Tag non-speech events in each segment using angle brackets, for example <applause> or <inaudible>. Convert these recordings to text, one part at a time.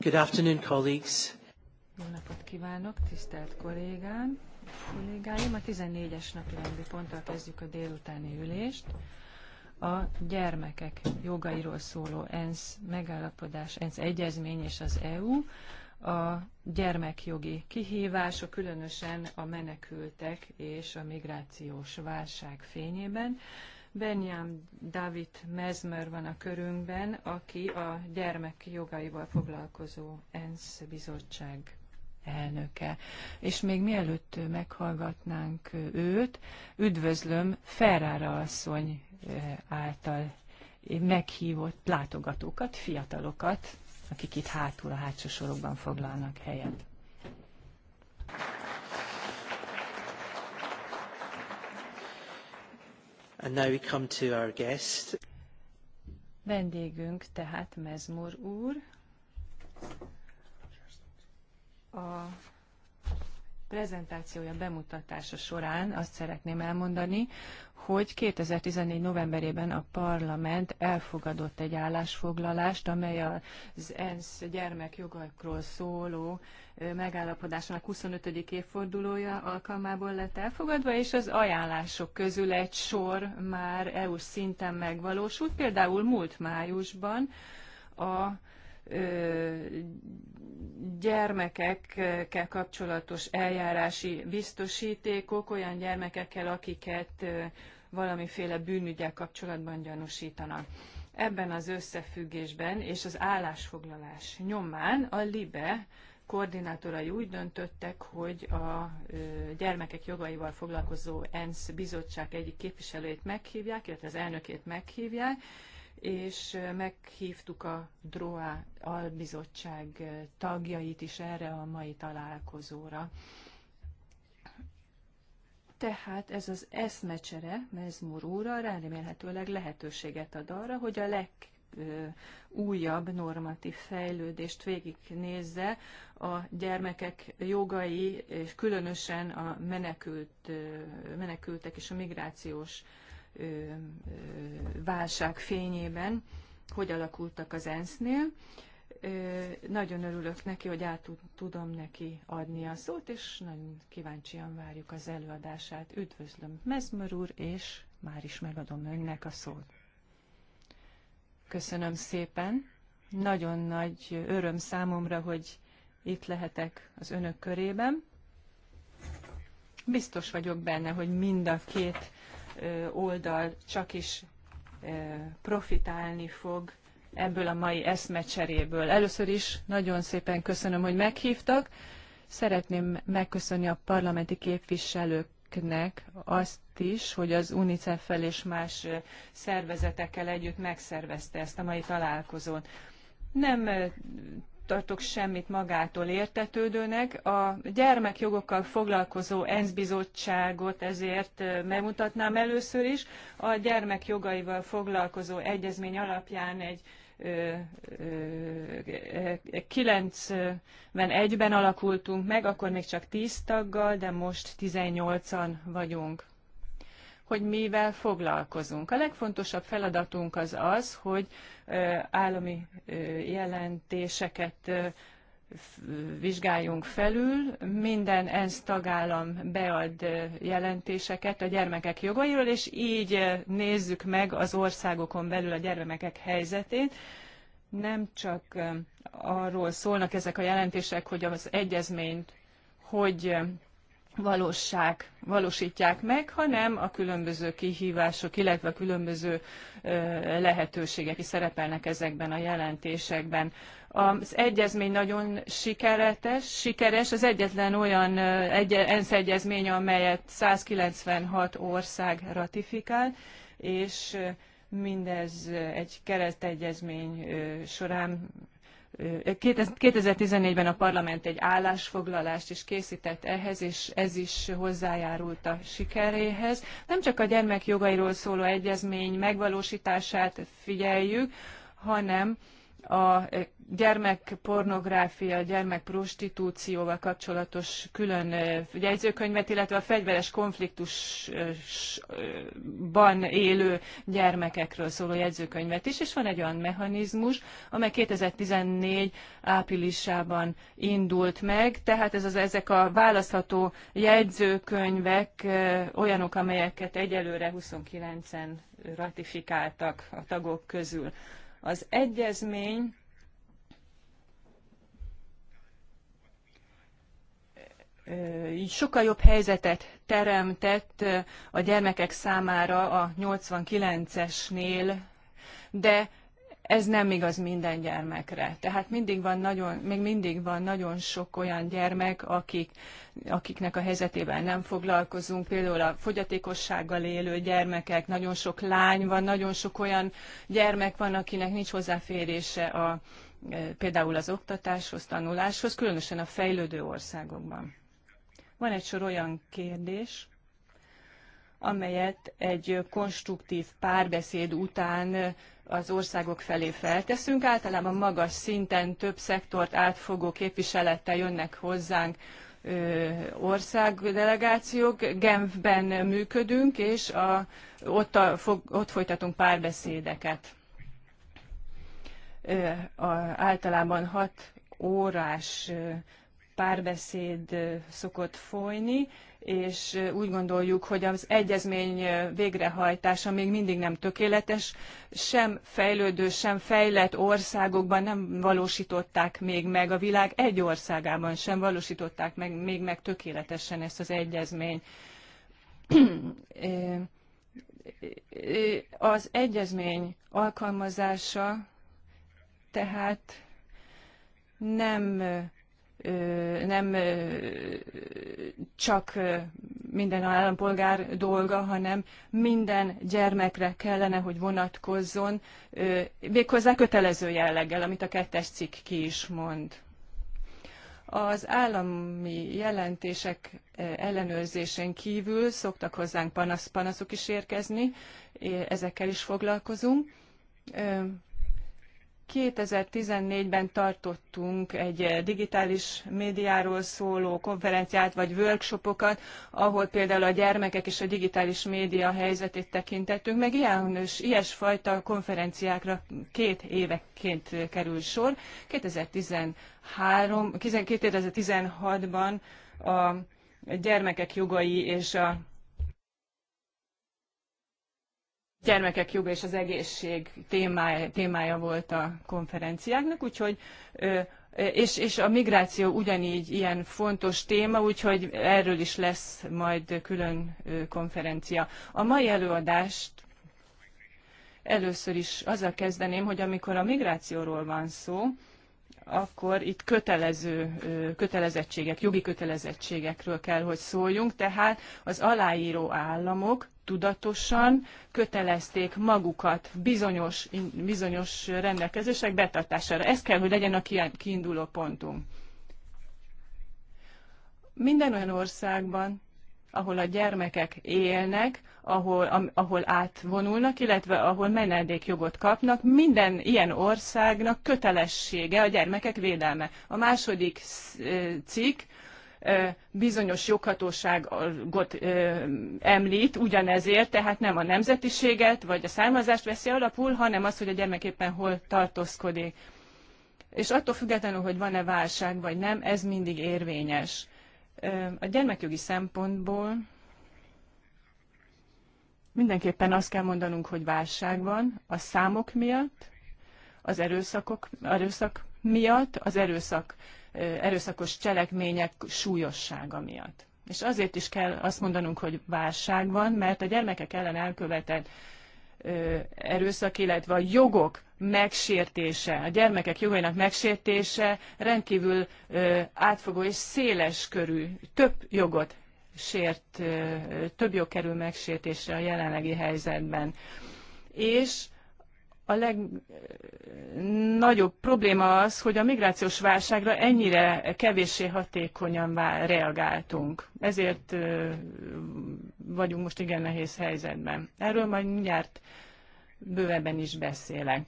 Good afternoon, colleagues. Jó napot kívánok, tisztelt kollégám, kollégáim. A 14-es napirendi ponttal kezdjük a délutáni ülést. A gyermekek jogairól szóló ENSZ megállapodás, ENSZ egyezmény és az EU a gyermekjogi kihívások, különösen a menekültek és a migrációs válság fényében. Benyám David Mezmer van a körünkben, aki a gyermek jogaival foglalkozó ENSZ bizottság elnöke. És még mielőtt meghallgatnánk őt, üdvözlöm Ferrara asszony eh, által meghívott látogatókat, fiatalokat, akik itt hátul a hátsó sorokban foglalnak helyet. And now we come to our guest. Vendégünk tehát Mezmur úr. A prezentációja, bemutatása során azt szeretném elmondani, hogy 2014. novemberében a parlament elfogadott egy állásfoglalást, amely az ENSZ gyermekjogokról szóló megállapodásának 25. évfordulója alkalmából lett elfogadva, és az ajánlások közül egy sor már eu szinten megvalósult, például múlt májusban a gyermekekkel kapcsolatos eljárási biztosítékok olyan gyermekekkel, akiket valamiféle bűnügyel kapcsolatban gyanúsítanak. Ebben az összefüggésben és az állásfoglalás nyomán a LIBE koordinátorai úgy döntöttek, hogy a gyermekek jogaival foglalkozó ENSZ bizottság egyik képviselőjét meghívják, illetve az elnökét meghívják, és meghívtuk a DROA albizottság tagjait is erre a mai találkozóra. Tehát ez az eszmecsere Mezmur úrral remélhetőleg lehetőséget ad arra, hogy a legújabb normatív fejlődést végignézze a gyermekek jogai, és különösen a menekült, menekültek és a migrációs válság fényében, hogy alakultak az ENSZ-nél. Nagyon örülök neki, hogy át tudom neki adni a szót, és nagyon kíváncsian várjuk az előadását. Üdvözlöm Mezmer úr, és már is megadom önnek a szót. Köszönöm szépen. Nagyon nagy öröm számomra, hogy itt lehetek az önök körében. Biztos vagyok benne, hogy mind a két oldal csak is profitálni fog ebből a mai eszmecseréből. Először is nagyon szépen köszönöm, hogy meghívtak. Szeretném megköszönni a parlamenti képviselőknek azt is, hogy az UNICEF-fel és más szervezetekkel együtt megszervezte ezt a mai találkozót. Nem tartok semmit magától értetődőnek. A gyermekjogokkal foglalkozó ENSZ bizottságot ezért megmutatnám először is. A gyermekjogaival foglalkozó egyezmény alapján egy 91-ben alakultunk meg, akkor még csak 10 taggal, de most 18-an vagyunk hogy mivel foglalkozunk. A legfontosabb feladatunk az az, hogy állami jelentéseket vizsgáljunk felül, minden ENSZ tagállam bead jelentéseket a gyermekek jogairól, és így nézzük meg az országokon belül a gyermekek helyzetét. Nem csak arról szólnak ezek a jelentések, hogy az egyezményt hogy valóság valósítják meg, hanem a különböző kihívások, illetve a különböző lehetőségek is szerepelnek ezekben a jelentésekben. Az egyezmény nagyon sikeretes, sikeres, az egyetlen olyan egy, ENSZ egyezmény, amelyet 196 ország ratifikál, és mindez egy keretegyezmény során 2014-ben a parlament egy állásfoglalást is készített ehhez, és ez is hozzájárult a sikeréhez. Nem csak a gyermek jogairól szóló egyezmény megvalósítását figyeljük, hanem a gyermekpornográfia, gyermekprostitúcióval kapcsolatos külön jegyzőkönyvet, illetve a fegyveres konfliktusban élő gyermekekről szóló jegyzőkönyvet is, és van egy olyan mechanizmus, amely 2014 áprilisában indult meg, tehát ez az, ezek a választható jegyzőkönyvek olyanok, amelyeket egyelőre 29-en ratifikáltak a tagok közül. Az egyezmény sokkal jobb helyzetet teremtett a gyermekek számára a 89-esnél, de ez nem igaz minden gyermekre. Tehát mindig van nagyon, még mindig van nagyon sok olyan gyermek, akik, akiknek a helyzetével nem foglalkozunk. Például a fogyatékossággal élő gyermekek, nagyon sok lány van, nagyon sok olyan gyermek van, akinek nincs hozzáférése a, e, például az oktatáshoz, tanuláshoz, különösen a fejlődő országokban. Van egy sor olyan kérdés, amelyet egy konstruktív párbeszéd után az országok felé felteszünk. Általában magas szinten több szektort átfogó képviselettel jönnek hozzánk országdelegációk. Genfben működünk, és a, ott, a, fog, ott folytatunk párbeszédeket. A, általában hat órás párbeszéd szokott folyni, és úgy gondoljuk, hogy az egyezmény végrehajtása még mindig nem tökéletes, sem fejlődő, sem fejlett országokban nem valósították még meg, a világ egy országában sem valósították meg, még meg tökéletesen ezt az egyezmény <clears throat> az egyezmény alkalmazása tehát nem nem csak minden állampolgár dolga, hanem minden gyermekre kellene, hogy vonatkozzon, méghozzá kötelező jelleggel, amit a kettes cikk ki is mond. Az állami jelentések ellenőrzésén kívül szoktak hozzánk panasz, panaszok is érkezni, ezekkel is foglalkozunk 2014-ben tartottunk egy eh, digitális médiáról szóló konferenciát vagy workshopokat, ahol például a gyermekek és a digitális média helyzetét tekintettünk, meg ilyen, ilyesfajta konferenciákra két éveként eh, kerül sor. 2013, 2016-ban a gyermekek jogai és a gyermekek joga és az egészség témája, témája volt a konferenciáknak, úgyhogy és, és a migráció ugyanígy ilyen fontos téma, úgyhogy erről is lesz majd külön konferencia. A mai előadást először is azzal kezdeném, hogy amikor a migrációról van szó, akkor itt kötelező kötelezettségek, jogi kötelezettségekről kell, hogy szóljunk, tehát az aláíró államok tudatosan kötelezték magukat bizonyos, bizonyos rendelkezések betartására. Ez kell, hogy legyen a kiinduló pontunk. Minden olyan országban, ahol a gyermekek élnek, ahol, ahol átvonulnak, illetve ahol menedékjogot kapnak, minden ilyen országnak kötelessége a gyermekek védelme. A második eh, cikk bizonyos joghatóságot említ ugyanezért, tehát nem a nemzetiséget vagy a származást veszi alapul, hanem az, hogy a gyermek éppen hol tartózkodik. És attól függetlenül, hogy van-e válság vagy nem, ez mindig érvényes. A gyermekjogi szempontból mindenképpen azt kell mondanunk, hogy válság van a számok miatt, az erőszakok, erőszak miatt, az erőszak erőszakos cselekmények súlyossága miatt. És azért is kell azt mondanunk, hogy válság van, mert a gyermekek ellen elkövetett erőszak, illetve a jogok megsértése, a gyermekek jogainak megsértése rendkívül átfogó és széles körű, több jogot sért, több jog kerül megsértésre a jelenlegi helyzetben. És a legnagyobb probléma az, hogy a migrációs válságra ennyire kevéssé hatékonyan reagáltunk. Ezért vagyunk most igen nehéz helyzetben. Erről majd mindjárt bővebben is beszélek.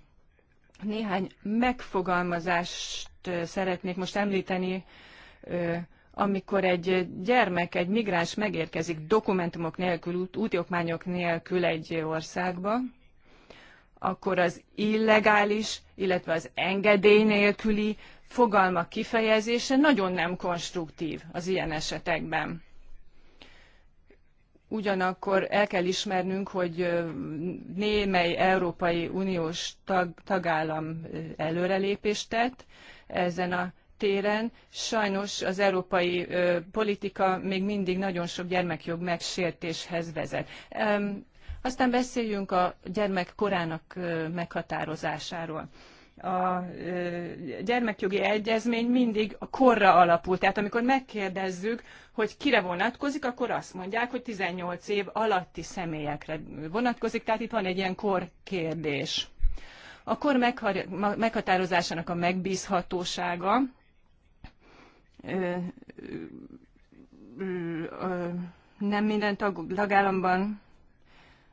Néhány megfogalmazást szeretnék most említeni, amikor egy gyermek, egy migráns megérkezik dokumentumok nélkül, útiokmányok nélkül egy országba, akkor az illegális, illetve az engedély nélküli fogalmak kifejezése nagyon nem konstruktív az ilyen esetekben. Ugyanakkor el kell ismernünk, hogy némely Európai Uniós tag, tagállam előrelépést tett ezen a téren. Sajnos az európai ö, politika még mindig nagyon sok gyermekjog megsértéshez vezet. Aztán beszéljünk a gyermek korának meghatározásáról a gyermekjogi egyezmény mindig a korra alapul. Tehát amikor megkérdezzük, hogy kire vonatkozik, akkor azt mondják, hogy 18 év alatti személyekre vonatkozik, tehát itt van egy ilyen kor kérdés. A kor meghatározásának a megbízhatósága nem minden tagállamban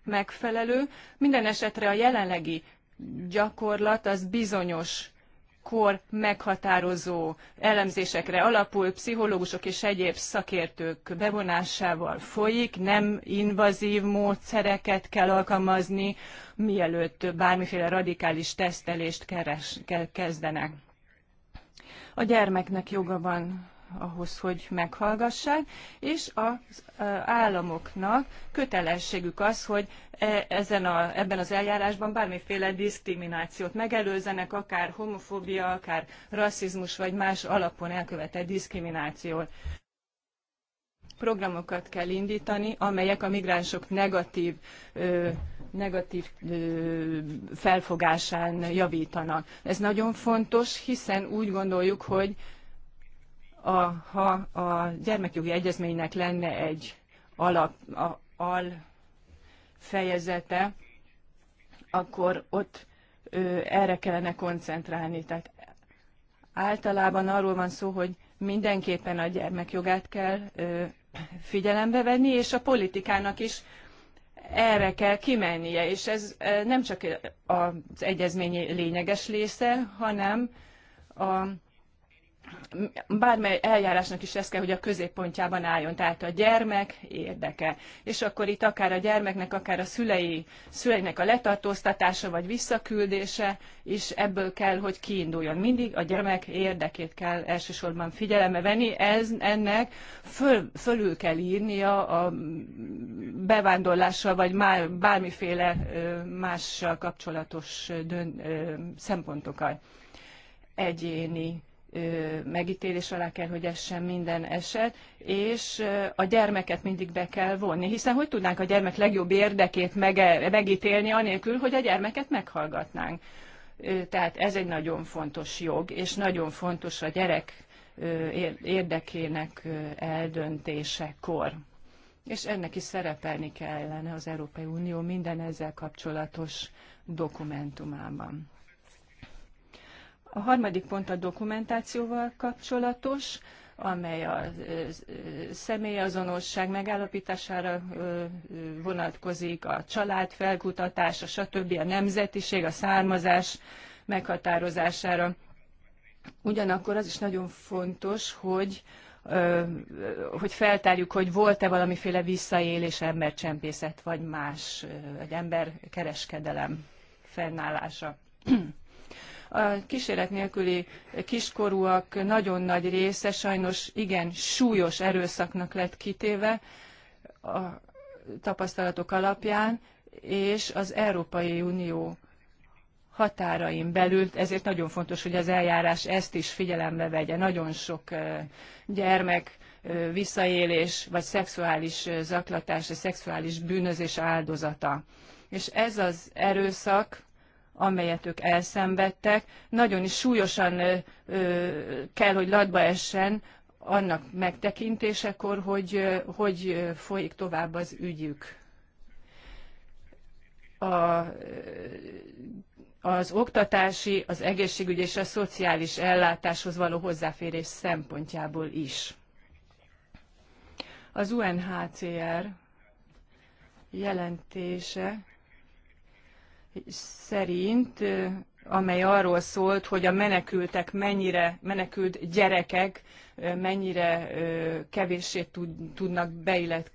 megfelelő. Minden esetre a jelenlegi gyakorlat az bizonyos kor meghatározó elemzésekre alapul, pszichológusok és egyéb szakértők bevonásával folyik, nem invazív módszereket kell alkalmazni, mielőtt bármiféle radikális tesztelést keres, kezdenek. A gyermeknek joga van ahhoz, hogy meghallgassák, és az államoknak kötelességük az, hogy e, ezen a, ebben az eljárásban bármiféle diszkriminációt megelőzzenek, akár homofóbia, akár rasszizmus vagy más alapon elkövetett diszkrimináció programokat kell indítani, amelyek a migránsok negatív, ö, negatív ö, felfogásán javítanak. Ez nagyon fontos, hiszen úgy gondoljuk, hogy a, ha a gyermekjogi egyezménynek lenne egy alap, a, al fejezete, akkor ott ö, erre kellene koncentrálni. Tehát általában arról van szó, hogy mindenképpen a gyermekjogát kell ö, figyelembe venni, és a politikának is erre kell kimennie, és ez nem csak az egyezmény lényeges része, hanem a bármely eljárásnak is ez kell, hogy a középpontjában álljon, tehát a gyermek érdeke. És akkor itt akár a gyermeknek, akár a szülei, szüleinek a letartóztatása vagy visszaküldése is ebből kell, hogy kiinduljon. Mindig a gyermek érdekét kell elsősorban figyelembe venni, ez, ennek föl, fölül kell írnia a bevándorlással vagy már bármiféle mással kapcsolatos dönt, szempontokat egyéni megítélés alá kell, hogy essen minden eset, és a gyermeket mindig be kell vonni, hiszen hogy tudnánk a gyermek legjobb érdekét megítélni, anélkül, hogy a gyermeket meghallgatnánk. Tehát ez egy nagyon fontos jog, és nagyon fontos a gyerek érdekének eldöntésekor. És ennek is szerepelni kellene az Európai Unió minden ezzel kapcsolatos dokumentumában. A harmadik pont a dokumentációval kapcsolatos, amely a személyazonosság megállapítására vonatkozik, a család felkutatása, stb. a nemzetiség, a származás meghatározására. Ugyanakkor az is nagyon fontos, hogy hogy feltárjuk, hogy volt-e valamiféle visszaélés, embercsempészet, vagy más, egy emberkereskedelem fennállása. A kísérlet nélküli kiskorúak nagyon nagy része sajnos igen súlyos erőszaknak lett kitéve a tapasztalatok alapján, és az Európai Unió határain belül, ezért nagyon fontos, hogy az eljárás ezt is figyelembe vegye. Nagyon sok gyermek visszaélés, vagy szexuális zaklatás, vagy szexuális bűnözés áldozata. És ez az erőszak amelyet ők elszenvedtek, nagyon is súlyosan ö, ö, kell, hogy latba essen annak megtekintésekor, hogy ö, hogy folyik tovább az ügyük. A, az oktatási, az egészségügyi és a szociális ellátáshoz való hozzáférés szempontjából is. Az UNHCR jelentése szerint, amely arról szólt, hogy a menekültek mennyire, menekült gyerekek mennyire kevéssé tudnak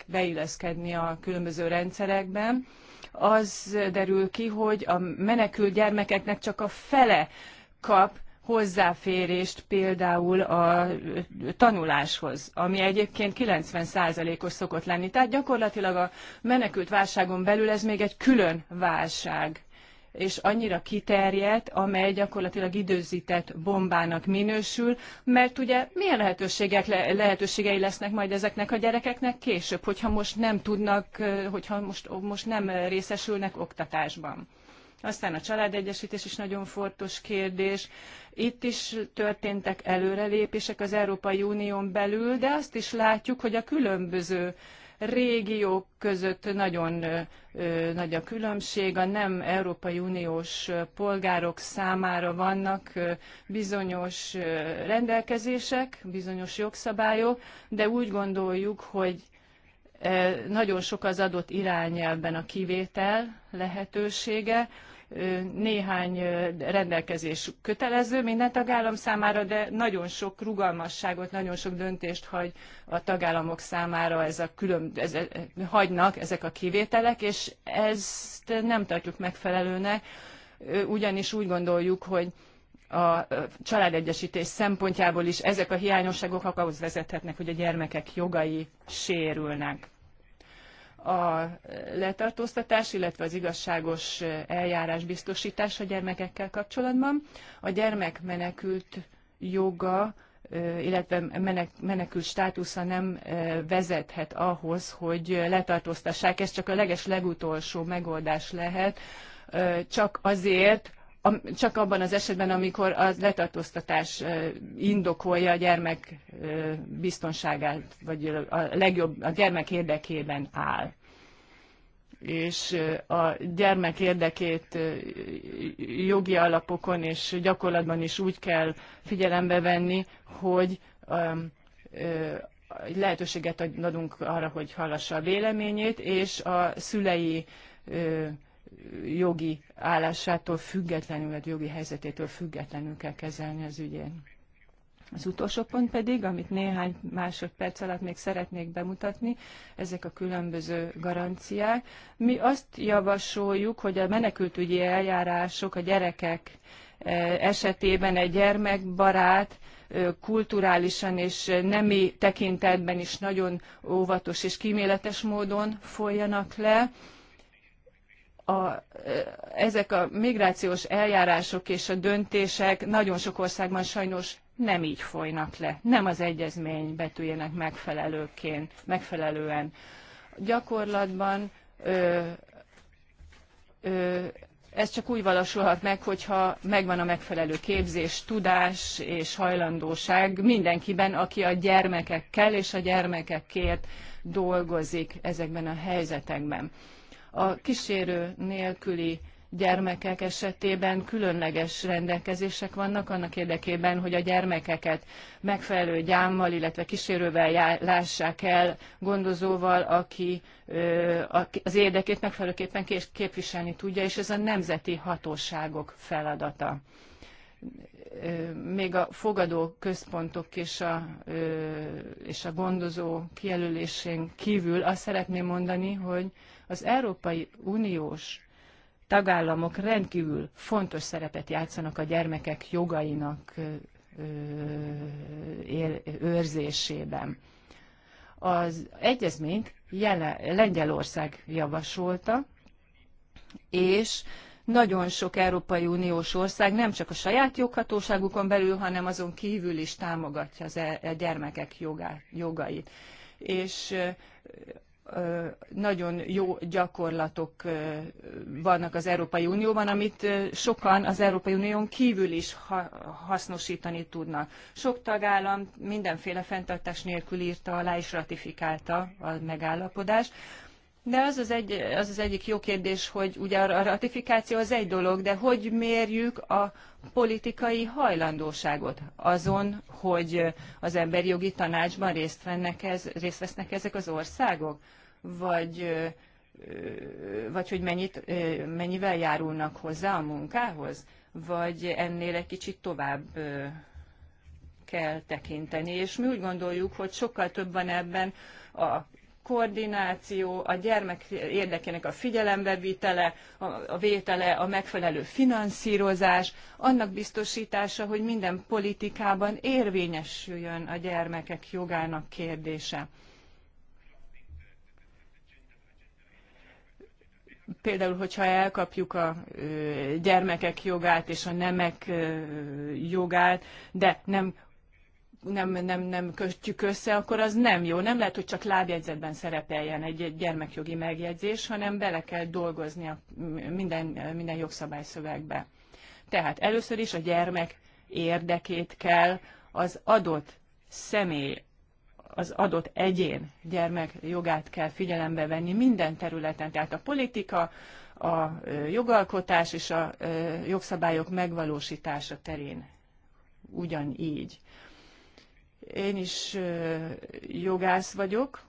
beilleszkedni a különböző rendszerekben, az derül ki, hogy a menekült gyermekeknek csak a fele kap hozzáférést például a tanuláshoz, ami egyébként 90%-os szokott lenni. Tehát gyakorlatilag a menekült válságon belül ez még egy külön válság és annyira kiterjedt, amely gyakorlatilag időzített bombának minősül, mert ugye milyen lehetőségek, lehetőségei lesznek majd ezeknek a gyerekeknek később, hogyha most nem tudnak, hogyha most, most nem részesülnek oktatásban. Aztán a családegyesítés is nagyon fontos kérdés. Itt is történtek előrelépések az Európai Unión belül, de azt is látjuk, hogy a különböző régiók között nagyon nagy a különbség. A nem Európai Uniós polgárok számára vannak bizonyos rendelkezések, bizonyos jogszabályok, de úgy gondoljuk, hogy nagyon sok az adott irányelvben a kivétel lehetősége, néhány rendelkezés kötelező minden tagállam számára, de nagyon sok rugalmasságot, nagyon sok döntést hagy a tagállamok számára ez a külön, ez, hagynak ezek a kivételek, és ezt nem tartjuk megfelelőnek, ugyanis úgy gondoljuk, hogy a családegyesítés szempontjából is ezek a hiányosságok ahhoz vezethetnek, hogy a gyermekek jogai sérülnek a letartóztatás, illetve az igazságos eljárás biztosítása gyermekekkel kapcsolatban. A gyermek menekült joga, illetve menekült státusza nem vezethet ahhoz, hogy letartóztassák. Ez csak a leges legutolsó megoldás lehet, csak azért, csak abban az esetben, amikor az letartóztatás indokolja a gyermek biztonságát, vagy a legjobb, a gyermek érdekében áll és a gyermek érdekét jogi alapokon és gyakorlatban is úgy kell figyelembe venni, hogy lehetőséget adunk arra, hogy hallassa a véleményét, és a szülei jogi állásától függetlenül, vagy jogi helyzetétől függetlenül kell kezelni az ügyén. Az utolsó pont pedig, amit néhány másodperc alatt még szeretnék bemutatni, ezek a különböző garanciák. Mi azt javasoljuk, hogy a menekültügyi eljárások a gyerekek e, esetében egy gyermekbarát, e, kulturálisan és nemi tekintetben is nagyon óvatos és kíméletes módon folyanak le a, eh, ezek a migrációs eljárások és a döntések nagyon sok országban sajnos nem így folynak le, nem az egyezmény betűjének megfelelőként, megfelelően. Gyakorlatban ö, ö, ez csak úgy valósulhat meg, hogyha megvan a megfelelő képzés, tudás és hajlandóság mindenkiben, aki a gyermekekkel és a gyermekekért dolgozik ezekben a helyzetekben a kísérő nélküli gyermekek esetében különleges rendelkezések vannak annak érdekében, hogy a gyermekeket megfelelő gyámmal, illetve kísérővel jár, lássák el gondozóval, aki az érdekét megfelelőképpen képviselni tudja, és ez a nemzeti hatóságok feladata. Még a fogadó központok és a, és a gondozó kijelölésén kívül azt szeretném mondani, hogy az Európai Uniós tagállamok rendkívül fontos szerepet játszanak a gyermekek jogainak őrzésében. Az egyezményt jelen, Lengyelország javasolta, és nagyon sok Európai Uniós ország nem csak a saját joghatóságukon belül, hanem azon kívül is támogatja az e, a gyermekek jogá, jogait. És nagyon jó gyakorlatok vannak az Európai Unióban, amit sokan az Európai Unión kívül is hasznosítani tudnak. Sok tagállam mindenféle fenntartás nélkül írta alá és ratifikálta a megállapodást. De az az, egy, az az egyik jó kérdés, hogy ugye a ratifikáció az egy dolog, de hogy mérjük a politikai hajlandóságot azon, hogy az emberi jogi tanácsban részt, vennek ez, részt vesznek ezek az országok? Vagy, vagy hogy mennyit, mennyivel járulnak hozzá a munkához? Vagy ennél egy kicsit tovább kell tekinteni. És mi úgy gondoljuk, hogy sokkal több van ebben a koordináció, a gyermek érdekének a figyelembevitele, a, a vétele, a megfelelő finanszírozás, annak biztosítása, hogy minden politikában érvényesüljön a gyermekek jogának kérdése. például, hogyha elkapjuk a gyermekek jogát és a nemek jogát, de nem nem, nem, nem kötjük össze, akkor az nem jó. Nem lehet, hogy csak lábjegyzetben szerepeljen egy, egy gyermekjogi megjegyzés, hanem bele kell dolgozni a minden, minden jogszabályszövegbe. Tehát először is a gyermek érdekét kell az adott személy, az adott egyén gyermek jogát kell figyelembe venni minden területen. Tehát a politika, a jogalkotás és a jogszabályok megvalósítása terén ugyanígy. Én is jogász vagyok,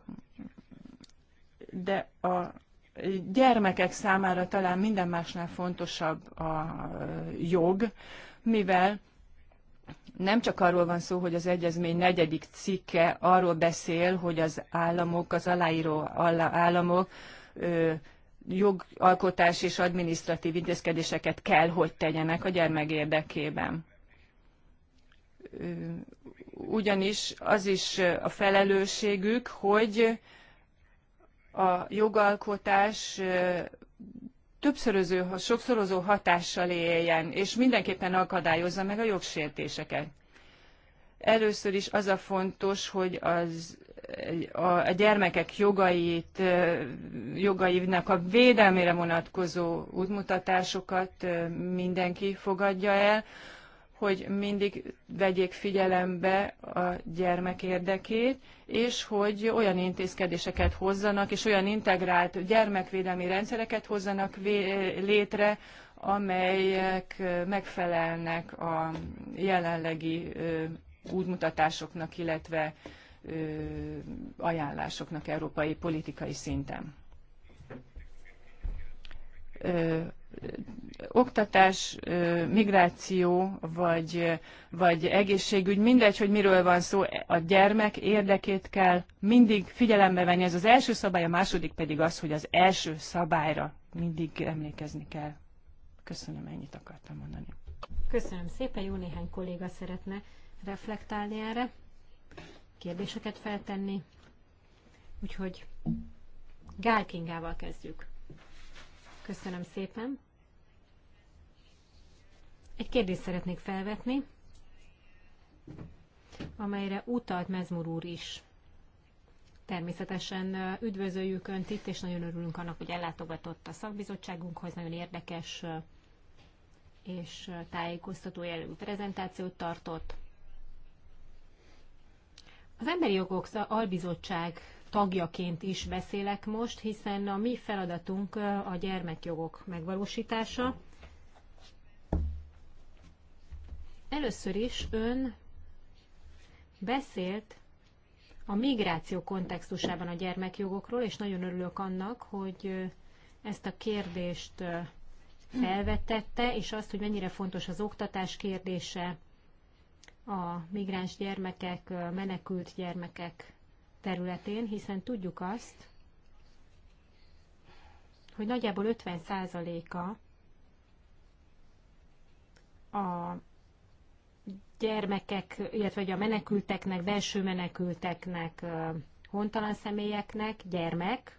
de a gyermekek számára talán minden másnál fontosabb a jog, mivel nem csak arról van szó, hogy az egyezmény negyedik cikke arról beszél, hogy az államok, az aláíró államok jogalkotás és adminisztratív intézkedéseket kell, hogy tegyenek a gyermek érdekében ugyanis az is a felelősségük, hogy a jogalkotás többszöröző, sokszorozó hatással éljen, és mindenképpen akadályozza meg a jogsértéseket. Először is az a fontos, hogy az a, gyermekek jogait, jogainak a védelmére vonatkozó útmutatásokat mindenki fogadja el hogy mindig vegyék figyelembe a gyermek érdekét, és hogy olyan intézkedéseket hozzanak, és olyan integrált gyermekvédelmi rendszereket hozzanak létre, amelyek megfelelnek a jelenlegi útmutatásoknak, illetve ajánlásoknak európai politikai szinten oktatás, migráció vagy, vagy egészségügy, mindegy, hogy miről van szó, a gyermek érdekét kell mindig figyelembe venni. Ez az első szabály, a második pedig az, hogy az első szabályra mindig emlékezni kell. Köszönöm, ennyit akartam mondani. Köszönöm szépen, jó néhány kolléga szeretne reflektálni erre, kérdéseket feltenni. Úgyhogy Gálkingával kezdjük. Köszönöm szépen. Egy kérdést szeretnék felvetni, amelyre utalt Mezmur úr is. Természetesen üdvözöljük Önt itt, és nagyon örülünk annak, hogy ellátogatott a szakbizottságunkhoz, nagyon érdekes és tájékoztató jellegű prezentációt tartott. Az Emberi Jogok Albizottság tagjaként is beszélek most, hiszen a mi feladatunk a gyermekjogok megvalósítása. Először is ön beszélt a migráció kontextusában a gyermekjogokról, és nagyon örülök annak, hogy ezt a kérdést felvetette, és azt, hogy mennyire fontos az oktatás kérdése, a migráns gyermekek, menekült gyermekek területén, hiszen tudjuk azt, hogy nagyjából 50%-a a gyermekek, illetve a menekülteknek, belső menekülteknek, hontalan személyeknek gyermek,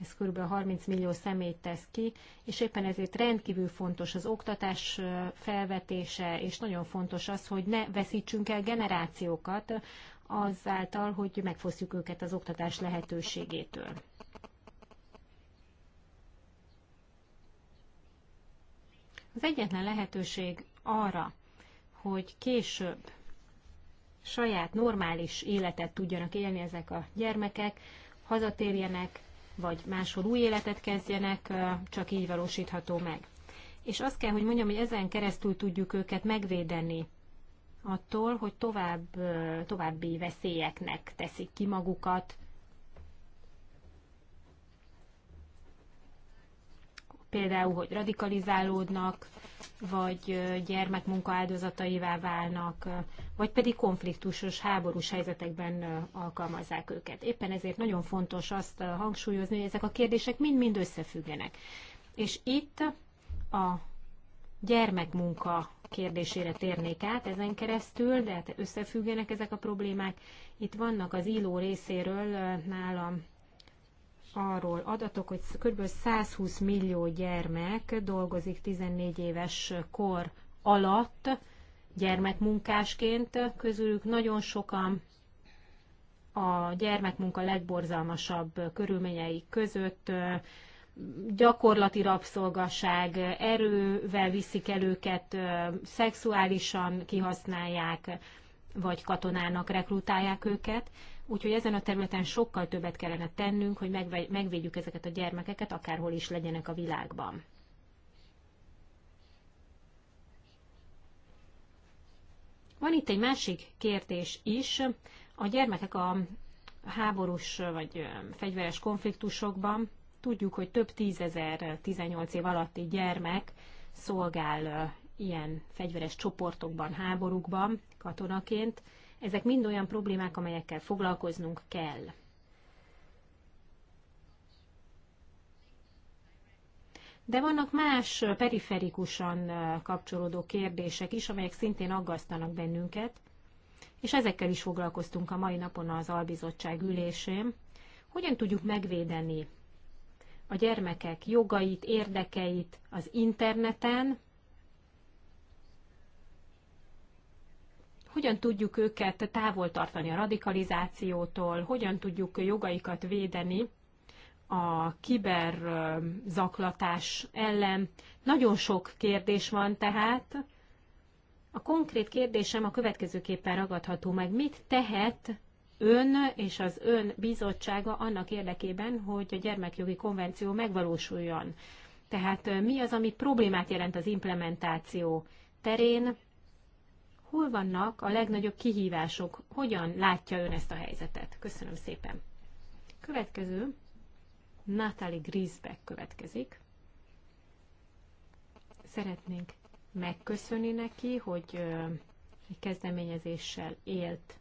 ez kb. 30 millió személyt tesz ki, és éppen ezért rendkívül fontos az oktatás felvetése, és nagyon fontos az, hogy ne veszítsünk el generációkat azáltal, hogy megfosztjuk őket az oktatás lehetőségétől. Az egyetlen lehetőség arra, hogy később saját normális életet tudjanak élni ezek a gyermekek, hazatérjenek, vagy máshol új életet kezdjenek, csak így valósítható meg. És azt kell, hogy mondjam, hogy ezen keresztül tudjuk őket megvédeni attól, hogy tovább, további veszélyeknek teszik ki magukat. Például, hogy radikalizálódnak, vagy gyermekmunka áldozataivá válnak, vagy pedig konfliktusos, háborús helyzetekben alkalmazzák őket. Éppen ezért nagyon fontos azt hangsúlyozni, hogy ezek a kérdések mind-mind összefüggenek. És itt a gyermekmunka kérdésére térnék át ezen keresztül, de hát összefüggenek ezek a problémák. Itt vannak az ILO részéről nálam arról adatok, hogy kb. 120 millió gyermek dolgozik 14 éves kor alatt gyermekmunkásként, közülük nagyon sokan a gyermekmunka legborzalmasabb körülményei között gyakorlati rabszolgaság, erővel viszik el őket, szexuálisan kihasználják, vagy katonának rekrutálják őket. Úgyhogy ezen a területen sokkal többet kellene tennünk, hogy megvédjük ezeket a gyermekeket, akárhol is legyenek a világban. Van itt egy másik kérdés is. A gyermekek a háborús vagy fegyveres konfliktusokban Tudjuk, hogy több tízezer 18 év alatti gyermek szolgál ilyen fegyveres csoportokban, háborúkban katonaként. Ezek mind olyan problémák, amelyekkel foglalkoznunk kell. De vannak más periferikusan kapcsolódó kérdések is, amelyek szintén aggasztanak bennünket, és ezekkel is foglalkoztunk a mai napon az albizottság ülésén. Hogyan tudjuk megvédeni a gyermekek jogait, érdekeit az interneten, hogyan tudjuk őket távol tartani a radikalizációtól, hogyan tudjuk jogaikat védeni a kiberzaklatás ellen. Nagyon sok kérdés van tehát. A konkrét kérdésem a következőképpen ragadható meg. Mit tehet ön és az ön bizottsága annak érdekében, hogy a gyermekjogi konvenció megvalósuljon. Tehát mi az, ami problémát jelent az implementáció terén? Hol vannak a legnagyobb kihívások? Hogyan látja ön ezt a helyzetet? Köszönöm szépen. Következő, Natalie Grisbeck következik. Szeretnénk megköszönni neki, hogy egy kezdeményezéssel élt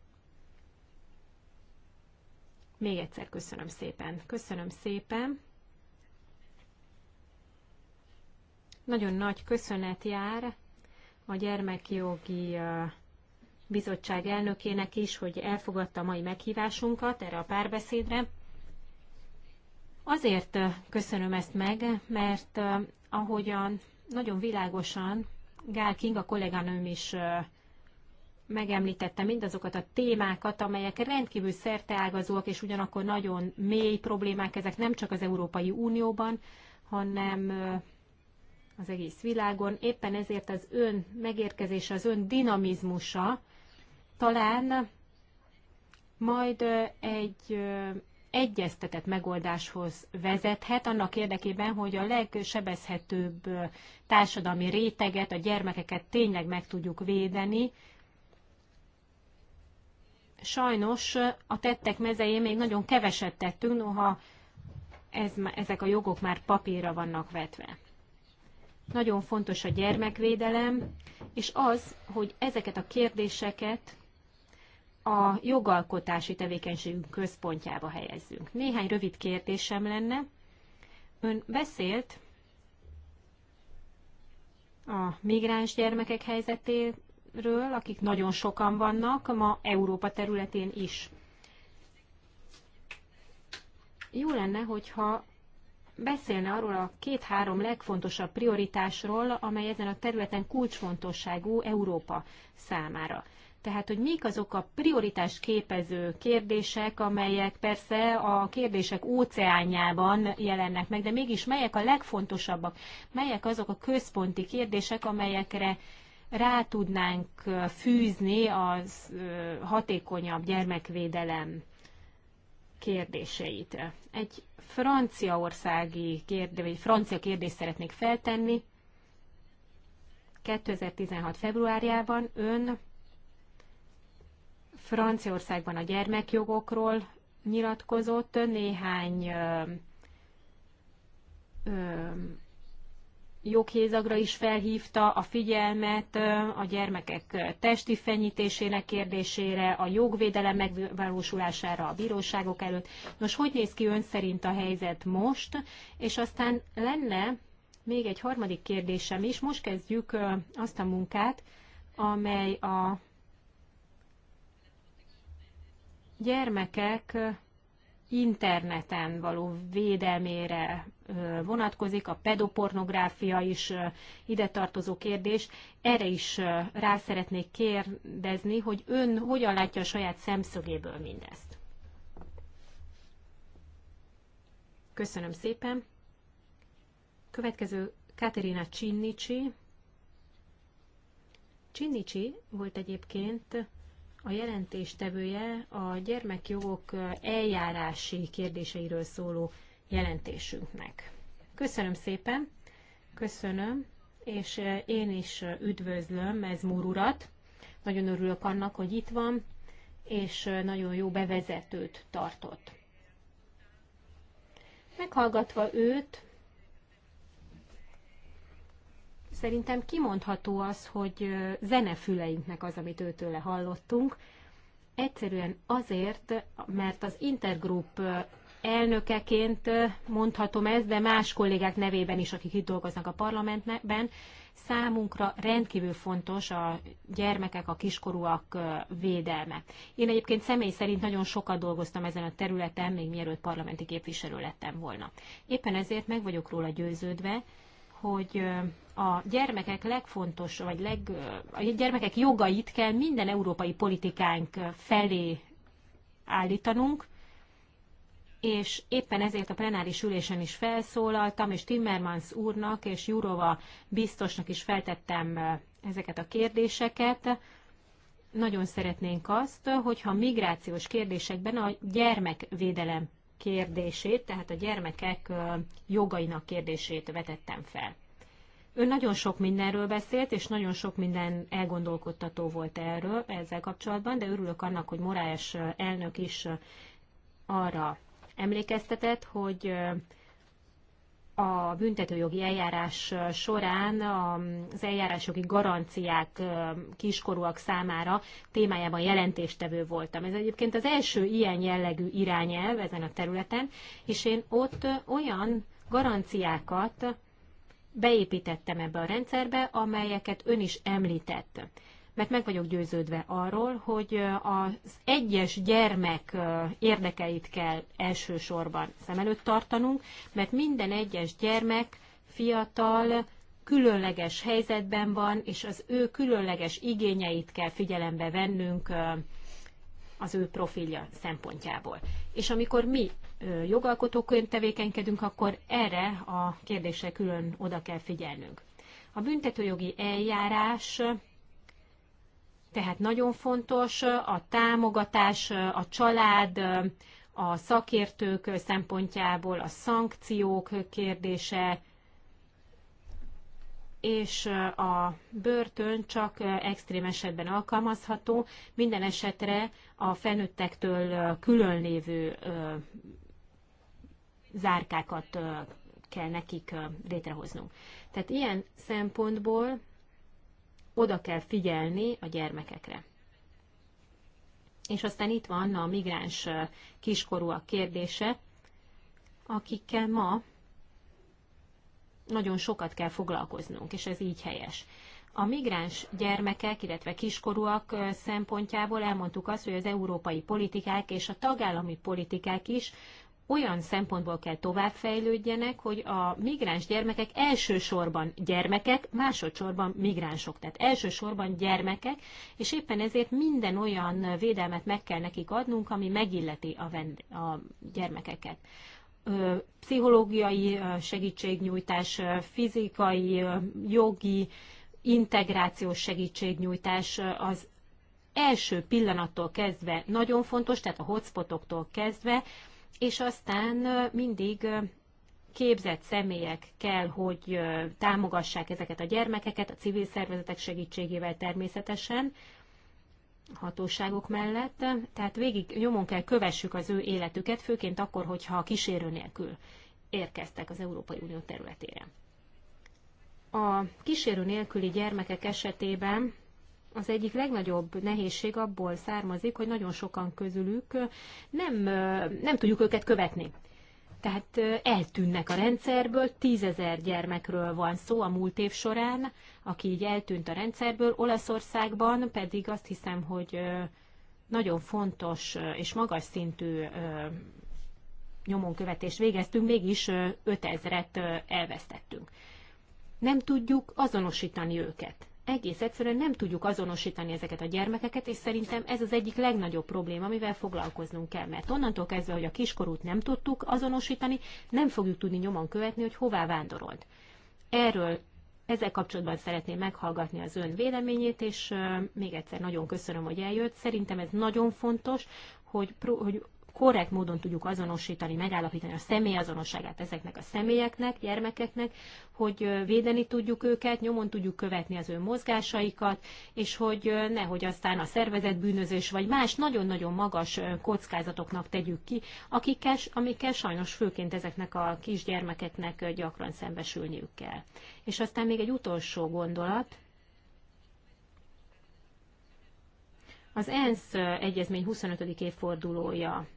még egyszer köszönöm szépen. Köszönöm szépen. Nagyon nagy köszönet jár a gyermekjogi bizottság elnökének is, hogy elfogadta a mai meghívásunkat erre a párbeszédre. Azért köszönöm ezt meg, mert ahogyan nagyon világosan Gál King, a kolléganőm is megemlítette mindazokat a témákat, amelyek rendkívül szerteágazóak, és ugyanakkor nagyon mély problémák ezek nem csak az Európai Unióban, hanem az egész világon. Éppen ezért az ön megérkezése, az ön dinamizmusa talán majd egy egyeztetett megoldáshoz vezethet, annak érdekében, hogy a legsebezhetőbb társadalmi réteget, a gyermekeket tényleg meg tudjuk védeni, sajnos a tettek mezején még nagyon keveset tettünk, noha ez, ezek a jogok már papírra vannak vetve. Nagyon fontos a gyermekvédelem, és az, hogy ezeket a kérdéseket a jogalkotási tevékenységünk központjába helyezzünk. Néhány rövid kérdésem lenne. Ön beszélt a migráns gyermekek helyzetéről, ről, akik nagyon sokan vannak ma Európa területén is. Jó lenne, hogyha beszélne arról a két-három legfontosabb prioritásról, amely ezen a területen kulcsfontosságú Európa számára. Tehát, hogy mik azok a prioritás képező kérdések, amelyek persze a kérdések óceánjában jelennek meg, de mégis melyek a legfontosabbak, melyek azok a központi kérdések, amelyekre rá tudnánk fűzni az hatékonyabb gyermekvédelem kérdéseit. Egy franciaországi kérdés, vagy francia kérdést szeretnék feltenni. 2016. februárjában ön Franciaországban a gyermekjogokról nyilatkozott, néhány ö, ö, joghézagra is felhívta a figyelmet a gyermekek testi fenyítésének kérdésére, a jogvédelem megvalósulására a bíróságok előtt. Nos, hogy néz ki ön szerint a helyzet most? És aztán lenne még egy harmadik kérdésem is. Most kezdjük azt a munkát, amely a gyermekek interneten való védelmére vonatkozik, a pedopornográfia is ide tartozó kérdés. Erre is rá szeretnék kérdezni, hogy ön hogyan látja a saját szemszögéből mindezt. Köszönöm szépen. Következő Katerina Csinnicsi. Csinnicsi volt egyébként a jelentéstevője a gyermekjogok eljárási kérdéseiről szóló jelentésünknek. Köszönöm szépen, köszönöm, és eh, én is eh, üdvözlöm ez urat. Nagyon örülök annak, hogy itt van, és eh, nagyon jó bevezetőt tartott. Meghallgatva őt, szerintem kimondható az, hogy zenefüleinknek az, amit őtőle hallottunk, egyszerűen azért, mert az Intergroup elnökeként mondhatom ezt, de más kollégák nevében is, akik itt dolgoznak a parlamentben, számunkra rendkívül fontos a gyermekek, a kiskorúak védelme. Én egyébként személy szerint nagyon sokat dolgoztam ezen a területen, még mielőtt parlamenti képviselő lettem volna. Éppen ezért meg vagyok róla győződve, hogy a gyermekek legfontos, vagy leg, a gyermekek jogait kell minden európai politikánk felé állítanunk, és éppen ezért a plenáris ülésen is felszólaltam, és Timmermans úrnak és Jurova biztosnak is feltettem ezeket a kérdéseket. Nagyon szeretnénk azt, hogyha migrációs kérdésekben a gyermekvédelem kérdését, tehát a gyermekek jogainak kérdését vetettem fel. Ő nagyon sok mindenről beszélt, és nagyon sok minden elgondolkodtató volt erről ezzel kapcsolatban, de örülök annak, hogy Morályos elnök is arra emlékeztetett, hogy a büntetőjogi eljárás során az eljárásjogi garanciák kiskorúak számára témájában jelentéstevő voltam. Ez egyébként az első ilyen jellegű irányelv ezen a területen, és én ott olyan garanciákat beépítettem ebbe a rendszerbe, amelyeket ön is említett mert meg vagyok győződve arról, hogy az egyes gyermek érdekeit kell elsősorban szem előtt tartanunk, mert minden egyes gyermek fiatal, különleges helyzetben van, és az ő különleges igényeit kell figyelembe vennünk az ő profilja szempontjából. És amikor mi jogalkotóként tevékenykedünk, akkor erre a kérdésre külön oda kell figyelnünk. A büntetőjogi eljárás tehát nagyon fontos a támogatás, a család, a szakértők szempontjából, a szankciók kérdése, és a börtön csak extrém esetben alkalmazható, minden esetre a felnőttektől külön lévő zárkákat kell nekik létrehoznunk. Tehát ilyen szempontból oda kell figyelni a gyermekekre. És aztán itt van a migráns kiskorúak kérdése, akikkel ma nagyon sokat kell foglalkoznunk, és ez így helyes. A migráns gyermekek, illetve kiskorúak szempontjából elmondtuk azt, hogy az európai politikák és a tagállami politikák is olyan szempontból kell továbbfejlődjenek, hogy a migráns gyermekek elsősorban gyermekek, másodszorban migránsok, tehát elsősorban gyermekek, és éppen ezért minden olyan védelmet meg kell nekik adnunk, ami megilleti a, vend- a gyermekeket. Pszichológiai segítségnyújtás, fizikai, jogi, integrációs segítségnyújtás az első pillanattól kezdve nagyon fontos, tehát a hotspotoktól kezdve és aztán mindig képzett személyek kell, hogy támogassák ezeket a gyermekeket, a civil szervezetek segítségével természetesen, hatóságok mellett, tehát végig nyomon kell kövessük az ő életüket, főként akkor, hogyha kísérő nélkül érkeztek az Európai Unió területére. A kísérő nélküli gyermekek esetében az egyik legnagyobb nehézség abból származik, hogy nagyon sokan közülük nem, nem tudjuk őket követni. Tehát eltűnnek a rendszerből, tízezer gyermekről van szó a múlt év során, aki így eltűnt a rendszerből. Olaszországban pedig azt hiszem, hogy nagyon fontos és magas szintű nyomonkövetést végeztünk, mégis 5000-et elvesztettünk. Nem tudjuk azonosítani őket egész egyszerűen nem tudjuk azonosítani ezeket a gyermekeket, és szerintem ez az egyik legnagyobb probléma, amivel foglalkoznunk kell, mert onnantól kezdve, hogy a kiskorút nem tudtuk azonosítani, nem fogjuk tudni nyomon követni, hogy hová vándorolt. Erről ezzel kapcsolatban szeretném meghallgatni az ön véleményét, és még egyszer nagyon köszönöm, hogy eljött. Szerintem ez nagyon fontos, hogy, hogy korrekt módon tudjuk azonosítani, megállapítani a személyazonosságát ezeknek a személyeknek, gyermekeknek, hogy védeni tudjuk őket, nyomon tudjuk követni az ő mozgásaikat, és hogy nehogy aztán a szervezet bűnözés vagy más nagyon-nagyon magas kockázatoknak tegyük ki, akikkel, amikkel sajnos főként ezeknek a kisgyermekeknek gyakran szembesülniük kell. És aztán még egy utolsó gondolat, Az ENSZ egyezmény 25. évfordulója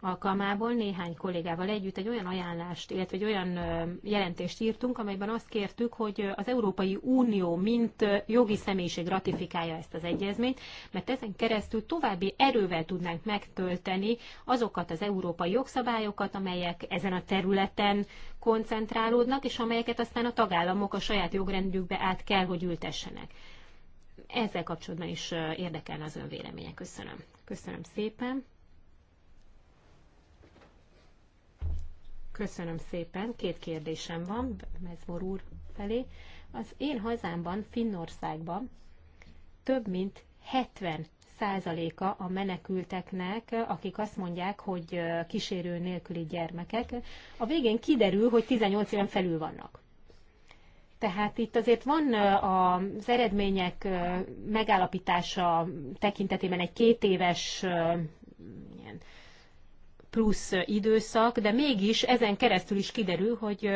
alkalmából néhány kollégával együtt egy olyan ajánlást, illetve egy olyan jelentést írtunk, amelyben azt kértük, hogy az Európai Unió mint jogi személyiség ratifikálja ezt az egyezményt, mert ezen keresztül további erővel tudnánk megtölteni azokat az európai jogszabályokat, amelyek ezen a területen koncentrálódnak, és amelyeket aztán a tagállamok a saját jogrendjükbe át kell, hogy ültessenek. Ezzel kapcsolatban is érdekelne az ön véleménye. Köszönöm. Köszönöm szépen. Köszönöm szépen. Két kérdésem van Mezmor úr felé. Az én hazámban, Finnországban több mint 70 százaléka a menekülteknek, akik azt mondják, hogy kísérő nélküli gyermekek, a végén kiderül, hogy 18 éven felül vannak. Tehát itt azért van az eredmények megállapítása tekintetében egy két éves plusz időszak, de mégis ezen keresztül is kiderül, hogy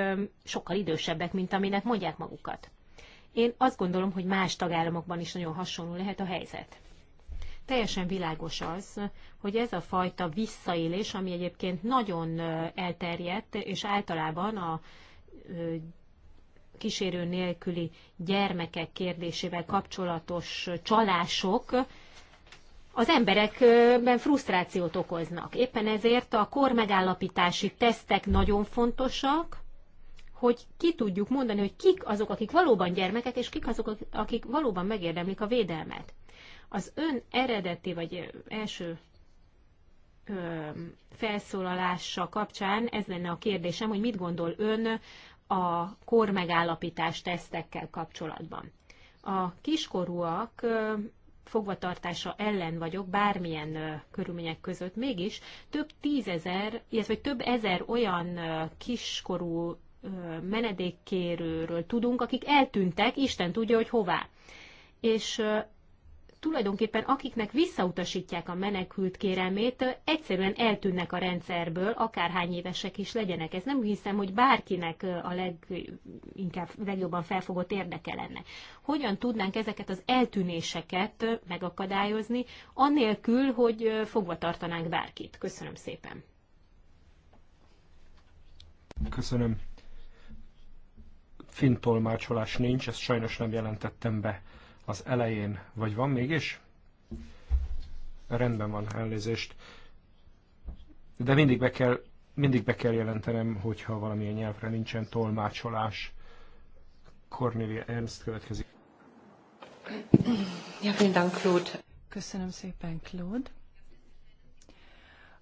sokkal idősebbek, mint aminek mondják magukat. Én azt gondolom, hogy más tagállamokban is nagyon hasonló lehet a helyzet. Teljesen világos az, hogy ez a fajta visszaélés, ami egyébként nagyon elterjedt, és általában a kísérő nélküli gyermekek kérdésével kapcsolatos csalások, az emberekben frusztrációt okoznak. Éppen ezért a kormegállapítási tesztek nagyon fontosak, hogy ki tudjuk mondani, hogy kik azok, akik valóban gyermekek, és kik azok, akik valóban megérdemlik a védelmet. Az ön eredeti, vagy első ö, felszólalása kapcsán ez lenne a kérdésem, hogy mit gondol ön a kormegállapítás tesztekkel kapcsolatban. A kiskorúak fogvatartása ellen vagyok, bármilyen körülmények között, mégis több tízezer, illetve több ezer olyan kiskorú menedékkérőről tudunk, akik eltűntek, Isten tudja, hogy hová. És tulajdonképpen akiknek visszautasítják a menekült kérelmét, egyszerűen eltűnnek a rendszerből, akárhány évesek is legyenek. Ez nem hiszem, hogy bárkinek a leginkább, legjobban felfogott érdeke lenne. Hogyan tudnánk ezeket az eltűnéseket megakadályozni, annélkül, hogy fogva tartanánk bárkit? Köszönöm szépen. Köszönöm. Finn tolmácsolás nincs, ezt sajnos nem jelentettem be az elején, vagy van mégis? Rendben van, elnézést. De mindig be kell, mindig be kell jelentenem, hogyha valamilyen nyelvre nincsen tolmácsolás. Cornelia Ernst következik. Ja, vielen Dank, Claude. Köszönöm szépen, Claude.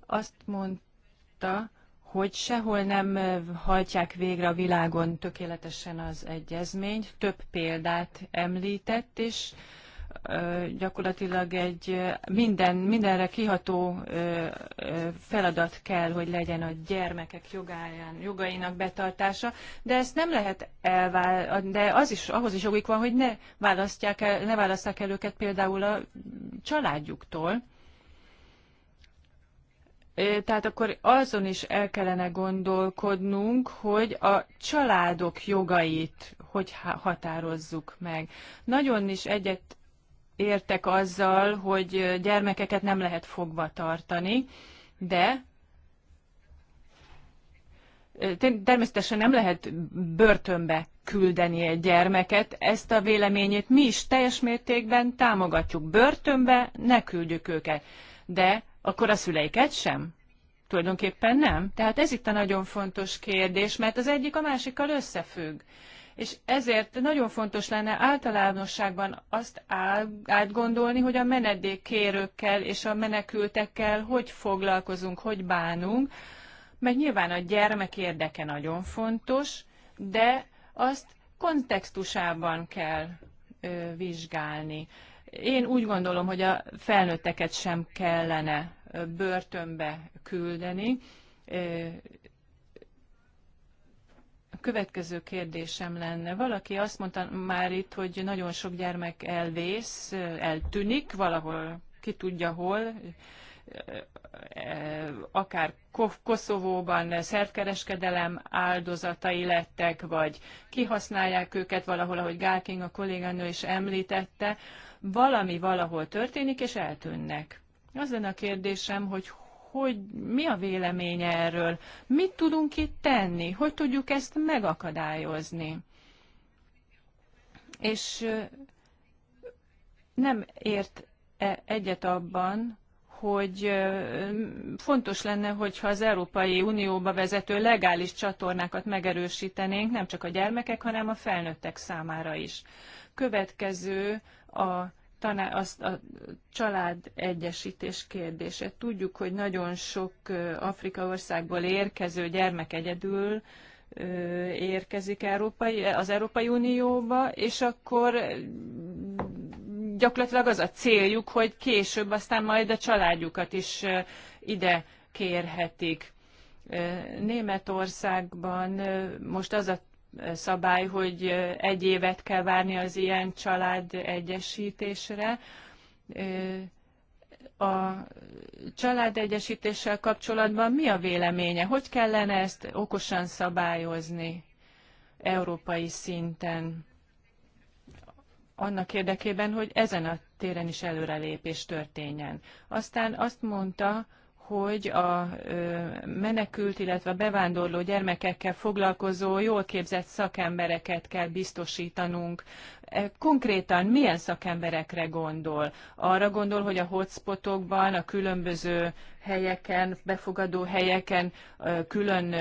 Azt mondta, hogy sehol nem hajtják végre a világon tökéletesen az egyezményt. Több példát említett, és gyakorlatilag egy minden, mindenre kiható feladat kell, hogy legyen a gyermekek jogáján, jogainak betartása, de ezt nem lehet elválni, de az is, ahhoz is jogik van, hogy ne, választják el, ne választják el őket például a családjuktól tehát akkor azon is el kellene gondolkodnunk, hogy a családok jogait hogy határozzuk meg. Nagyon is egyet értek azzal, hogy gyermekeket nem lehet fogva tartani, de természetesen nem lehet börtönbe küldeni egy gyermeket, ezt a véleményét mi is teljes mértékben támogatjuk. Börtönbe ne küldjük őket, de akkor a szüleiket sem? Tulajdonképpen nem. Tehát ez itt a nagyon fontos kérdés, mert az egyik a másikkal összefügg. És ezért nagyon fontos lenne általánosságban azt átgondolni, hogy a menedékkérőkkel és a menekültekkel hogy foglalkozunk, hogy bánunk, mert nyilván a gyermek érdeke nagyon fontos, de azt kontextusában kell ö, vizsgálni. Én úgy gondolom, hogy a felnőtteket sem kellene börtönbe küldeni. A következő kérdésem lenne. Valaki azt mondta már itt, hogy nagyon sok gyermek elvész, eltűnik valahol, ki tudja hol, akár Koszovóban szervkereskedelem áldozatai lettek, vagy kihasználják őket valahol, ahogy Gálking a kolléganő is említette valami valahol történik, és eltűnnek. Az lenne a kérdésem, hogy hogy mi a véleménye erről, mit tudunk itt tenni, hogy tudjuk ezt megakadályozni. És nem ért -e egyet abban, hogy fontos lenne, hogyha az Európai Unióba vezető legális csatornákat megerősítenénk, nem csak a gyermekek, hanem a felnőttek számára is. Következő a, taná- azt a család egyesítés kérdését. Tudjuk, hogy nagyon sok Afrika országból érkező gyermek egyedül érkezik Európai, az Európai Unióba, és akkor gyakorlatilag az a céljuk, hogy később aztán majd a családjukat is ide kérhetik. Németországban most az a szabály, hogy egy évet kell várni az ilyen család egyesítésre. A családegyesítéssel kapcsolatban mi a véleménye? Hogy kellene ezt okosan szabályozni európai szinten? Annak érdekében, hogy ezen a téren is előrelépés történjen. Aztán azt mondta, hogy a menekült, illetve a bevándorló gyermekekkel foglalkozó jól képzett szakembereket kell biztosítanunk. E, konkrétan milyen szakemberekre gondol? Arra gondol, hogy a hotspotokban, a különböző helyeken, befogadó helyeken külön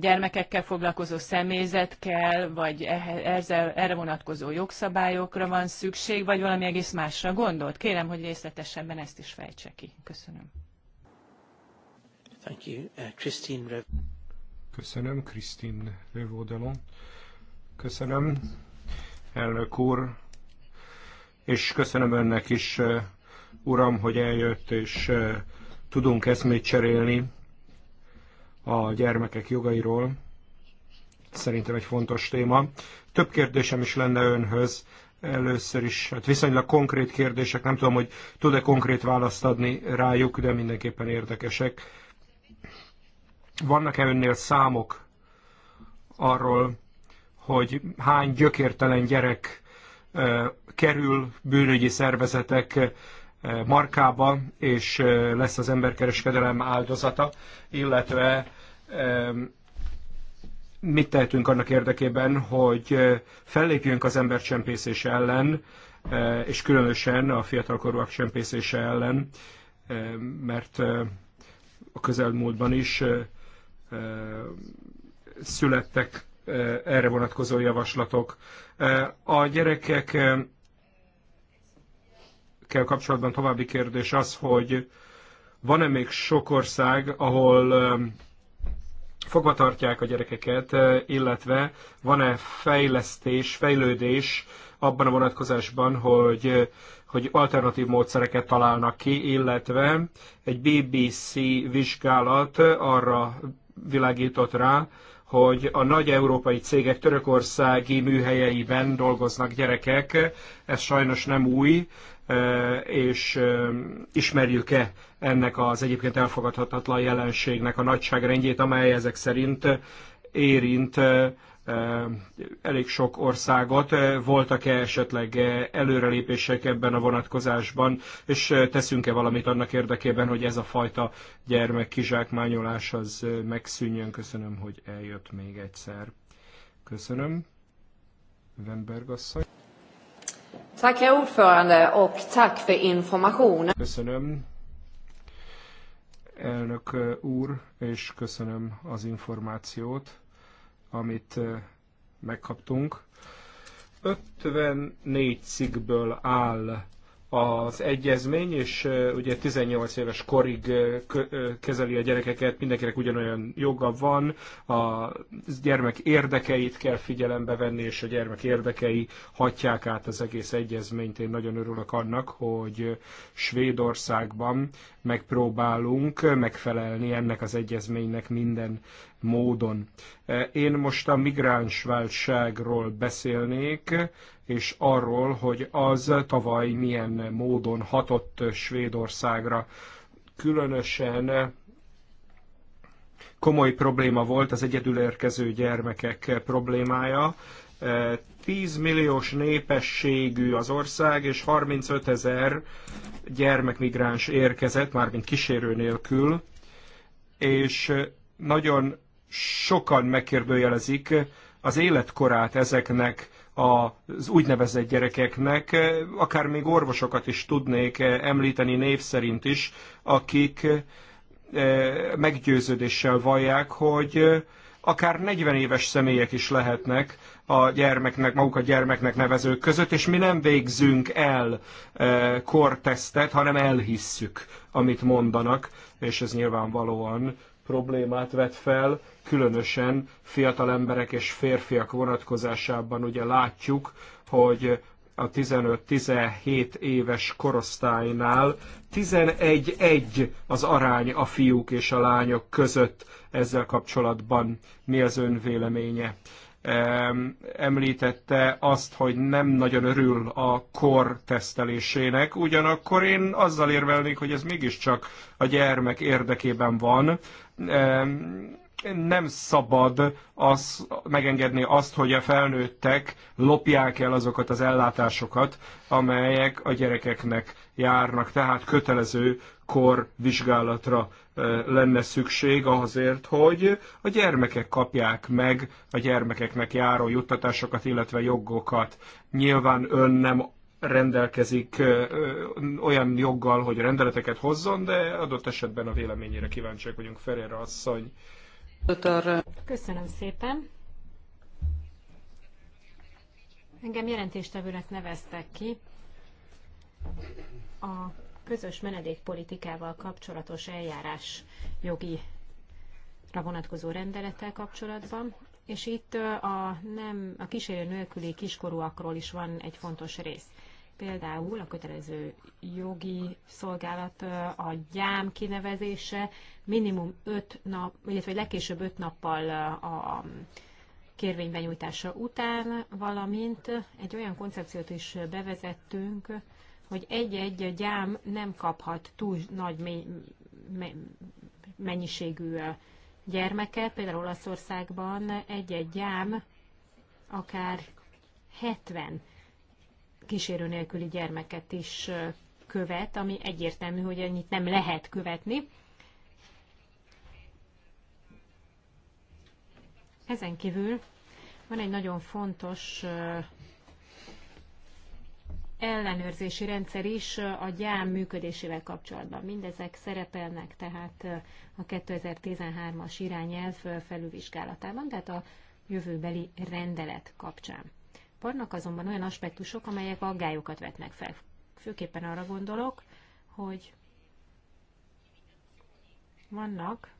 gyermekekkel foglalkozó személyzet kell, vagy ezzel, erre vonatkozó jogszabályokra van szükség, vagy valami egész másra gondolt? Kérem, hogy részletesebben ezt is fejtse ki. Köszönöm. Thank you. Uh, Christine Rev Köszönöm, Christine Revaudalon. Köszönöm, elnök úr, és köszönöm önnek is, uh, uram, hogy eljött, és uh, tudunk eszmét cserélni a gyermekek jogairól. Szerintem egy fontos téma. Több kérdésem is lenne önhöz. Először is, hát viszonylag konkrét kérdések, nem tudom, hogy tud-e konkrét választ adni rájuk, de mindenképpen érdekesek vannak-e önnél számok arról, hogy hány gyökértelen gyerek kerül bűnügyi szervezetek markába, és lesz az emberkereskedelem áldozata, illetve mit tehetünk annak érdekében, hogy fellépjünk az embercsempészése ellen, és különösen a fiatalkorúak csempészése ellen, mert a közelmúltban is születtek erre vonatkozó javaslatok. A gyerekek kell kapcsolatban további kérdés az, hogy van-e még sok ország, ahol fogva tartják a gyerekeket, illetve van-e fejlesztés, fejlődés abban a vonatkozásban, hogy, hogy alternatív módszereket találnak ki, illetve egy BBC vizsgálat arra világított rá, hogy a nagy európai cégek törökországi műhelyeiben dolgoznak gyerekek, ez sajnos nem új, e, és e, ismerjük-e ennek az egyébként elfogadhatatlan jelenségnek a nagyságrendjét, amely ezek szerint érint e, elég sok országot. Voltak-e esetleg előrelépések ebben a vonatkozásban, és teszünk-e valamit annak érdekében, hogy ez a fajta gyermek kizsákmányolás az megszűnjön? Köszönöm, hogy eljött még egyszer. Köszönöm. Wenberg asszony. Tack herr ordförande och tack för informationen. Köszönöm elnök úr, és köszönöm az információt amit megkaptunk. 54 cikkből áll az egyezmény, és ugye 18 éves korig kezeli a gyerekeket, mindenkinek ugyanolyan joga van, a gyermek érdekeit kell figyelembe venni, és a gyermek érdekei hatják át az egész egyezményt. Én nagyon örülök annak, hogy Svédországban megpróbálunk megfelelni ennek az egyezménynek minden módon. E, én most a migráns válságról beszélnék, és arról, hogy az tavaly milyen módon hatott Svédországra. Különösen komoly probléma volt az egyedülérkező gyermekek problémája. 10 e, milliós népességű az ország, és 35 ezer gyermekmigráns érkezett, mármint kísérő nélkül, és nagyon sokan megkérdőjelezik az életkorát ezeknek az úgynevezett gyerekeknek, akár még orvosokat is tudnék említeni név szerint is, akik eh, meggyőződéssel vallják, hogy eh, akár 40 éves személyek is lehetnek a gyermeknek, maguk a gyermeknek nevezők között, és mi nem végzünk el eh, kortesztet, hanem elhisszük, amit mondanak, és ez nyilvánvalóan problémát vet fel, különösen fiatal emberek és férfiak vonatkozásában ugye látjuk, hogy a 15-17 éves korosztálynál 11-1 az arány a fiúk és a lányok között ezzel kapcsolatban. Mi az ön véleménye? említette azt, hogy nem nagyon örül a kor tesztelésének, ugyanakkor én azzal érvelnék, hogy ez mégiscsak a gyermek érdekében van, nem szabad az, megengedni azt, hogy a felnőttek lopják el azokat az ellátásokat, amelyek a gyerekeknek járnak. Tehát kötelező korvizsgálatra lenne szükség azért, hogy a gyermekek kapják meg a gyermekeknek járó juttatásokat, illetve jogokat. Nyilván ön nem rendelkezik olyan joggal, hogy rendeleteket hozzon, de adott esetben a véleményére kíváncsiak vagyunk. Ferére asszony. Köszönöm szépen. Engem jelentéstevőnek neveztek ki. A közös menedékpolitikával kapcsolatos eljárás jogi vonatkozó rendelettel kapcsolatban, és itt a, nem, a kísérő nélküli kiskorúakról is van egy fontos rész. Például a kötelező jogi szolgálat, a gyám kinevezése minimum 5 nap, illetve legkésőbb 5 nappal a kérvénybenyújtása után, valamint egy olyan koncepciót is bevezettünk, hogy egy-egy gyám nem kaphat túl nagy mennyiségű gyermeket. Például Olaszországban egy-egy gyám akár 70 kísérő nélküli gyermeket is követ, ami egyértelmű, hogy ennyit nem lehet követni. Ezen kívül van egy nagyon fontos ellenőrzési rendszer is a gyám működésével kapcsolatban. Mindezek szerepelnek tehát a 2013-as irányelv felülvizsgálatában, tehát a jövőbeli rendelet kapcsán. Vannak azonban olyan aspektusok, amelyek aggályokat vetnek fel. Főképpen arra gondolok, hogy vannak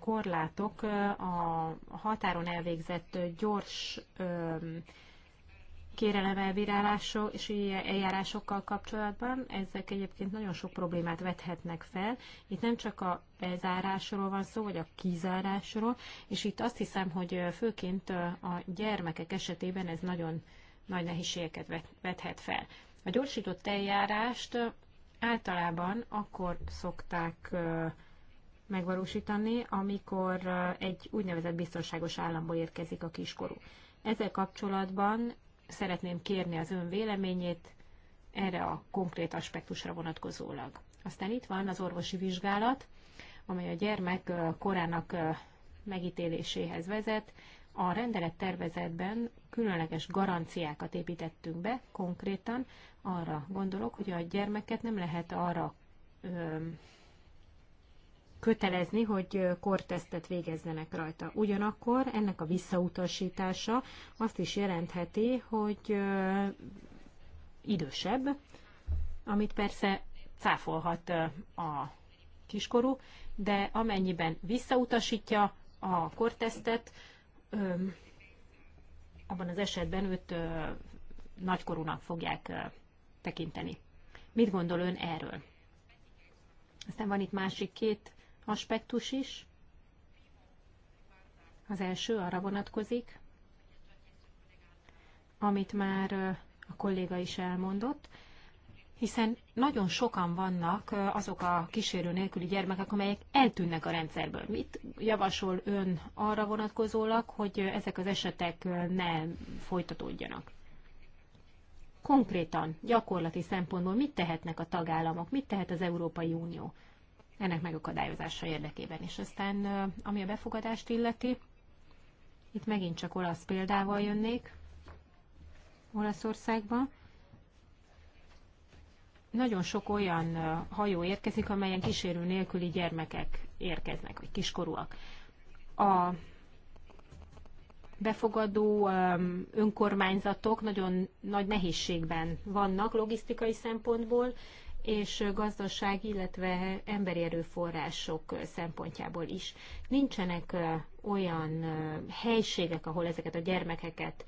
korlátok a határon elvégzett gyors kérelem elbírálások és eljárásokkal kapcsolatban, ezek egyébként nagyon sok problémát vethetnek fel. Itt nem csak a bezárásról van szó, vagy a kizárásról, és itt azt hiszem, hogy főként a gyermekek esetében ez nagyon nagy nehézségeket vethet fel. A gyorsított eljárást általában akkor szokták megvalósítani, amikor egy úgynevezett biztonságos államból érkezik a kiskorú. Ezzel kapcsolatban szeretném kérni az ön véleményét erre a konkrét aspektusra vonatkozólag. Aztán itt van az orvosi vizsgálat, amely a gyermek korának megítéléséhez vezet. A rendelet tervezetben különleges garanciákat építettünk be konkrétan. Arra gondolok, hogy a gyermeket nem lehet arra kötelezni, hogy kortesztet végezzenek rajta. Ugyanakkor ennek a visszautasítása azt is jelentheti, hogy idősebb, amit persze cáfolhat a kiskorú, de amennyiben visszautasítja a kortesztet, abban az esetben őt nagykorúnak fogják tekinteni. Mit gondol ön erről? Aztán van itt másik két aspektus is. Az első arra vonatkozik, amit már a kolléga is elmondott, hiszen nagyon sokan vannak azok a kísérő nélküli gyermekek, amelyek eltűnnek a rendszerből. Mit javasol ön arra vonatkozólag, hogy ezek az esetek ne folytatódjanak? Konkrétan, gyakorlati szempontból mit tehetnek a tagállamok, mit tehet az Európai Unió? ennek megakadályozása érdekében. És aztán, ami a befogadást illeti, itt megint csak olasz példával jönnék Olaszországba. Nagyon sok olyan hajó érkezik, amelyen kísérő nélküli gyermekek érkeznek, vagy kiskorúak. A befogadó önkormányzatok nagyon nagy nehézségben vannak logisztikai szempontból, és gazdaság, illetve emberi erőforrások szempontjából is. Nincsenek olyan helységek, ahol ezeket a gyermekeket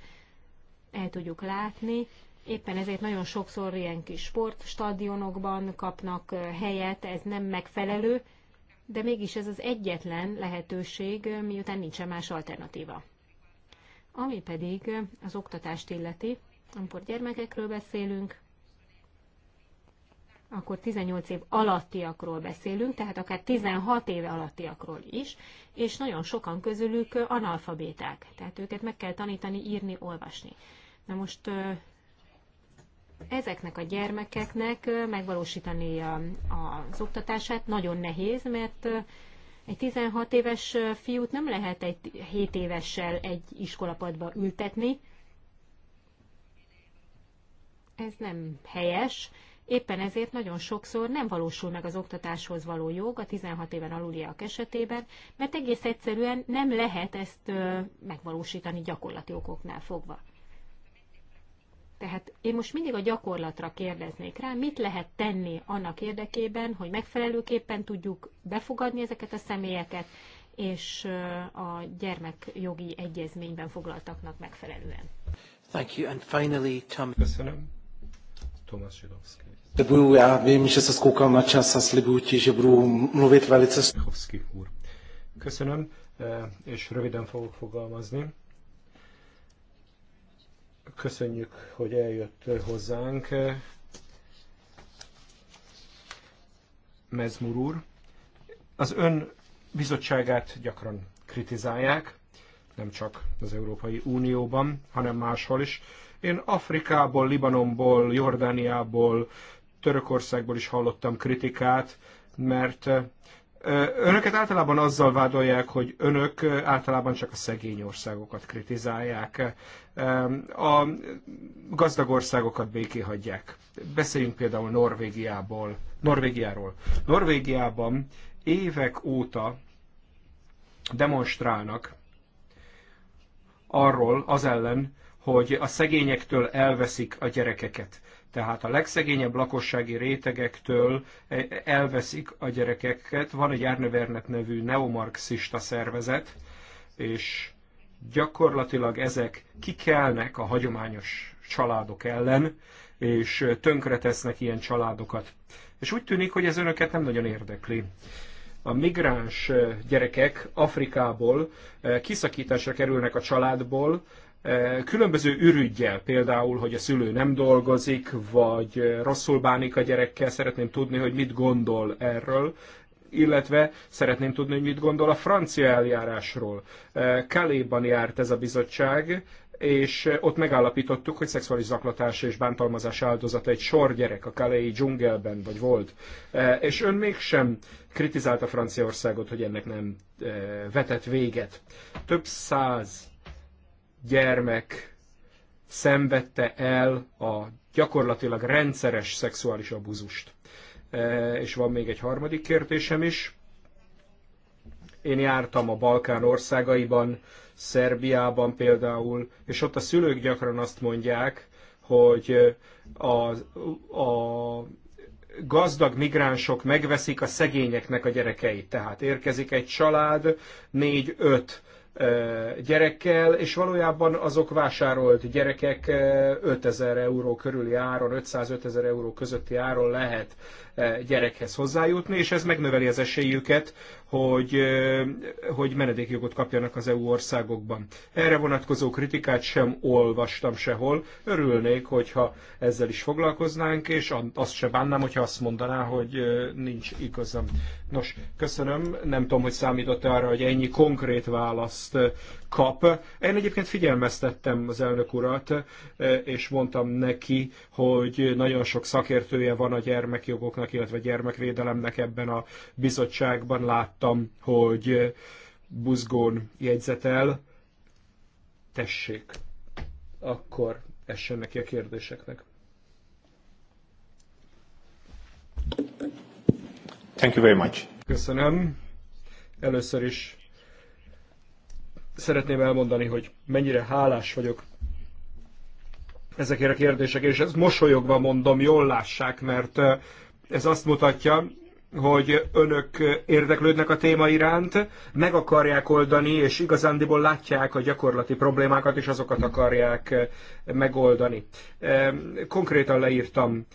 el tudjuk látni, Éppen ezért nagyon sokszor ilyen kis sportstadionokban kapnak helyet, ez nem megfelelő, de mégis ez az egyetlen lehetőség, miután nincsen más alternatíva. Ami pedig az oktatást illeti, amikor gyermekekről beszélünk, akkor 18 év alattiakról beszélünk, tehát akár 16 éve alattiakról is, és nagyon sokan közülük analfabéták, tehát őket meg kell tanítani írni, olvasni. Na most ezeknek a gyermekeknek megvalósítani az oktatását nagyon nehéz, mert egy 16 éves fiút nem lehet egy 7 évessel egy iskolapadba ültetni. Ez nem helyes Éppen ezért nagyon sokszor nem valósul meg az oktatáshoz való jog a 16 éven aluliak esetében, mert egész egyszerűen nem lehet ezt megvalósítani gyakorlati okoknál fogva. Tehát én most mindig a gyakorlatra kérdeznék rá, mit lehet tenni annak érdekében, hogy megfelelőképpen tudjuk befogadni ezeket a személyeket, és a gyermekjogi egyezményben foglaltaknak megfelelően. Thank you. And finally, Tom... Köszönöm. Tomasz Zsidovszki. Slibuju, já vím, že se skoukám na čas a slibuju ti, že budu mluvit velice... Chovsky úr. Köszönöm, eh, és röviden fogok fogalmazni. Köszönjük, hogy eljött eh, hozzánk. Eh, Mezmur úr. Az ön bizottságát gyakran kritizálják, nem csak az Európai Unióban, hanem máshol is. Én Afrikából, Libanonból, Jordániából, Törökországból is hallottam kritikát, mert önöket általában azzal vádolják, hogy önök általában csak a szegény országokat kritizálják, a gazdag országokat béké hagyják. Beszéljünk például Norvégiából, Norvégiáról. Norvégiában évek óta demonstrálnak arról az ellen, hogy a szegényektől elveszik a gyerekeket. Tehát a legszegényebb lakossági rétegektől e, elveszik a gyerekeket. Van egy Árnevernet nevű neomarxista szervezet, és gyakorlatilag ezek kikelnek a hagyományos családok ellen, és tönkretesznek ilyen családokat. És úgy tűnik, hogy ez önöket nem nagyon érdekli. A migráns gyerekek Afrikából e, kiszakításra kerülnek a családból, különböző ürügyjel, például, hogy a szülő nem dolgozik, vagy rosszul bánik a gyerekkel, szeretném tudni, hogy mit gondol erről, illetve szeretném tudni, hogy mit gondol a francia eljárásról. Kaléban járt ez a bizottság, és ott megállapítottuk, hogy szexuális zaklatás és bántalmazás áldozata egy sor gyerek a kaléi dzsungelben, vagy volt. És ön mégsem kritizálta Franciaországot, hogy ennek nem vetett véget. Több száz gyermek szenvedte el a gyakorlatilag rendszeres szexuális abuzust. E, és van még egy harmadik kérdésem is. Én jártam a Balkán országaiban, Szerbiában például, és ott a szülők gyakran azt mondják, hogy a, a gazdag migránsok megveszik a szegényeknek a gyerekeit. Tehát érkezik egy család, négy-öt gyerekkel, és valójában azok vásárolt gyerekek 5000 euró körüli áron, 500-5000 euró közötti áron lehet E, gyerekhez hozzájutni, és ez megnöveli az esélyüket, hogy, e, hogy menedékjogot kapjanak az EU országokban. Erre vonatkozó kritikát sem olvastam sehol. Örülnék, hogyha ezzel is foglalkoznánk, és azt se bánnám, hogyha azt mondaná, hogy e, nincs igazam. Nos, köszönöm. Nem tudom, hogy számított arra, hogy ennyi konkrét választ kap. Én egyébként figyelmeztettem az elnök urat, e, és mondtam neki, hogy nagyon sok szakértője van a gyermekjogoknak, illetve gyermekvédelemnek ebben a bizottságban. Láttam, hogy buzgón jegyzetel. Tessék, akkor essen neki a kérdéseknek. Thank you very much. Köszönöm. Először is szeretném elmondani, hogy mennyire hálás vagyok ezekért a kérdésekért, és ezt mosolyogva mondom, jól lássák, mert ez azt mutatja, hogy önök érdeklődnek a téma iránt, meg akarják oldani, és igazándiból látják a gyakorlati problémákat, és azokat akarják megoldani. Konkrétan leírtam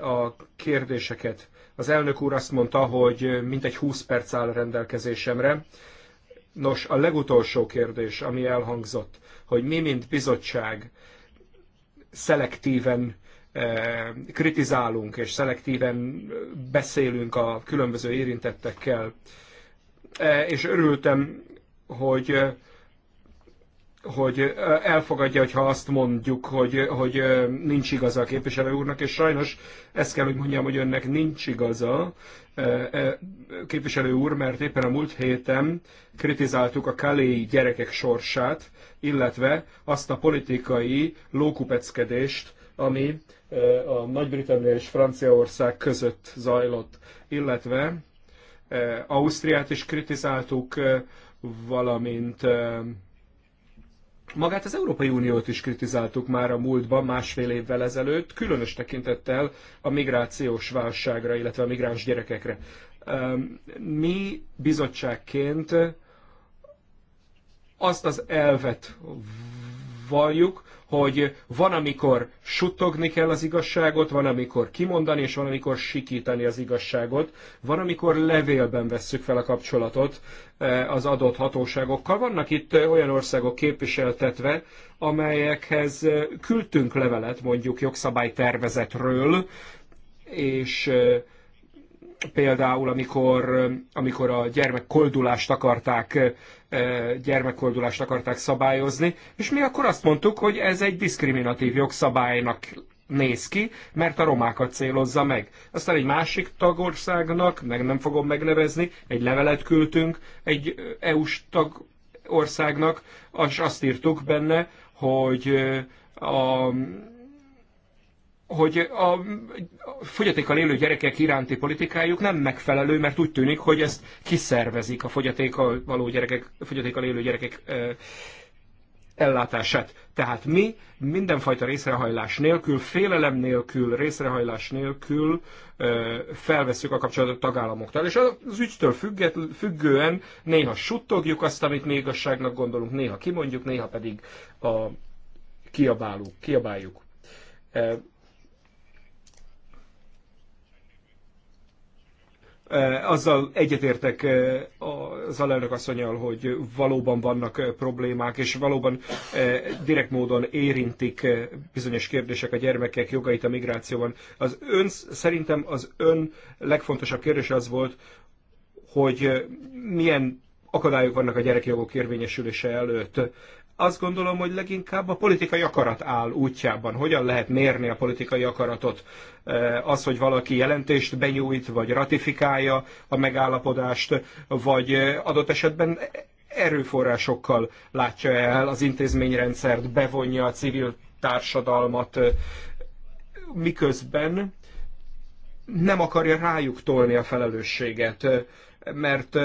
a kérdéseket. Az elnök úr azt mondta, hogy mintegy 20 perc áll rendelkezésemre. Nos, a legutolsó kérdés, ami elhangzott, hogy mi, mint bizottság szelektíven eh, kritizálunk és szelektíven beszélünk a különböző érintettekkel. Eh, és örültem, hogy eh, hogy eh, elfogadja, hogyha azt mondjuk, hogy, hogy eh, nincs igaza a képviselő úrnak, és sajnos ezt kell, hogy mondjam, hogy önnek nincs igaza, eh, képviselő úr, mert éppen a múlt héten kritizáltuk a kaléi gyerekek sorsát, illetve azt a politikai lókupeckedést, ami a Nagy-Britannia és Franciaország között zajlott, illetve Ausztriát is kritizáltuk, valamint Magát az Európai Uniót is kritizáltuk már a múltban, másfél évvel ezelőtt, különös tekintettel a migrációs válságra, illetve a migráns gyerekekre. Mi bizottságként azt az elvet valljuk, hogy van, amikor suttogni kell az igazságot, van, amikor kimondani, és van, amikor sikítani az igazságot, van, amikor levélben vesszük fel a kapcsolatot eh, az adott hatóságokkal. Vannak itt eh, olyan országok képviseltetve, amelyekhez eh, küldtünk levelet mondjuk jogszabálytervezetről, és például amikor, amikor a gyermekkoldulást akarták eh, gyermekkoldulást akarták szabályozni, és mi akkor azt mondtuk, hogy ez egy diszkriminatív jogszabálynak néz ki, mert a romákat célozza meg. Aztán egy másik tagországnak, meg nem fogom megnevezni, egy levelet küldtünk egy eh, EU-s tagországnak, és azt írtuk benne, hogy eh, a hogy a fogyatékkal élő gyerekek iránti politikájuk nem megfelelő, mert úgy tűnik, hogy ezt kiszervezik a fogyatékkal, való gyerekek, fogyatékkal élő gyerekek ellátását. Tehát mi mindenfajta részrehajlás nélkül, félelem nélkül, részrehajlás nélkül ö, felveszük a kapcsolatot tagállamoktól. És az ügytől függet, függően néha suttogjuk azt, amit mi igazságnak gondolunk, néha kimondjuk, néha pedig a kiabálunk, kiabáljuk. azzal egyetértek az alelnök asszonyal, hogy valóban vannak problémák, és valóban direkt módon érintik bizonyos kérdések a gyermekek jogait a migrációban. Az ön, szerintem az ön legfontosabb kérdés az volt, hogy milyen akadályok vannak a gyerekjogok érvényesülése előtt azt gondolom, hogy leginkább a politikai akarat áll útjában. Hogyan lehet mérni a politikai akaratot? Eh, az, hogy valaki jelentést benyújt, vagy ratifikálja a megállapodást, vagy eh, adott esetben erőforrásokkal látja el az intézményrendszert, bevonja a civil társadalmat, eh, miközben nem akarja rájuk tolni a felelősséget, mert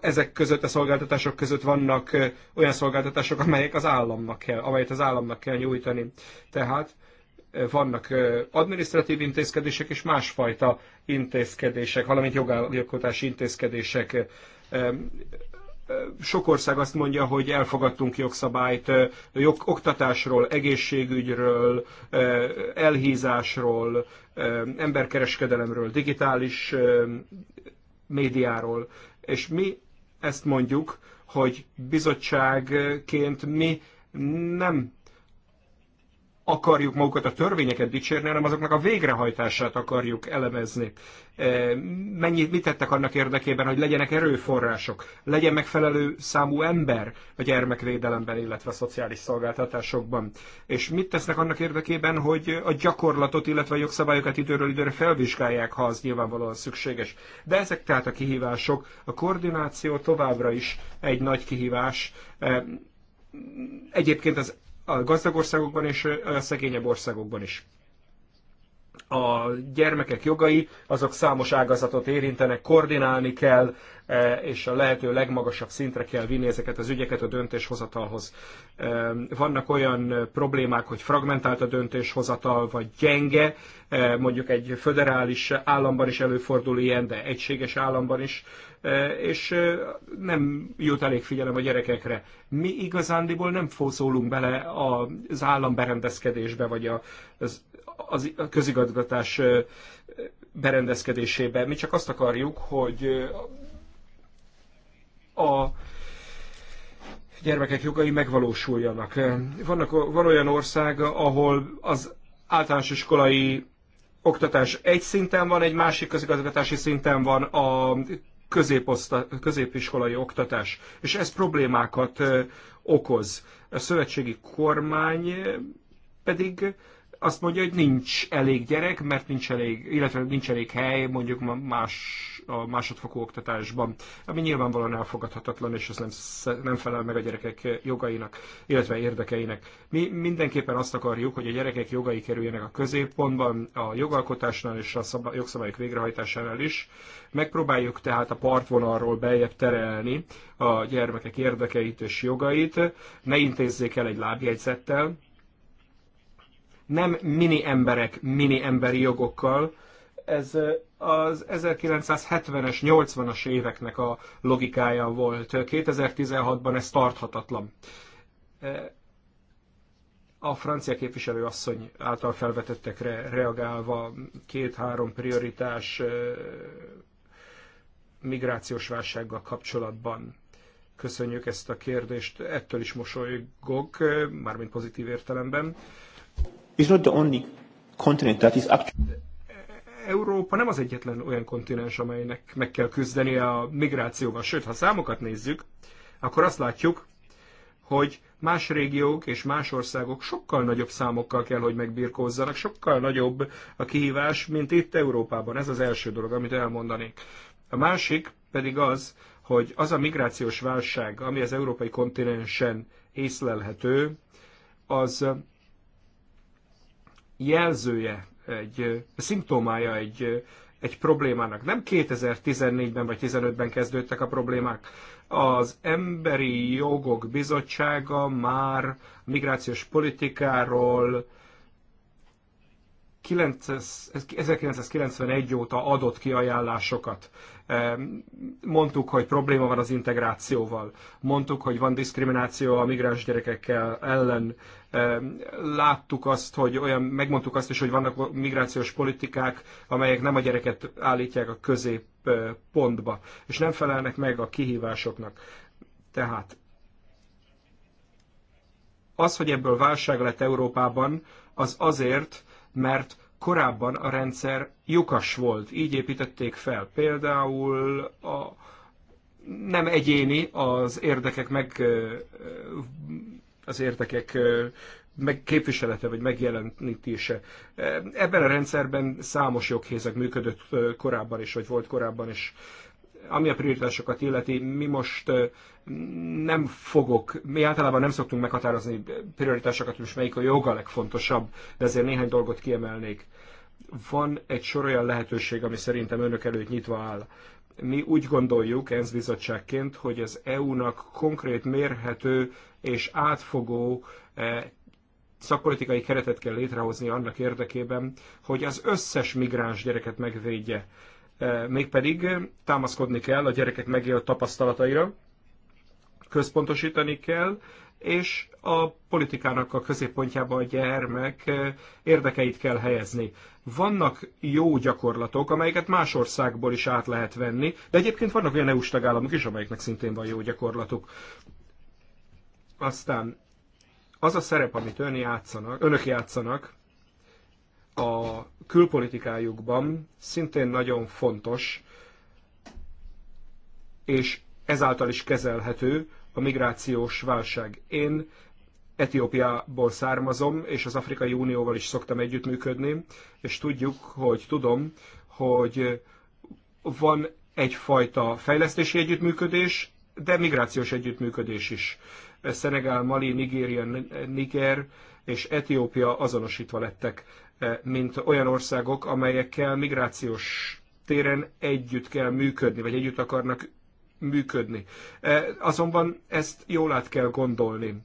ezek között, a szolgáltatások között vannak olyan szolgáltatások, amelyek az államnak kell, amelyet az államnak kell nyújtani. Tehát vannak administratív intézkedések és másfajta intézkedések, valamint jogalkotási intézkedések. Sok ország azt mondja, hogy elfogadtunk jogszabályt jog, oktatásról, egészségügyről, elhízásról, emberkereskedelemről, digitális médiáról, és mi ezt mondjuk, hogy bizottságként mi nem akarjuk magukat a törvényeket dicsérni, hanem azoknak a végrehajtását akarjuk elemezni. E, Mennyit, mit tettek annak érdekében, hogy legyenek erőforrások, legyen megfelelő számú ember a gyermekvédelemben, illetve a szociális szolgáltatásokban. És mit tesznek annak érdekében, hogy a gyakorlatot, illetve a jogszabályokat időről időre felvizsgálják, ha az nyilvánvalóan szükséges. De ezek tehát a kihívások. A koordináció továbbra is egy nagy kihívás. E, egyébként az a gazdag országokban és a szegényebb országokban is a gyermekek jogai, azok számos ágazatot érintenek, koordinálni kell, e, és a lehető legmagasabb szintre kell vinni ezeket az ügyeket a döntéshozatalhoz. E, vannak olyan problémák, hogy fragmentált a döntéshozatal, vagy gyenge, e, mondjuk egy föderális államban is előfordul ilyen, de egységes államban is, és nem jut elég figyelem a gyerekekre. Mi igazándiból nem fószólunk bele az államberendezkedésbe, vagy az az közigazgatás berendezkedésébe. Mi csak azt akarjuk, hogy a gyermekek jogai megvalósuljanak. Vannak, van olyan ország, ahol az általános iskolai oktatás egy szinten van, egy másik közigazgatási szinten van a középiskolai oktatás, és ez problémákat okoz. A szövetségi kormány pedig azt mondja, hogy nincs elég gyerek, mert nincs elég, illetve nincs elég hely mondjuk más, a másodfokú oktatásban, ami nyilvánvalóan elfogadhatatlan, és ez nem, nem felel meg a gyerekek jogainak, illetve érdekeinek. Mi mindenképpen azt akarjuk, hogy a gyerekek jogai kerüljenek a középpontban, a jogalkotásnál és a jogszabályok végrehajtásánál is. Megpróbáljuk tehát a partvonalról beljebb terelni a gyermekek érdekeit és jogait, ne intézzék el egy lábjegyzettel, nem mini emberek mini emberi jogokkal, ez az 1970-es, 80-as éveknek a logikája volt. 2016-ban ez tarthatatlan. A francia képviselőasszony által felvetettekre reagálva két-három prioritás migrációs válsággal kapcsolatban. Köszönjük ezt a kérdést, ettől is mosolygok, mármint pozitív értelemben is not the only continent that is actually... Európa nem az egyetlen olyan kontinens, amelynek meg kell küzdeni a migrációval. Sőt, ha számokat nézzük, akkor azt látjuk, hogy más régiók és más országok sokkal nagyobb számokkal kell, hogy megbirkózzanak, sokkal nagyobb a kihívás, mint itt Európában. Ez az első dolog, amit elmondanék. A másik pedig az, hogy az a migrációs válság, ami az európai kontinensen észlelhető, az jelzője, egy szimptomája egy, egy problémának. Nem 2014-ben vagy 2015-ben kezdődtek a problémák. Az Emberi Jogok Bizottsága már migrációs politikáról 1991 óta adott ki ajánlásokat. Mondtuk, hogy probléma van az integrációval. Mondtuk, hogy van diszkrimináció a migráns gyerekekkel ellen. Láttuk azt, hogy olyan, megmondtuk azt is, hogy vannak migrációs politikák, amelyek nem a gyereket állítják a középpontba, és nem felelnek meg a kihívásoknak. Tehát az, hogy ebből válság lett Európában, az azért, mert korábban a rendszer lyukas volt, így építették fel. Például a, nem egyéni az érdekek meg az érdekek meg képviselete vagy megjelenítése. Ebben a rendszerben számos joghézek működött korábban is, vagy volt korábban is ami a prioritásokat illeti, mi most nem fogok, mi általában nem szoktunk meghatározni prioritásokat, most melyik a joga legfontosabb, de ezért néhány dolgot kiemelnék. Van egy sor olyan lehetőség, ami szerintem önök előtt nyitva áll. Mi úgy gondoljuk ENSZ bizottságként, hogy az EU-nak konkrét, mérhető és átfogó e, szakpolitikai keretet kell létrehozni annak érdekében, hogy az összes migráns gyereket megvédje Mégpedig támaszkodni kell a gyerekek megélt tapasztalataira, központosítani kell, és a politikának a középpontjába a gyermek érdekeit kell helyezni. Vannak jó gyakorlatok, amelyeket más országból is át lehet venni, de egyébként vannak olyan EU-s tagállamok is, amelyeknek szintén van jó gyakorlatuk. Aztán az a szerep, amit ön játszanak, önök játszanak, a külpolitikájukban szintén nagyon fontos, és ezáltal is kezelhető a migrációs válság. Én Etiópiából származom, és az Afrikai Unióval is szoktam együttműködni, és tudjuk, hogy tudom, hogy van egyfajta fejlesztési együttműködés, de migrációs együttműködés is. Szenegál, Mali, Nigéria, Niger és Etiópia azonosítva lettek mint olyan országok, amelyekkel migrációs téren együtt kell működni, vagy együtt akarnak működni. Azonban ezt jól át kell gondolni.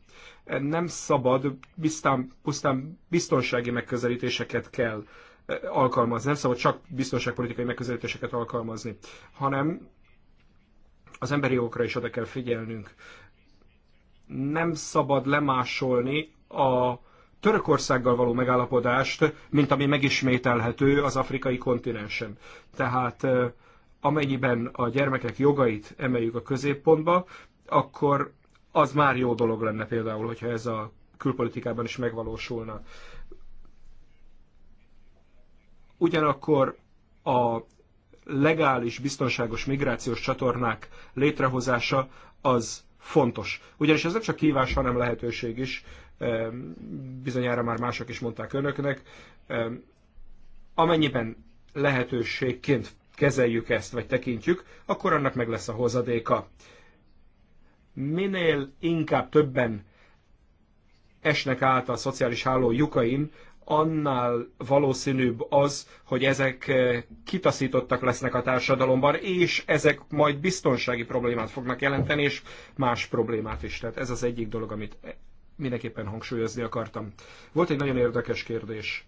Nem szabad, biztán, pusztán biztonsági megközelítéseket kell alkalmazni, nem szabad csak biztonságpolitikai megközelítéseket alkalmazni, hanem az emberi jogokra is oda kell figyelnünk. Nem szabad lemásolni a Törökországgal való megállapodást, mint ami megismételhető az afrikai kontinensen. Tehát amennyiben a gyermekek jogait emeljük a középpontba, akkor az már jó dolog lenne például, hogyha ez a külpolitikában is megvalósulna. Ugyanakkor a legális, biztonságos migrációs csatornák létrehozása az fontos. Ugyanis ez nem csak kívás, hanem lehetőség is bizonyára már mások is mondták önöknek, amennyiben lehetőségként kezeljük ezt, vagy tekintjük, akkor annak meg lesz a hozadéka. Minél inkább többen esnek át a szociális háló lyukain, annál valószínűbb az, hogy ezek kitaszítottak lesznek a társadalomban, és ezek majd biztonsági problémát fognak jelenteni, és más problémát is. Tehát ez az egyik dolog, amit mindenképpen hangsúlyozni akartam. Volt egy nagyon érdekes kérdés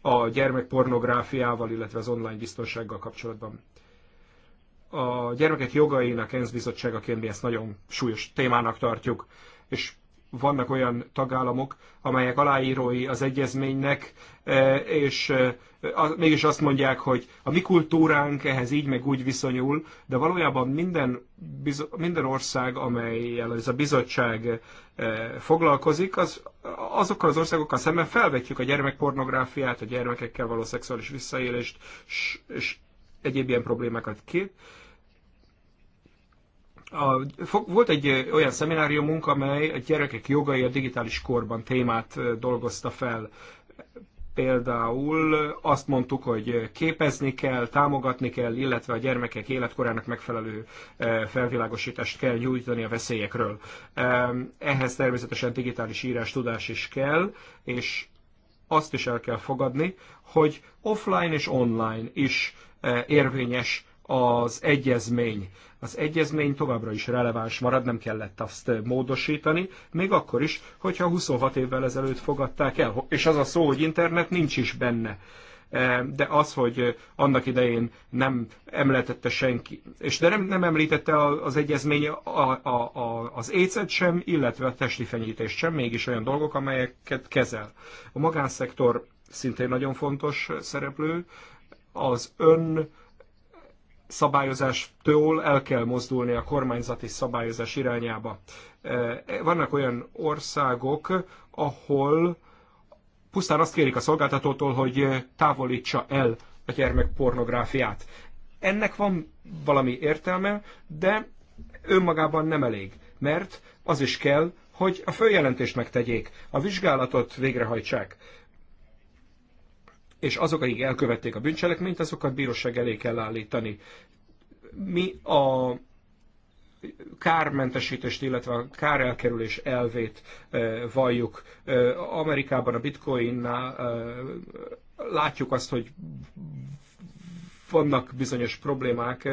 a gyermekpornográfiával, illetve az online biztonsággal kapcsolatban. A gyermekek jogainak ENSZ bizottságaként mi ezt nagyon súlyos témának tartjuk, és vannak olyan tagállamok, amelyek aláírói az egyezménynek, eh, és eh, mégis azt mondják, hogy a mi kultúránk ehhez így meg úgy viszonyul, de valójában minden, minden ország, amelyel ez a bizottság e, foglalkozik, az, azokkal az országokkal szemben felvetjük a gyermekpornográfiát, a gyermekekkel való szexuális visszaélést, és, és egyéb ilyen problémákat ki. A, volt egy olyan szemináriumunk, amely a gyerekek jogai a digitális korban témát dolgozta fel Például azt mondtuk, hogy képezni kell, támogatni kell, illetve a gyermekek életkorának megfelelő eh, felvilágosítást kell nyújtani a veszélyekről. Ehhez természetesen digitális írás tudás is kell, és azt is el kell fogadni, hogy offline és online is eh, érvényes az egyezmény. Az egyezmény továbbra is releváns marad, nem kellett azt módosítani, még akkor is, hogyha 26 évvel ezelőtt fogadták el. És az a szó, hogy internet nincs is benne e, de az, hogy annak idején nem említette senki, és de nem, nem említette az egyezmény a, a, a, az écet sem, illetve a testi fenyítést sem, mégis olyan dolgok, amelyeket kezel. A magánszektor szintén nagyon fontos szereplő, az ön szabályozástól el kell mozdulni a kormányzati szabályozás irányába. E, vannak olyan országok, ahol pusztán azt kérik a szolgáltatótól, hogy távolítsa el a gyermek pornográfiát. Ennek van valami értelme, de önmagában nem elég, mert az is kell, hogy a följelentést megtegyék, a vizsgálatot végrehajtsák és azok, akik elkövették a bűncselekményt, azokat bíróság elé kell állítani. Mi a kármentesítést, illetve a kárelkerülés elvét eh, valljuk. Eh, Amerikában a bitcoinnál eh, látjuk azt, hogy vannak bizonyos problémák.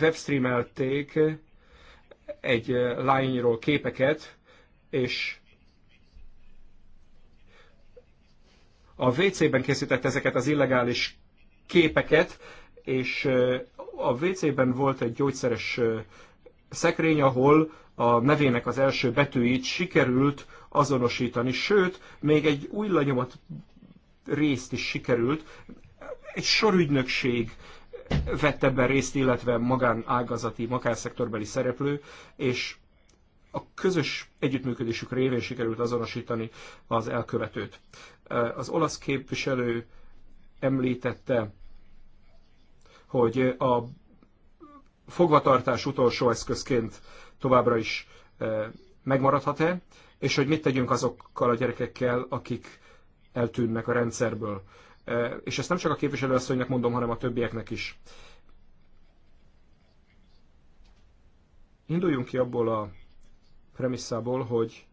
Webstreamelték egy lányról képeket, és a WC-ben készített ezeket az illegális képeket, és a WC-ben volt egy gyógyszeres szekrény, ahol a nevének az első betűit sikerült azonosítani, sőt, még egy új lenyomat részt is sikerült. Egy sorügynökség vett ebben részt, illetve magánágazati, magánszektorbeli szereplő, és a közös együttműködésük révén sikerült azonosítani az elkövetőt. Az olasz képviselő említette, hogy a fogvatartás utolsó eszközként továbbra is megmaradhat-e, és hogy mit tegyünk azokkal a gyerekekkel, akik eltűnnek a rendszerből. És ezt nem csak a képviselőasszonynak mondom, hanem a többieknek is. Induljunk ki abból a premisszából, hogy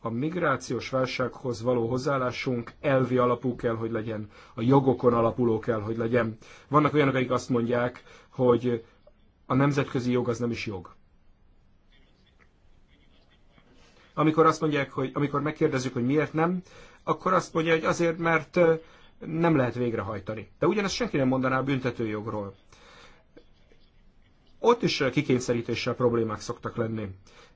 a migrációs válsághoz való hozzáállásunk elvi alapú kell, hogy legyen, a jogokon alapuló kell, hogy legyen. Vannak olyanok, akik azt mondják, hogy a nemzetközi jog az nem is jog. Amikor azt mondják, hogy amikor megkérdezzük, hogy miért nem, akkor azt mondja, hogy azért, mert nem lehet végrehajtani. De ugyanezt senki nem mondaná a büntetőjogról ott is eh, kikényszerítéssel problémák szoktak lenni.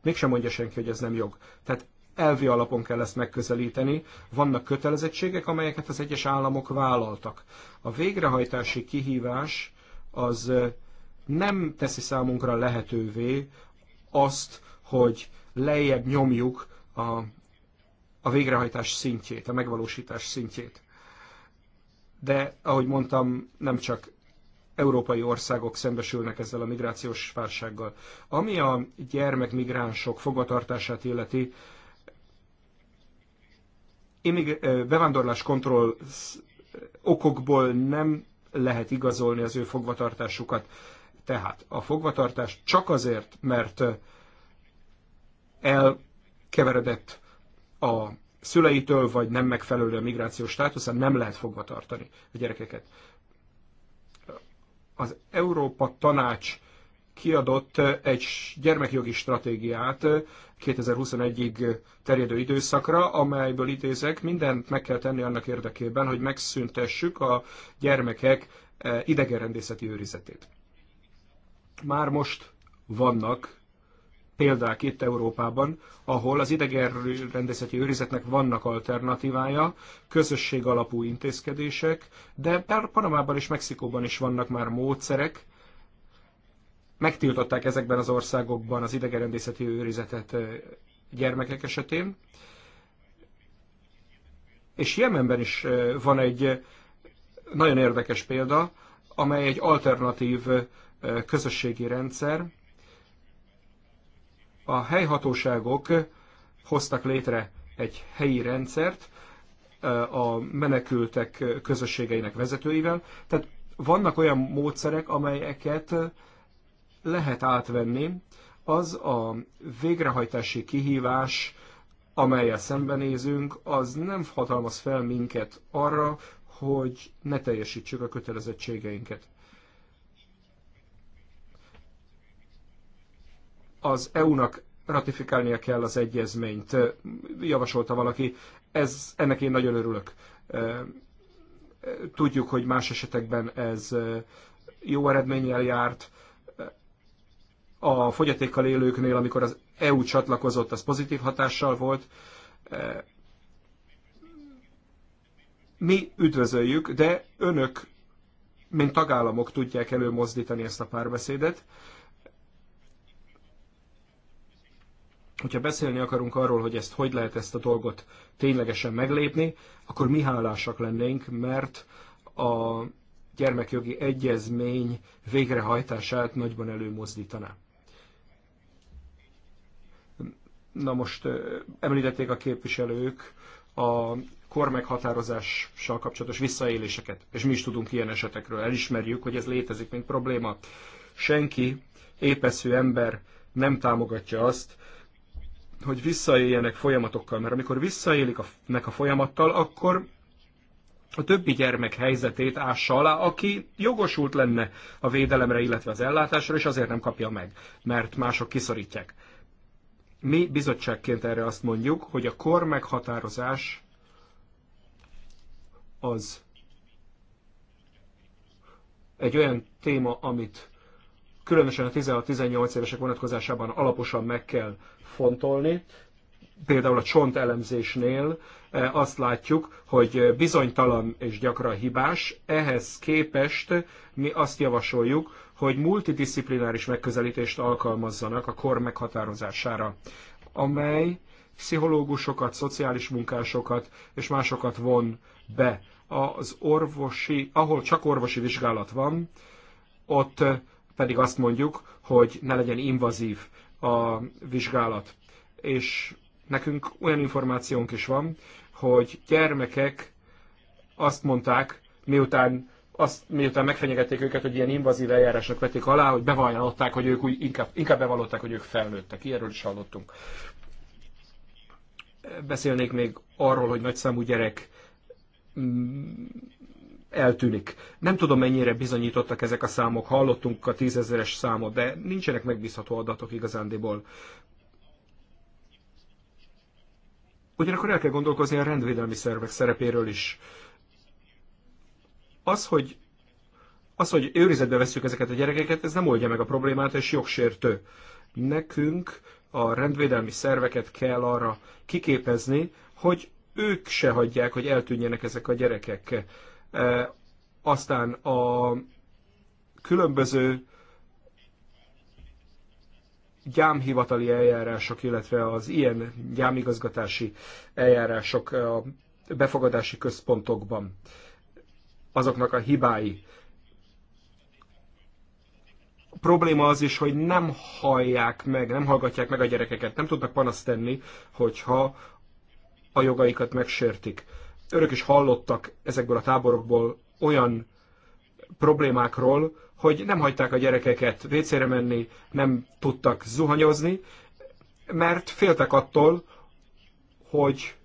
Mégsem mondja senki, hogy ez nem jog. Tehát elvi alapon kell ezt megközelíteni. Vannak kötelezettségek, amelyeket az egyes államok vállaltak. A végrehajtási kihívás az eh, nem teszi számunkra lehetővé azt, hogy lejjebb nyomjuk a, a végrehajtás szintjét, a megvalósítás szintjét. De, ahogy mondtam, nem csak európai országok szembesülnek ezzel a migrációs válsággal. Ami a gyermekmigránsok fogvatartását illeti, bevándorlás kontroll okokból nem lehet igazolni az ő fogvatartásukat. Tehát a fogvatartás csak azért, mert elkeveredett a szüleitől, vagy nem megfelelő a migrációs státuszán, nem lehet fogvatartani a gyerekeket az Európa Tanács kiadott egy gyermekjogi stratégiát 2021-ig terjedő időszakra, amelyből idézek, mindent meg kell tenni annak érdekében, hogy megszüntessük a gyermekek eh, idegenrendészeti őrizetét. Már most vannak példák itt Európában, ahol az idegenrendezeti őrizetnek vannak alternatívája, közösség alapú intézkedések, de Panamában és Mexikóban is vannak már módszerek, megtiltották ezekben az országokban az idegenrendészeti őrizetet gyermekek esetén. És Jemenben is van egy nagyon érdekes példa, amely egy alternatív közösségi rendszer, a helyhatóságok hoztak létre egy helyi rendszert a menekültek közösségeinek vezetőivel. Tehát vannak olyan módszerek, amelyeket lehet átvenni. Az a végrehajtási kihívás, amelyel szembenézünk, az nem hatalmaz fel minket arra, hogy ne teljesítsük a kötelezettségeinket. az EU-nak ratifikálnia kell az egyezményt, javasolta valaki. Ez, ennek én nagyon örülök. Tudjuk, hogy más esetekben ez jó eredménnyel járt. A fogyatékkal élőknél, amikor az EU csatlakozott, az pozitív hatással volt. Mi üdvözöljük, de önök, mint tagállamok tudják előmozdítani ezt a párbeszédet hogyha beszélni akarunk arról, hogy ezt hogy lehet ezt a dolgot ténylegesen meglépni, akkor mi hálásak lennénk, mert a gyermekjogi egyezmény végrehajtását nagyban előmozdítaná. Na most említették a képviselők a kormeghatározással kapcsolatos visszaéléseket, és mi is tudunk ilyen esetekről, elismerjük, hogy ez létezik, mint probléma. Senki, épesző ember nem támogatja azt, hogy visszaéljenek folyamatokkal, mert amikor visszaélik a, meg a folyamattal, akkor a többi gyermek helyzetét ássa alá, aki jogosult lenne a védelemre, illetve az ellátásra, és azért nem kapja meg, mert mások kiszorítják. Mi bizottságként erre azt mondjuk, hogy a kor meghatározás az egy olyan téma, amit különösen a 16-18 évesek vonatkozásában alaposan meg kell fontolni. Például a csont elemzésnél eh, azt látjuk, hogy bizonytalan és gyakran hibás, ehhez képest mi azt javasoljuk, hogy multidisziplináris megközelítést alkalmazzanak a kor meghatározására, amely pszichológusokat, szociális munkásokat és másokat von be az orvosi, ahol csak orvosi vizsgálat van, ott pedig azt mondjuk, hogy ne legyen invazív a vizsgálat. És nekünk olyan információnk is van, hogy gyermekek azt mondták, miután azt, miután megfenyegették őket, hogy ilyen invazív eljárásnak vették alá, hogy bevallották, hogy ők úgy, inkább, inkább bevallották, hogy ők felnőttek. Ilyenről is hallottunk. Beszélnék még arról, hogy nagyszámú gyerek eltűnik. Nem tudom, mennyire bizonyítottak ezek a számok, hallottunk a tízezeres számot, de nincsenek megbízható adatok igazándiból. Ugyanakkor el kell gondolkozni a rendvédelmi szervek szerepéről is. Az, hogy, az, hogy őrizetbe veszük ezeket a gyerekeket, ez nem oldja meg a problémát, és jogsértő. Nekünk a rendvédelmi szerveket kell arra kiképezni, hogy ők se hagyják, hogy eltűnjenek ezek a gyerekek. Aztán a különböző gyámhivatali eljárások, illetve az ilyen gyámigazgatási eljárások a befogadási központokban, azoknak a hibái. A probléma az is, hogy nem hallják meg, nem hallgatják meg a gyerekeket, nem tudnak panaszt tenni, hogyha a jogaikat megsértik örök is hallottak ezekből a táborokból olyan problémákról, hogy nem hagyták a gyerekeket vécére menni, nem tudtak zuhanyozni, mert féltek attól, hogy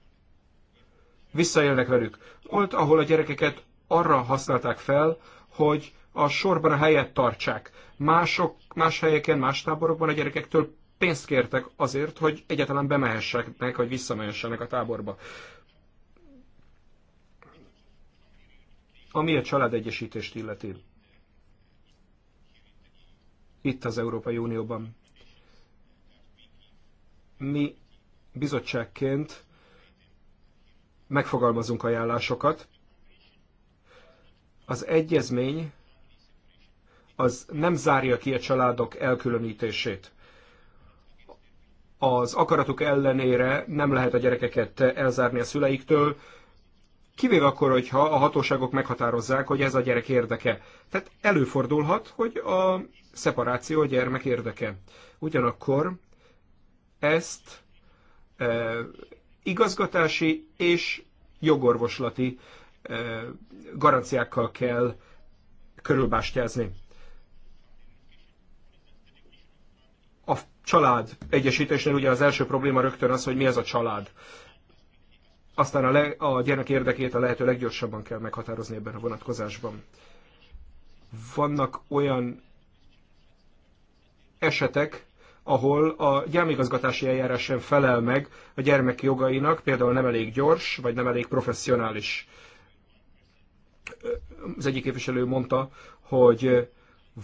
visszaélnek velük. Volt, ahol a gyerekeket arra használták fel, hogy a sorban a helyet tartsák. Mások, más helyeken, más táborokban a gyerekektől pénzt kértek azért, hogy egyáltalán bemehessenek, hogy visszamehessenek a táborba. Ami a családegyesítést illeti, itt az Európai Unióban, mi bizottságként megfogalmazunk ajánlásokat. Az egyezmény az nem zárja ki a családok elkülönítését. Az akaratuk ellenére nem lehet a gyerekeket elzárni a szüleiktől, Kivéve akkor, hogyha a hatóságok meghatározzák, hogy ez a gyerek érdeke. Tehát előfordulhat, hogy a szeparáció a gyermek érdeke. Ugyanakkor ezt e, igazgatási és jogorvoslati e, garanciákkal kell körülbástyázni. A család egyesítésnél ugye az első probléma rögtön az, hogy mi az a család aztán a, le, a gyermek érdekét a lehető leggyorsabban kell meghatározni ebben a vonatkozásban. Vannak olyan esetek, ahol a gyermekigazgatási eljárás sem felel meg a gyermek jogainak, például nem elég gyors, vagy nem elég professzionális. Az egyik képviselő mondta, hogy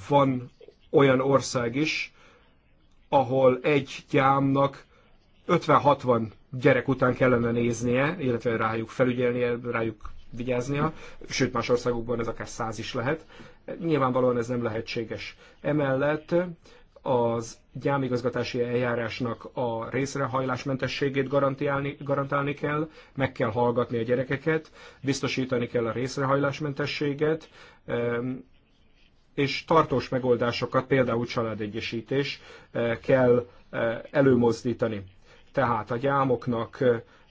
van olyan ország is, ahol egy gyámnak 50-60 gyerek után kellene néznie, illetve rájuk felügyelnie, rájuk vigyáznia, sőt más országokban ez akár száz is lehet. Nyilvánvalóan ez nem lehetséges. Emellett az gyámigazgatási eljárásnak a részrehajlásmentességét garantálni, garantálni kell, meg kell hallgatni a gyerekeket, biztosítani kell a részrehajlásmentességet, és tartós megoldásokat, például családegyesítés eh, kell eh, előmozdítani. Tehát a gyámoknak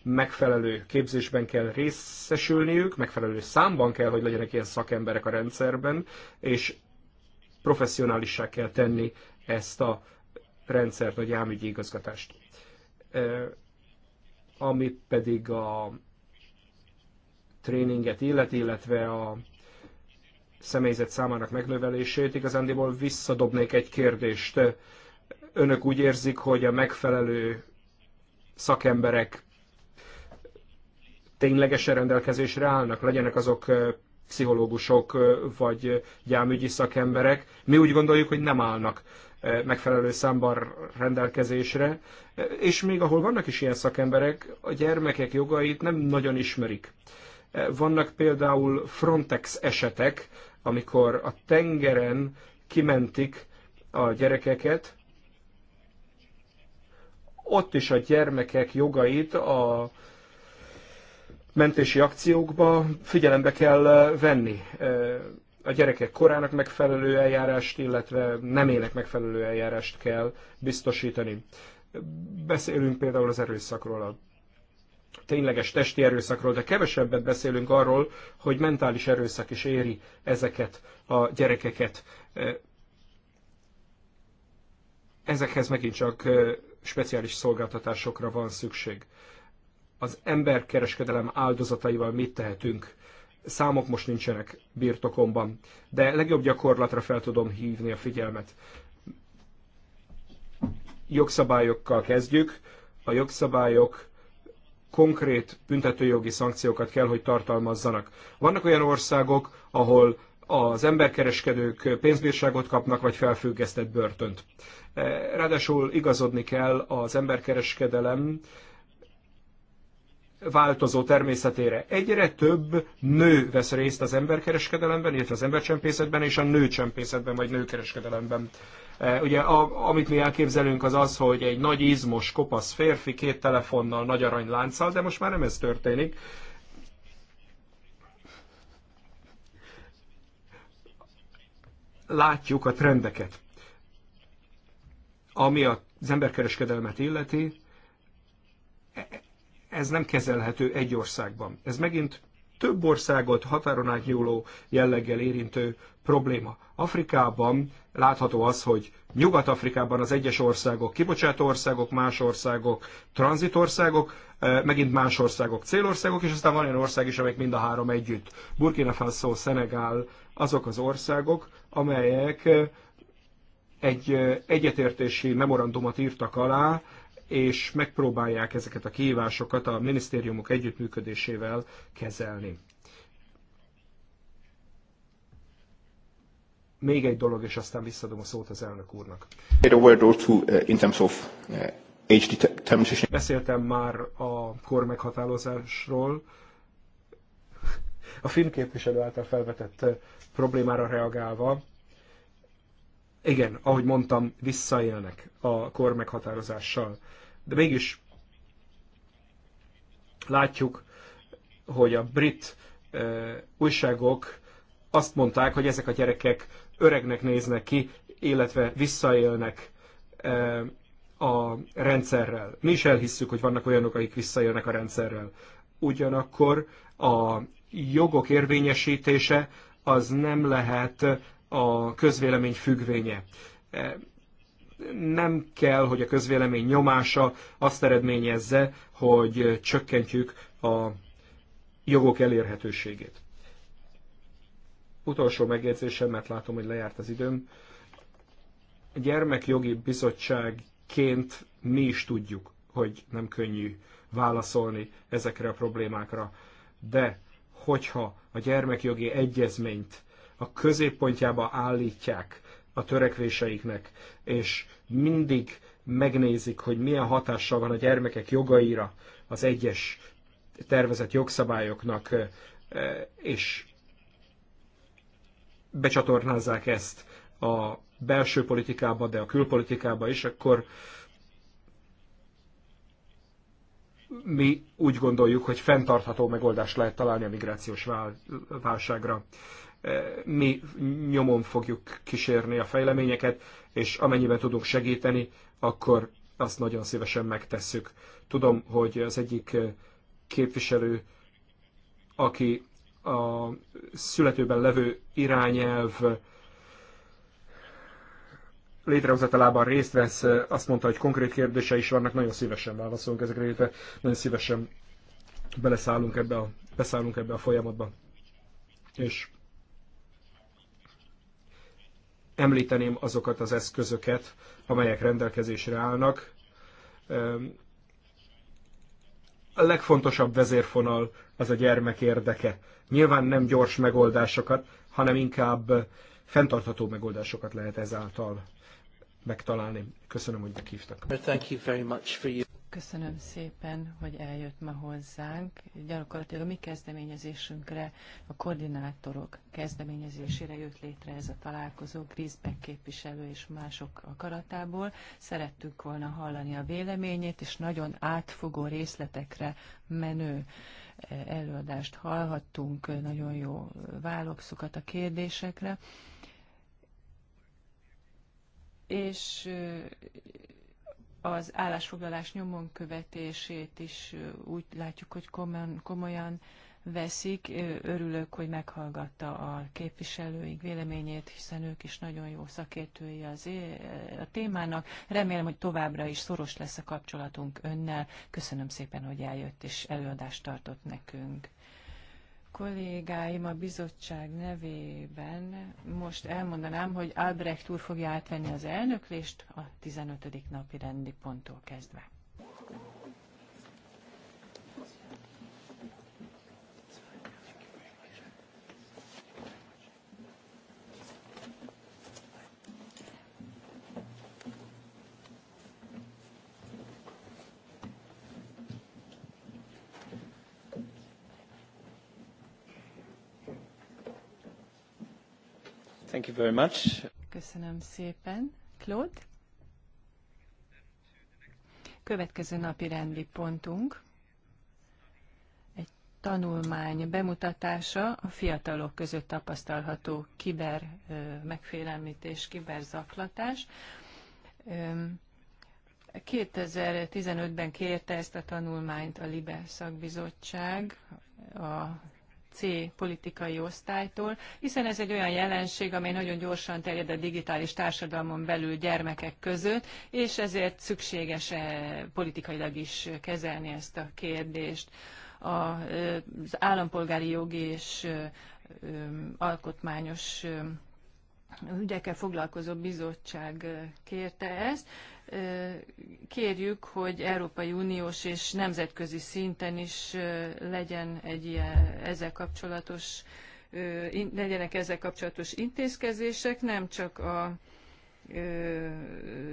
megfelelő képzésben kell részesülniük, megfelelő számban kell, hogy legyenek ilyen szakemberek a rendszerben, és professzionálissá kell tenni ezt a rendszert, a gyámügyi igazgatást. Ami pedig a tréninget illet, illetve a személyzet számának megnövelését, igazándiból visszadobnék egy kérdést. Önök úgy érzik, hogy a megfelelő szakemberek ténylegesen rendelkezésre állnak, legyenek azok pszichológusok vagy gyámügyi szakemberek. Mi úgy gondoljuk, hogy nem állnak megfelelő számban rendelkezésre, és még ahol vannak is ilyen szakemberek, a gyermekek jogait nem nagyon ismerik. Vannak például Frontex esetek, amikor a tengeren kimentik a gyerekeket, ott is a gyermekek jogait a mentési akciókba figyelembe kell venni. A gyerekek korának megfelelő eljárást, illetve nem élek megfelelő eljárást kell biztosítani. Beszélünk például az erőszakról, a tényleges testi erőszakról, de kevesebbet beszélünk arról, hogy mentális erőszak is éri ezeket a gyerekeket. Ezekhez megint csak speciális szolgáltatásokra van szükség. Az emberkereskedelem áldozataival mit tehetünk? Számok most nincsenek birtokomban, de legjobb gyakorlatra fel tudom hívni a figyelmet. Jogszabályokkal kezdjük. A jogszabályok konkrét büntetőjogi szankciókat kell, hogy tartalmazzanak. Vannak olyan országok, ahol az emberkereskedők pénzbírságot kapnak, vagy felfüggesztett börtönt. E, ráadásul igazodni kell az emberkereskedelem változó természetére. Egyre több nő vesz részt az emberkereskedelemben, illetve az embercsempészetben és a nőcsempészetben, vagy nőkereskedelemben. E, ugye a, amit mi elképzelünk az az, hogy egy nagy izmos, kopasz férfi két telefonnal, nagy aranylánccal, de most már nem ez történik, látjuk a trendeket. Ami az emberkereskedelmet illeti, e- ez nem kezelhető egy országban. Ez megint több országot határon átnyúló jelleggel érintő probléma. Afrikában látható az, hogy Nyugat-Afrikában az egyes országok kibocsátó országok, más országok tranzitországok, megint más országok célországok, és aztán van olyan ország is, amelyek mind a három együtt. Burkina Faso, Szenegál, azok az országok, amelyek egy egyetértési memorandumot írtak alá és megpróbálják ezeket a kihívásokat a minisztériumok együttműködésével kezelni. Még egy dolog, és aztán visszadom a szót az elnök úrnak. Uh, uh, Beszéltem már a kor meghatározásról, a finn képviselő által felvetett uh, problémára reagálva, igen, ahogy mondtam, visszaélnek a kor meghatározással. De mégis látjuk, hogy a brit ö, újságok azt mondták, hogy ezek a gyerekek öregnek néznek ki, illetve visszaélnek ö, a rendszerrel. Mi is elhisszük, hogy vannak olyanok, akik visszaélnek a rendszerrel. Ugyanakkor a jogok érvényesítése az nem lehet a közvélemény függvénye. E, nem kell, hogy a közvélemény nyomása azt eredményezze, hogy csökkentjük a jogok elérhetőségét. Utolsó megjegyzésem, mert látom, hogy lejárt az időm. A gyermekjogi bizottságként mi is tudjuk, hogy nem könnyű válaszolni ezekre a problémákra, de hogyha a gyermekjogi egyezményt a középpontjába állítják a törekvéseiknek, és mindig megnézik, hogy milyen hatással van a gyermekek jogaira az egyes tervezett jogszabályoknak, és becsatornázzák ezt a belső politikába, de a külpolitikába is, akkor mi úgy gondoljuk, hogy fenntartható megoldást lehet találni a migrációs válságra. Eh, mi nyomon fogjuk kísérni a fejleményeket, és amennyiben tudunk segíteni, akkor azt nagyon szívesen megtesszük. Tudom, hogy az egyik eh, képviselő, aki a születőben levő irányelv eh, létrehozatalában részt vesz, azt mondta, hogy konkrét kérdése is vannak, nagyon szívesen válaszolunk ezekre, illetve nagyon szívesen beleszállunk ebbe a, beszállunk ebbe a folyamatba. És említeném azokat az eszközöket, amelyek rendelkezésre állnak. A legfontosabb vezérfonal az a gyermek érdeke. Nyilván nem gyors megoldásokat, hanem inkább fenntartható megoldásokat lehet ezáltal megtalálni. Köszönöm, hogy meghívtak. Köszönöm szépen, hogy eljött ma hozzánk. Gyakorlatilag a mi kezdeményezésünkre, a koordinátorok kezdeményezésére jött létre ez a találkozó, Grisbeck képviselő és mások akaratából. Szerettük volna hallani a véleményét, és nagyon átfogó részletekre menő eh, előadást hallhattunk, nagyon jó válaszokat a kérdésekre. És eh, az állásfoglalás nyomon követését is úgy látjuk, hogy komolyan, komolyan veszik. Örülök, hogy meghallgatta a képviselőink véleményét, hiszen ők is nagyon jó szakértői az a témának. Remélem, hogy továbbra is szoros lesz a kapcsolatunk önnel. Köszönöm szépen, hogy eljött és előadást tartott nekünk kollégáim a bizottság nevében most elmondanám, hogy Albrecht úr fogja átvenni az elnöklést a 15. napi rendi ponttól kezdve. Köszönöm szépen. Claude? Következő napi rendi pontunk egy tanulmány bemutatása a fiatalok között tapasztalható kiber megfélemlítés, kiberzaklatás. 2015-ben kérte ezt a tanulmányt a Libe szakbizottság a C politikai osztálytól, hiszen ez egy olyan jelenség, amely nagyon gyorsan terjed a digitális társadalmon belül gyermekek között, és ezért szükséges -e politikailag is kezelni ezt a kérdést. Eh, az állampolgári jogi és eh, alkotmányos ügyekkel foglalkozó bizottság kérte ezt kérjük, hogy Európai Uniós és nemzetközi szinten is legyen egy ilyen ezzel kapcsolatos, legyenek ezzel kapcsolatos intézkedések, nem csak a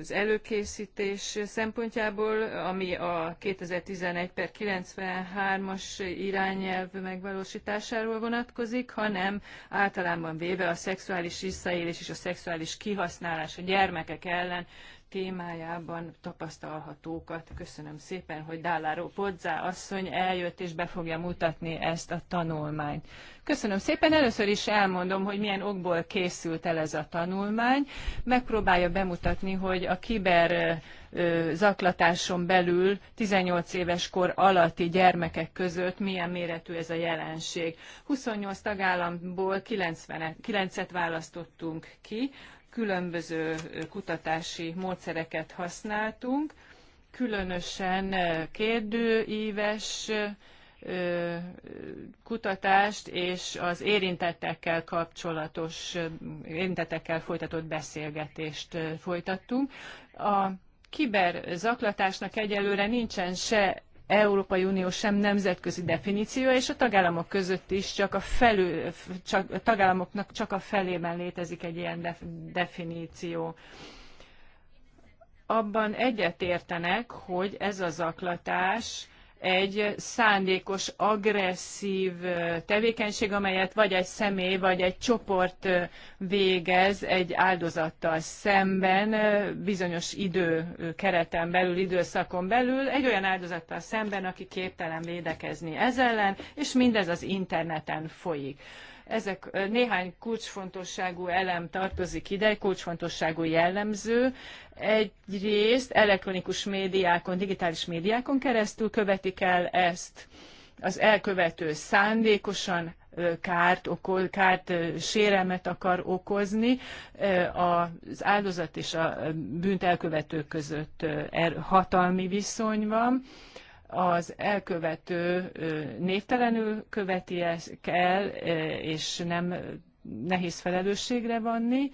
az előkészítés szempontjából, ami a 2011 per 93-as irányelv megvalósításáról vonatkozik, hanem általában véve a szexuális visszaélés és a szexuális kihasználás a gyermekek ellen témájában tapasztalhatókat. Köszönöm szépen, hogy Dálláró Podzá asszony eljött és be fogja mutatni ezt a tanulmányt. Köszönöm szépen. Először is elmondom, hogy milyen okból készült el ez a tanulmány. Megpróbálja bemutatni, hogy a kiber zaklatáson belül 18 éves kor alatti gyermekek között milyen méretű ez a jelenség. 28 tagállamból 90-et választottunk ki, különböző kutatási módszereket használtunk, különösen kérdőíves kutatást és az érintettekkel kapcsolatos, érintettekkel folytatott beszélgetést folytattunk. A kiberzaklatásnak egyelőre nincsen se Európai Unió sem nemzetközi definíció, és a tagállamok között is csak a, felül, csak, a tagállamoknak csak a felében létezik egy ilyen def, definíció. Abban egyetértenek, hogy ez a zaklatás egy szándékos, agresszív tevékenység, amelyet vagy egy személy, vagy egy csoport végez egy áldozattal szemben, bizonyos idő kereten belül, időszakon belül, egy olyan áldozattal szemben, aki képtelen védekezni ez ellen, és mindez az interneten folyik. Ezek néhány kulcsfontosságú elem tartozik ide, kulcsfontosságú jellemző. Egyrészt elektronikus médiákon, digitális médiákon keresztül követik el ezt az elkövető szándékosan kárt, okol, kárt sérelmet akar okozni, az áldozat és a bűnt elkövető között er, hatalmi viszony van az elkövető névtelenül követi ezt el, és nem nehéz felelősségre vanni,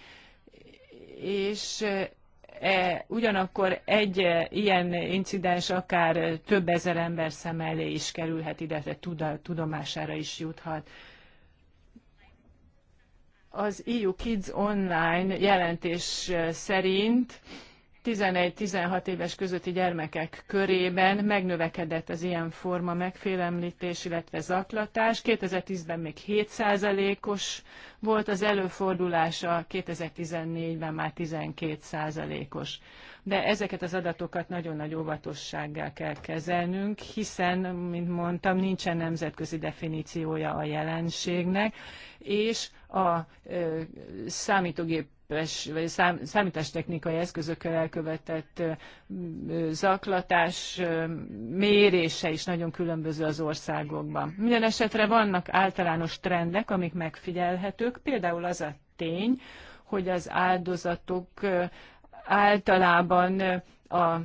és e, ugyanakkor egy ilyen incidens akár több ezer ember szem elé is kerülhet, illetve tudomására is juthat. Az EU Kids Online jelentés szerint 11-16 éves közötti gyermekek körében megnövekedett az ilyen forma megfélemlítés, illetve zaklatás. 2010-ben még 7%-os volt az előfordulása, 2014-ben már 12%-os. De ezeket az adatokat nagyon nagy óvatossággal kell kezelnünk, hiszen, mint mondtam, nincsen nemzetközi definíciója a jelenségnek, és a ö, számítógép gépes vagy szám, számítástechnikai eszközökkel elkövetett zaklatás mérése is nagyon különböző az országokban. Minden esetre vannak általános trendek, amik megfigyelhetők, például az a tény, hogy az áldozatok általában a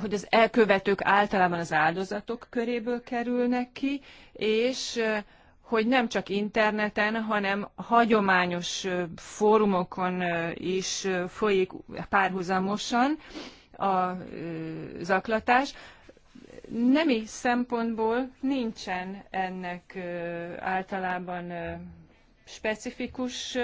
hogy az elkövetők általában az áldozatok köréből kerülnek ki, és hogy nem csak interneten, hanem hagyományos fórumokon is folyik párhuzamosan a zaklatás. Nemi szempontból nincsen ennek általában specifikus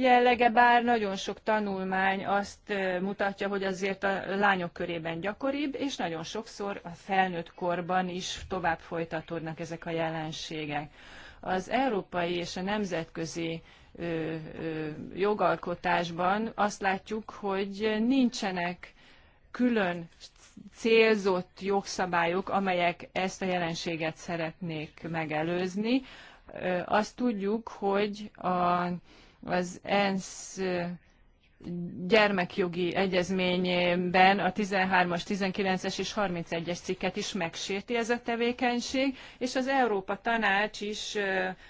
jellege, bár nagyon sok tanulmány azt mutatja, hogy azért a lányok körében gyakoribb, és nagyon sokszor a felnőtt korban is tovább folytatódnak ezek a jelenségek. Az európai és a nemzetközi jogalkotásban azt látjuk, hogy nincsenek külön célzott jogszabályok, amelyek ezt a jelenséget szeretnék megelőzni. Azt tudjuk, hogy a az ENSZ gyermekjogi egyezményben a 13-as, 19-es és 31-es cikket is megsérti ez a tevékenység, és az Európa Tanács is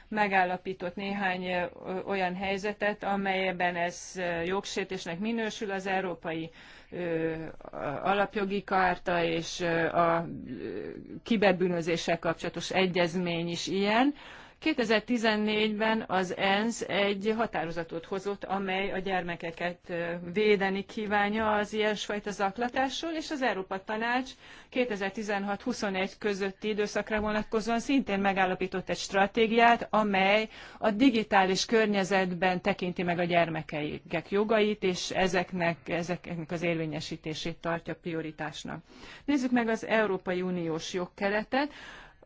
megállapított néhány olyan helyzetet, amelyben ez jogsértésnek minősül az Európai Alapjogi Karta és a kiberbűnözéssel kapcsolatos egyezmény is ilyen 2014-ben az ENSZ egy határozatot hozott, amely a gyermekeket védeni kívánja az ilyesfajta zaklatásról, és az Európa Tanács 2016-21 közötti időszakra vonatkozóan szintén megállapított egy stratégiát, amely a digitális környezetben tekinti meg a gyermekek jogait, és ezeknek, ezeknek az érvényesítését tartja prioritásnak. Nézzük meg az Európai Uniós jogkeretet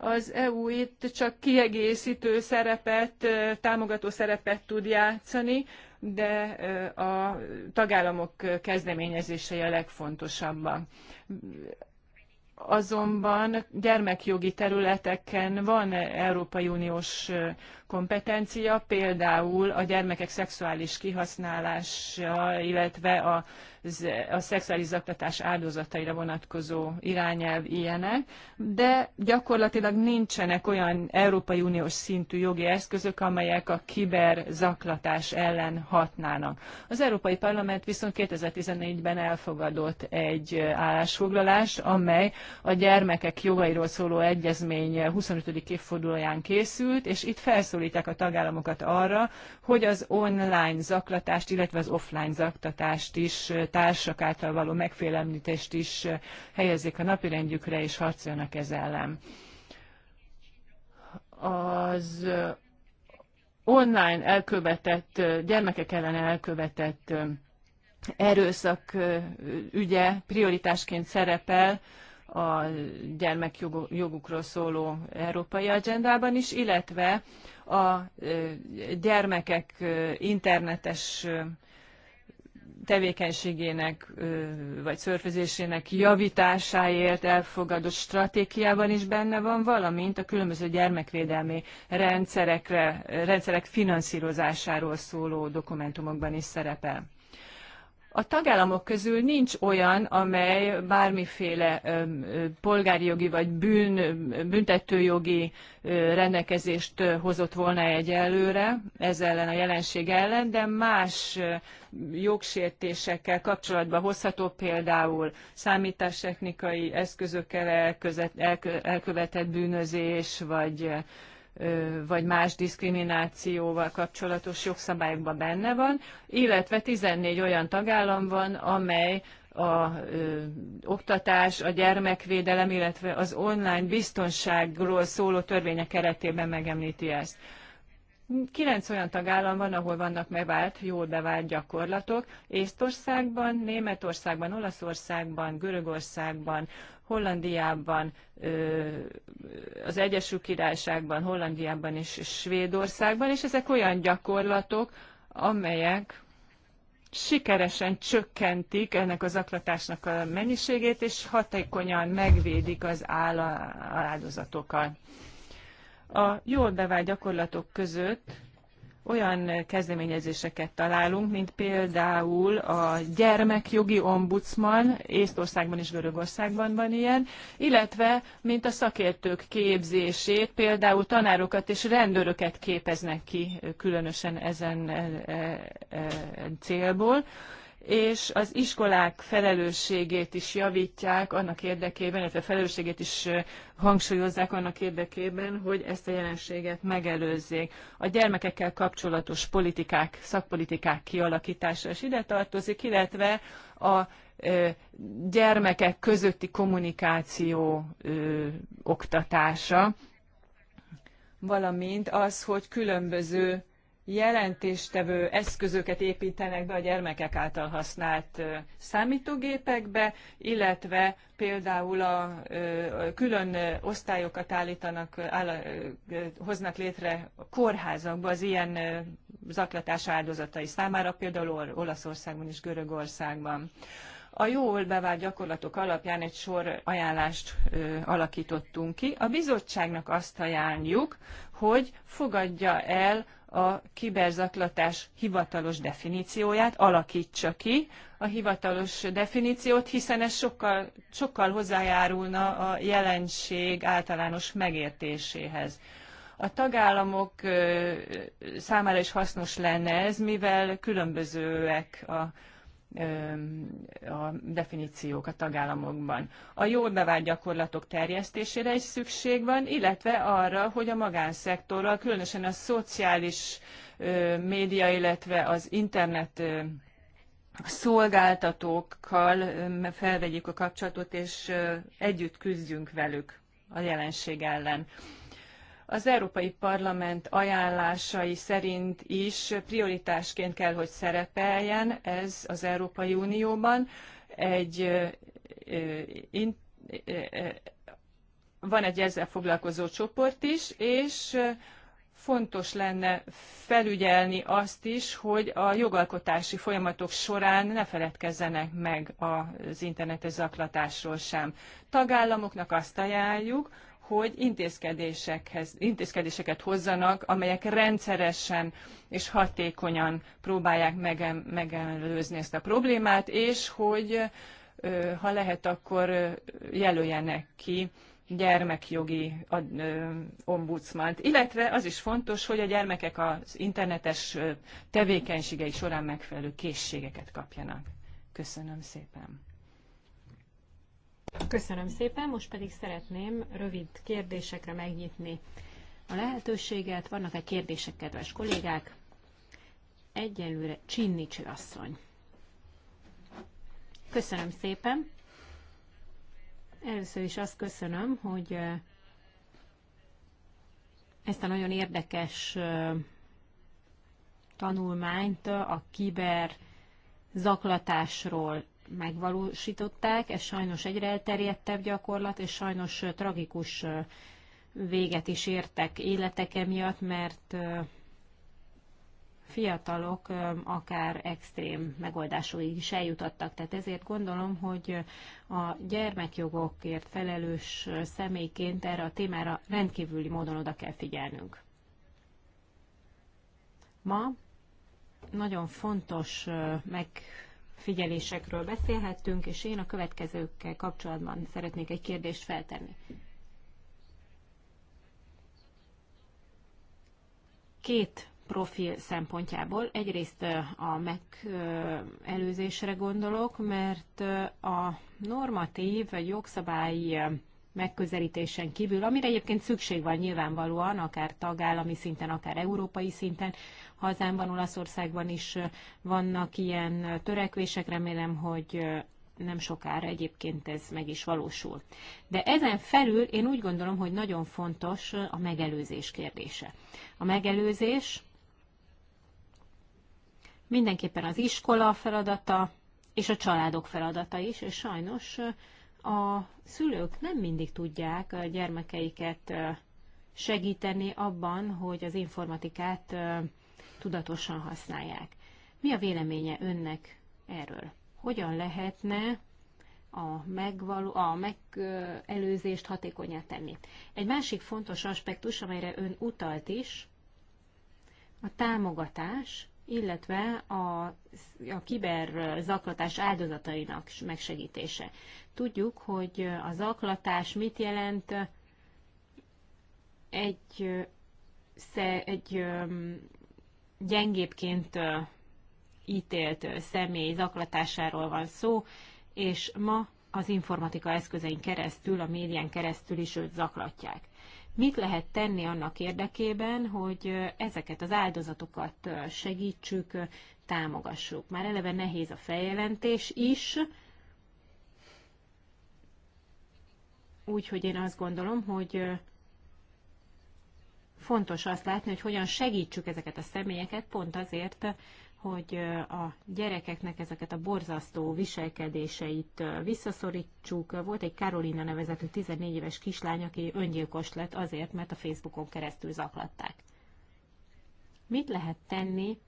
az EU itt csak kiegészítő szerepet, támogató szerepet tud játszani, de a tagállamok kezdeményezései a legfontosabbak. Azonban gyermekjogi területeken van Európai Uniós kompetencia, például a gyermekek szexuális kihasználása, illetve a, a szexuális zaklatás áldozataira vonatkozó irányelv ilyenek, de gyakorlatilag nincsenek olyan Európai Uniós szintű jogi eszközök, amelyek a kiberzaklatás ellen hatnának. Az Európai Parlament viszont 2014-ben elfogadott egy állásfoglalás, amely a gyermekek jogairól szóló egyezmény 25. évfordulóján készült, és itt felszólított rászólítják a tagállamokat arra, hogy az online zaklatást, illetve az offline zaklatást is, társak által való megfélemlítést is helyezzék a napirendjükre és harcoljanak ez ellen. Az online elkövetett, gyermekek ellen elkövetett erőszak ügye prioritásként szerepel a gyermekjogukról szóló európai agendában is, illetve a gyermekek internetes tevékenységének vagy szörfözésének javításáért elfogadott stratégiában is benne van, valamint a különböző gyermekvédelmi rendszerekre, rendszerek finanszírozásáról szóló dokumentumokban is szerepel. A tagállamok közül nincs olyan, amely bármiféle polgári jogi vagy bűn, büntetőjogi rendelkezést hozott volna egyelőre ez ellen a jelenség ellen, de más jogsértésekkel kapcsolatban hozható például számítástechnikai eszközökkel elkövetett bűnözés, vagy vagy más diszkriminációval kapcsolatos jogszabályokban benne van, illetve 14 olyan tagállam van, amely a ö, oktatás, a gyermekvédelem, illetve az online biztonságról szóló törvények keretében megemlíti ezt. Kilenc olyan tagállam van, ahol vannak megvált, jól bevált gyakorlatok. Észtországban, Németországban, Olaszországban, Görögországban, Hollandiában, az Egyesült Királyságban, Hollandiában és Svédországban, és ezek olyan gyakorlatok, amelyek sikeresen csökkentik ennek az aklatásnak a mennyiségét, és hatékonyan megvédik az áll- áldozatokat. A jól bevált gyakorlatok között olyan kezdeményezéseket találunk, mint például a gyermekjogi ombudsman, Észtországban és Görögországban van ilyen, illetve mint a szakértők képzését, például tanárokat és rendőröket képeznek ki különösen ezen e, e, e, célból és az iskolák felelősségét is javítják annak érdekében, illetve felelősségét is hangsúlyozzák annak érdekében, hogy ezt a jelenséget megelőzzék. A gyermekekkel kapcsolatos politikák, szakpolitikák kialakítása is ide tartozik, illetve a gyermekek közötti kommunikáció ö, oktatása, valamint az, hogy különböző jelentéstevő eszközöket építenek be a gyermekek által használt számítógépekbe, illetve például a külön osztályokat állítanak, áll, hoznak létre kórházakba az ilyen zaklatás áldozatai számára, például Olaszországban és Görögországban. A jól bevált gyakorlatok alapján egy sor ajánlást ö, alakítottunk ki. A bizottságnak azt ajánljuk, hogy fogadja el a kiberzaklatás hivatalos definícióját, alakítsa ki a hivatalos definíciót, hiszen ez sokkal, sokkal hozzájárulna a jelenség általános megértéséhez. A tagállamok számára is hasznos lenne ez, mivel különbözőek a a definíciók a tagállamokban. A jól bevált gyakorlatok terjesztésére is szükség van, illetve arra, hogy a magánszektorral, különösen a szociális média, illetve az internet szolgáltatókkal felvegyük a kapcsolatot, és együtt küzdjünk velük a jelenség ellen az Európai Parlament ajánlásai szerint is prioritásként kell, hogy szerepeljen ez az Európai Unióban. Egy, van egy ezzel foglalkozó csoport is, és fontos lenne felügyelni azt is, hogy a jogalkotási folyamatok során ne feledkezzenek meg az internetes zaklatásról sem. Tagállamoknak azt ajánljuk, hogy intézkedésekhez, intézkedéseket hozzanak, amelyek rendszeresen és hatékonyan próbálják mege, megelőzni ezt a problémát, és hogy ha lehet, akkor jelöljenek ki gyermekjogi ombudsmant, illetve az is fontos, hogy a gyermekek az internetes tevékenységei során megfelelő készségeket kapjanak. Köszönöm szépen! Köszönöm szépen, most pedig szeretném rövid kérdésekre megnyitni a lehetőséget. Vannak-e kérdések, kedves kollégák? Egyelőre Csinnicsi asszony. Köszönöm szépen. Először is azt köszönöm, hogy ezt a nagyon érdekes tanulmányt a kiber zaklatásról megvalósították, ez sajnos egyre elterjedtebb gyakorlat, és sajnos tragikus véget is értek életeke miatt, mert fiatalok akár extrém megoldásúig is eljutottak. Tehát ezért gondolom, hogy a gyermekjogokért felelős személyként erre a témára rendkívüli módon oda kell figyelnünk. Ma nagyon fontos meg figyelésekről beszélhettünk, és én a következőkkel kapcsolatban szeretnék egy kérdést feltenni. Két profil szempontjából. Egyrészt a megelőzésre gondolok, mert a normatív vagy jogszabályi megközelítésen kívül, amire egyébként szükség van nyilvánvalóan, akár tagállami szinten, akár európai szinten, hazámban, Olaszországban is vannak ilyen törekvések, remélem, hogy nem sokára egyébként ez meg is valósul. De ezen felül én úgy gondolom, hogy nagyon fontos a megelőzés kérdése. A megelőzés mindenképpen az iskola feladata, és a családok feladata is, és sajnos a szülők nem mindig tudják a gyermekeiket segíteni abban, hogy az informatikát tudatosan használják. Mi a véleménye önnek erről? Hogyan lehetne a, megvaló, a megelőzést hatékonyá tenni? Egy másik fontos aspektus, amelyre ön utalt is, a támogatás, illetve a, a kiberzaklatás áldozatainak megsegítése. Tudjuk, hogy a zaklatás mit jelent egy, egy gyengébbként ítélt személy zaklatásáról van szó, és ma az informatika eszközein keresztül, a médián keresztül is őt zaklatják. Mit lehet tenni annak érdekében, hogy ezeket az áldozatokat segítsük, támogassuk? Már eleve nehéz a feljelentés is, úgyhogy én azt gondolom, hogy fontos azt látni, hogy hogyan segítsük ezeket a személyeket, pont azért, hogy a gyerekeknek ezeket a borzasztó viselkedéseit visszaszorítsuk. Volt egy Karolina nevezetű 14 éves kislány, aki öngyilkos lett azért, mert a Facebookon keresztül zaklatták. Mit lehet tenni?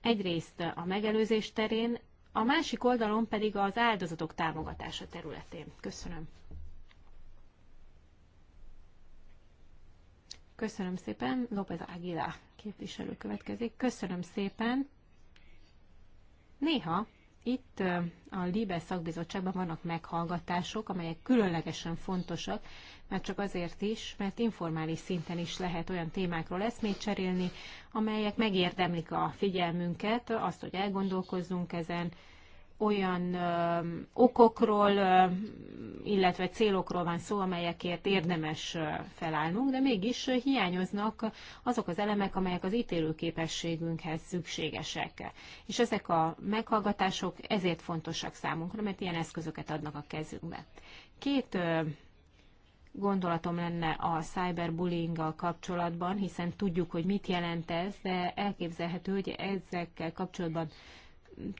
Egyrészt a megelőzés terén, a másik oldalon pedig az áldozatok támogatása területén. Köszönöm. Köszönöm szépen. López Ágilá képviselő következik. Köszönöm szépen. Néha itt a Libe szakbizottságban vannak meghallgatások, amelyek különlegesen fontosak, mert csak azért is, mert informális szinten is lehet olyan témákról eszmét cserélni, amelyek megérdemlik a figyelmünket, azt, hogy elgondolkozzunk ezen, olyan ö, okokról, ö, illetve célokról van szó, amelyekért mhm. érdemes ö, felállnunk, de mégis hiányoznak azok az elemek, amelyek az ítélőképességünkhez szükségesek. És ezek a meghallgatások ezért fontosak számunkra, mert ilyen eszközöket adnak a kezünkbe. Két ö, gondolatom lenne a cyberbullyinggal kapcsolatban, hiszen tudjuk, hogy mit jelent ez, de elképzelhető, hogy ezekkel kapcsolatban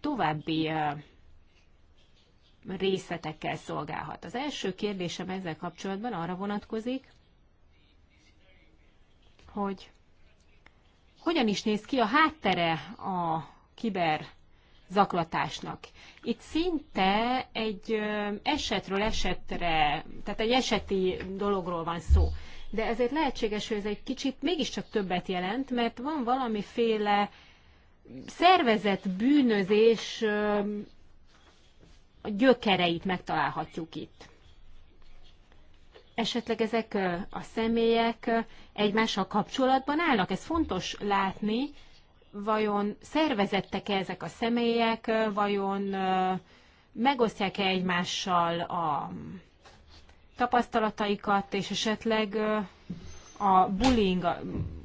további részletekkel szolgálhat. Az első kérdésem ezzel kapcsolatban arra vonatkozik, hogy hogyan is néz ki a háttere a kiber zaklatásnak. Itt szinte egy esetről esetre, tehát egy eseti dologról van szó. De ezért lehetséges, hogy ez egy kicsit mégiscsak többet jelent, mert van valamiféle szervezett bűnözés gyökereit megtalálhatjuk itt. Esetleg ezek a személyek egymással kapcsolatban állnak? Ez fontos látni, vajon szervezettek-e ezek a személyek, vajon megosztják-e egymással a tapasztalataikat, és esetleg a bullying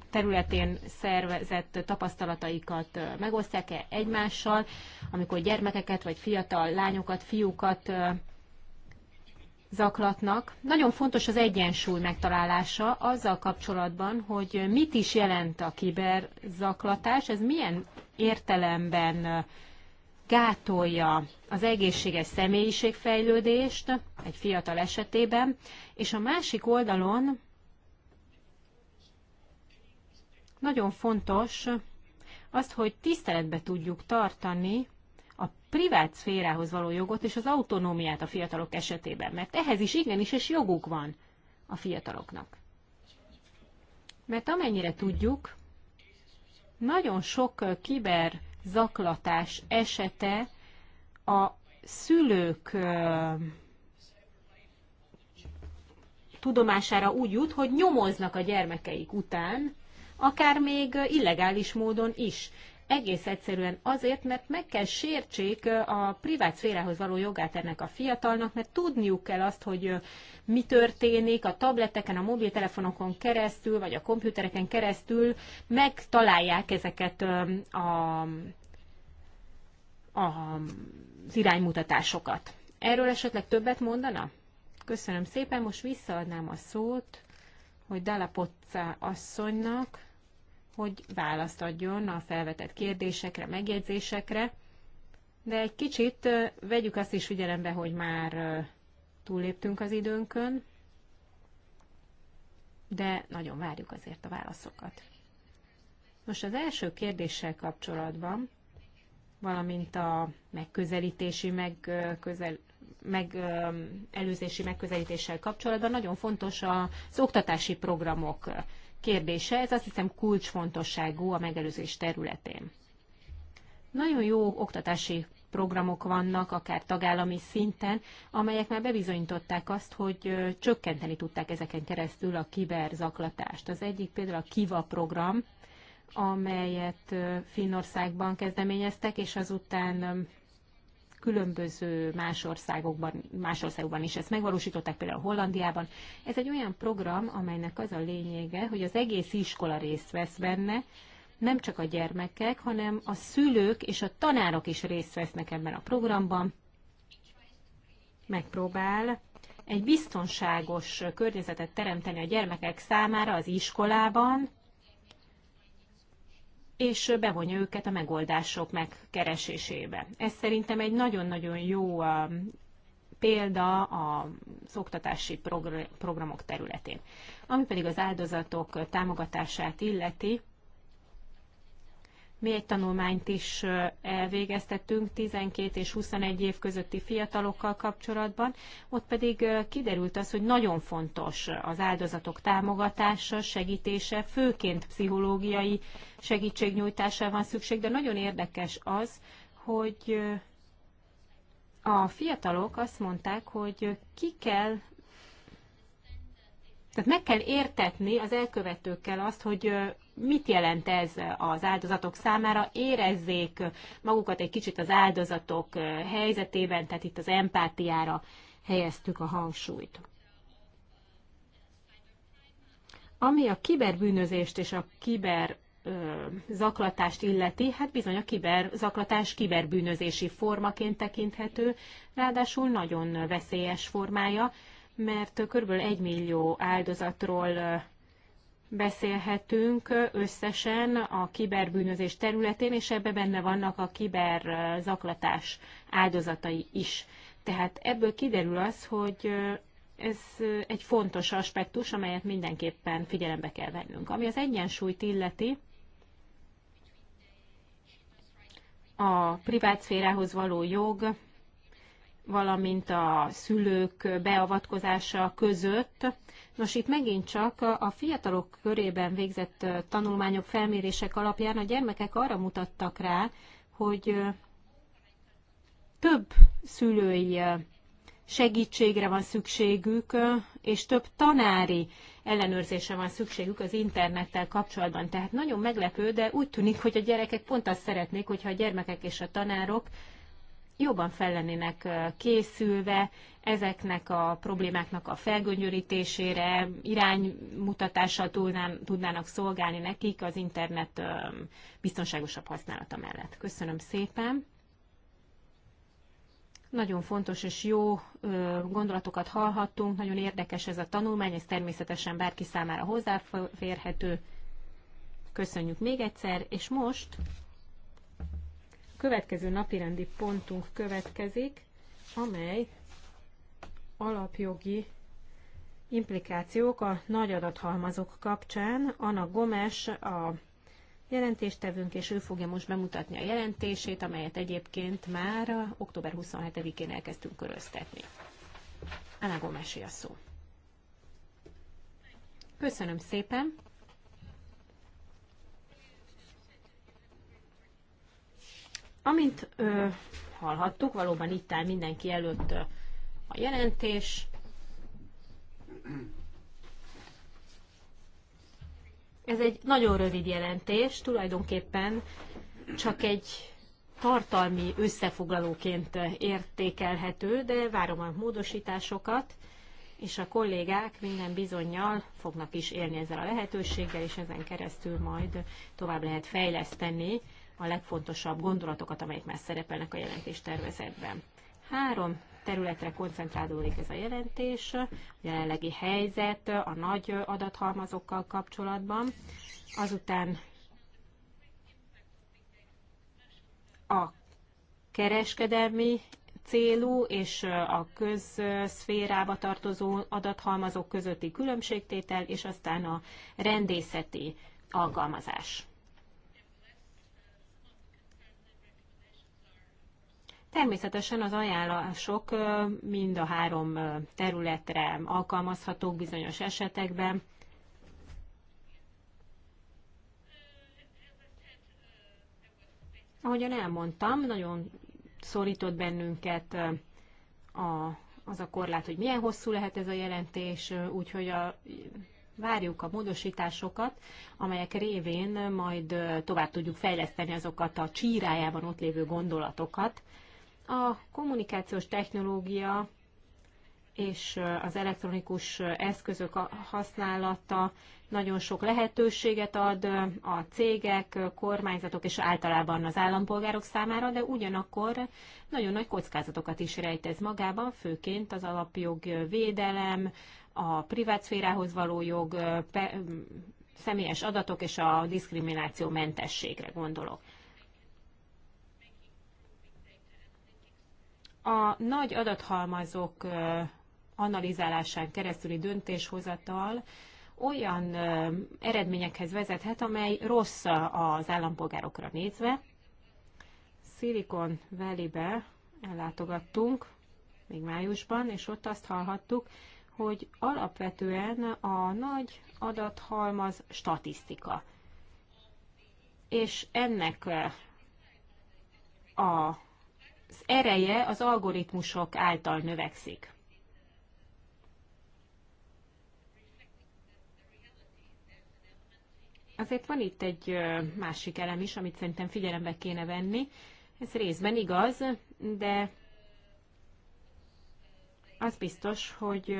területén szervezett tapasztalataikat megosztják-e egymással, amikor gyermekeket vagy fiatal lányokat, fiúkat zaklatnak. Nagyon fontos az egyensúly megtalálása azzal kapcsolatban, hogy mit is jelent a kiberzaklatás, ez milyen értelemben gátolja az egészséges személyiségfejlődést egy fiatal esetében, és a másik oldalon nagyon fontos azt, hogy tiszteletbe tudjuk tartani a privát szférához való jogot és az autonómiát a fiatalok esetében, mert ehhez is igenis és joguk van a fiataloknak. Mert amennyire tudjuk, nagyon sok kiber zaklatás esete a szülők tudomására úgy jut, hogy nyomoznak a gyermekeik után, akár még illegális módon is. Egész egyszerűen azért, mert meg kell sértsék a privát szférához való jogát ennek a fiatalnak, mert tudniuk kell azt, hogy mi történik a tableteken, a mobiltelefonokon keresztül, vagy a komputereken keresztül megtalálják ezeket a, a, az iránymutatásokat. Erről esetleg többet mondana? Köszönöm szépen, most visszaadnám a szót, hogy Dala pozza asszonynak hogy választ adjon a felvetett kérdésekre, megjegyzésekre, de egy kicsit vegyük azt is figyelembe, hogy már túlléptünk az időnkön, de nagyon várjuk azért a válaszokat. Most az első kérdéssel kapcsolatban, valamint a megközelítési, megközel, meg, előzési megközelítéssel kapcsolatban nagyon fontos az oktatási programok kérdése, ez azt hiszem kulcsfontosságú a megelőzés területén. Nagyon jó oktatási programok vannak, akár tagállami szinten, amelyek már bebizonyították azt, hogy csökkenteni tudták ezeken keresztül a kiberzaklatást. Az egyik például a KIVA program, amelyet Finnországban kezdeményeztek, és azután különböző más országokban, más országokban is ezt megvalósították, például Hollandiában. Ez egy olyan program, amelynek az a lényege, hogy az egész iskola részt vesz benne, nem csak a gyermekek, hanem a szülők és a tanárok is részt vesznek ebben a programban. Megpróbál egy biztonságos környezetet teremteni a gyermekek számára az iskolában, és bevonja őket a megoldások megkeresésébe. Ez szerintem egy nagyon-nagyon jó példa a szoktatási programok területén. Ami pedig az áldozatok támogatását illeti, mi egy tanulmányt is elvégeztettünk 12 és 21 év közötti fiatalokkal kapcsolatban, ott pedig kiderült az, hogy nagyon fontos az áldozatok támogatása, segítése, főként pszichológiai segítségnyújtásra van szükség, de nagyon érdekes az, hogy a fiatalok azt mondták, hogy ki kell tehát meg kell értetni az elkövetőkkel azt, hogy mit jelent ez az áldozatok számára, érezzék magukat egy kicsit az áldozatok eh, helyzetében, tehát itt az empátiára helyeztük a hangsúlyt. Ami a kiberbűnözést és a kiber zaklatást illeti, hát bizony a kiberzaklatás kiberbűnözési formaként tekinthető, ráadásul nagyon veszélyes formája, mert kb. 1 millió áldozatról beszélhetünk összesen a kiberbűnözés területén, és ebbe benne vannak a kiberzaklatás áldozatai is. Tehát ebből kiderül az, hogy ez egy fontos aspektus, amelyet mindenképpen figyelembe kell vennünk. Ami az egyensúlyt illeti, a privátszférához való jog, valamint a szülők beavatkozása között, Nos, itt megint csak a fiatalok körében végzett tanulmányok, felmérések alapján a gyermekek arra mutattak rá, hogy több szülői segítségre van szükségük, és több tanári ellenőrzése van szükségük az internettel kapcsolatban. Tehát nagyon meglepő, de úgy tűnik, hogy a gyerekek pont azt szeretnék, hogyha a gyermekek és a tanárok jobban fel lennének készülve ezeknek a problémáknak a felgöngyörítésére, iránymutatással tudnának szolgálni nekik az internet biztonságosabb használata mellett. Köszönöm szépen! Nagyon fontos és jó gondolatokat hallhattunk, nagyon érdekes ez a tanulmány, ez természetesen bárki számára hozzáférhető. Köszönjük még egyszer, és most következő napirendi pontunk következik, amely alapjogi implikációk a nagy adathalmazok kapcsán. Anna Gomes a jelentéstevünk, és ő fogja most bemutatni a jelentését, amelyet egyébként már október 27-én elkezdtünk köröztetni. Anna Gomes a szó. Köszönöm szépen! Amint ö, hallhattuk, valóban itt áll mindenki előtt a jelentés. Ez egy nagyon rövid jelentés, tulajdonképpen csak egy tartalmi összefoglalóként értékelhető, de várom a módosításokat, és a kollégák minden bizonyal fognak is élni ezzel a lehetőséggel, és ezen keresztül majd tovább lehet fejleszteni a legfontosabb gondolatokat, amelyek már szerepelnek a jelentés tervezetben. Három területre koncentrálódik ez a jelentés, a jelenlegi helyzet a nagy adathalmazokkal kapcsolatban, azután a kereskedelmi célú és a közszférába tartozó adathalmazok közötti különbségtétel, és aztán a rendészeti alkalmazás. Természetesen az ajánlások mind a három területre alkalmazhatók bizonyos esetekben. Ahogyan elmondtam, nagyon szorított bennünket a, az a korlát, hogy milyen hosszú lehet ez a jelentés, úgyhogy a, várjuk a módosításokat, amelyek révén majd tovább tudjuk fejleszteni azokat a csírájában ott lévő gondolatokat, a kommunikációs technológia és az elektronikus eszközök használata nagyon sok lehetőséget ad a cégek, kormányzatok és általában az állampolgárok számára, de ugyanakkor nagyon nagy kockázatokat is rejtez magában, főként az alapjog védelem, a privátszférához való jog, személyes adatok és a diszkrimináció mentességre gondolok. a nagy adathalmazok analizálásán keresztüli döntéshozatal olyan eredményekhez vezethet, amely rossz az állampolgárokra nézve. Silicon Valley-be ellátogattunk még májusban, és ott azt hallhattuk, hogy alapvetően a nagy adathalmaz statisztika. És ennek a az ereje az algoritmusok által növekszik. Azért van itt egy másik elem is, amit szerintem figyelembe kéne venni. Ez részben igaz, de az biztos, hogy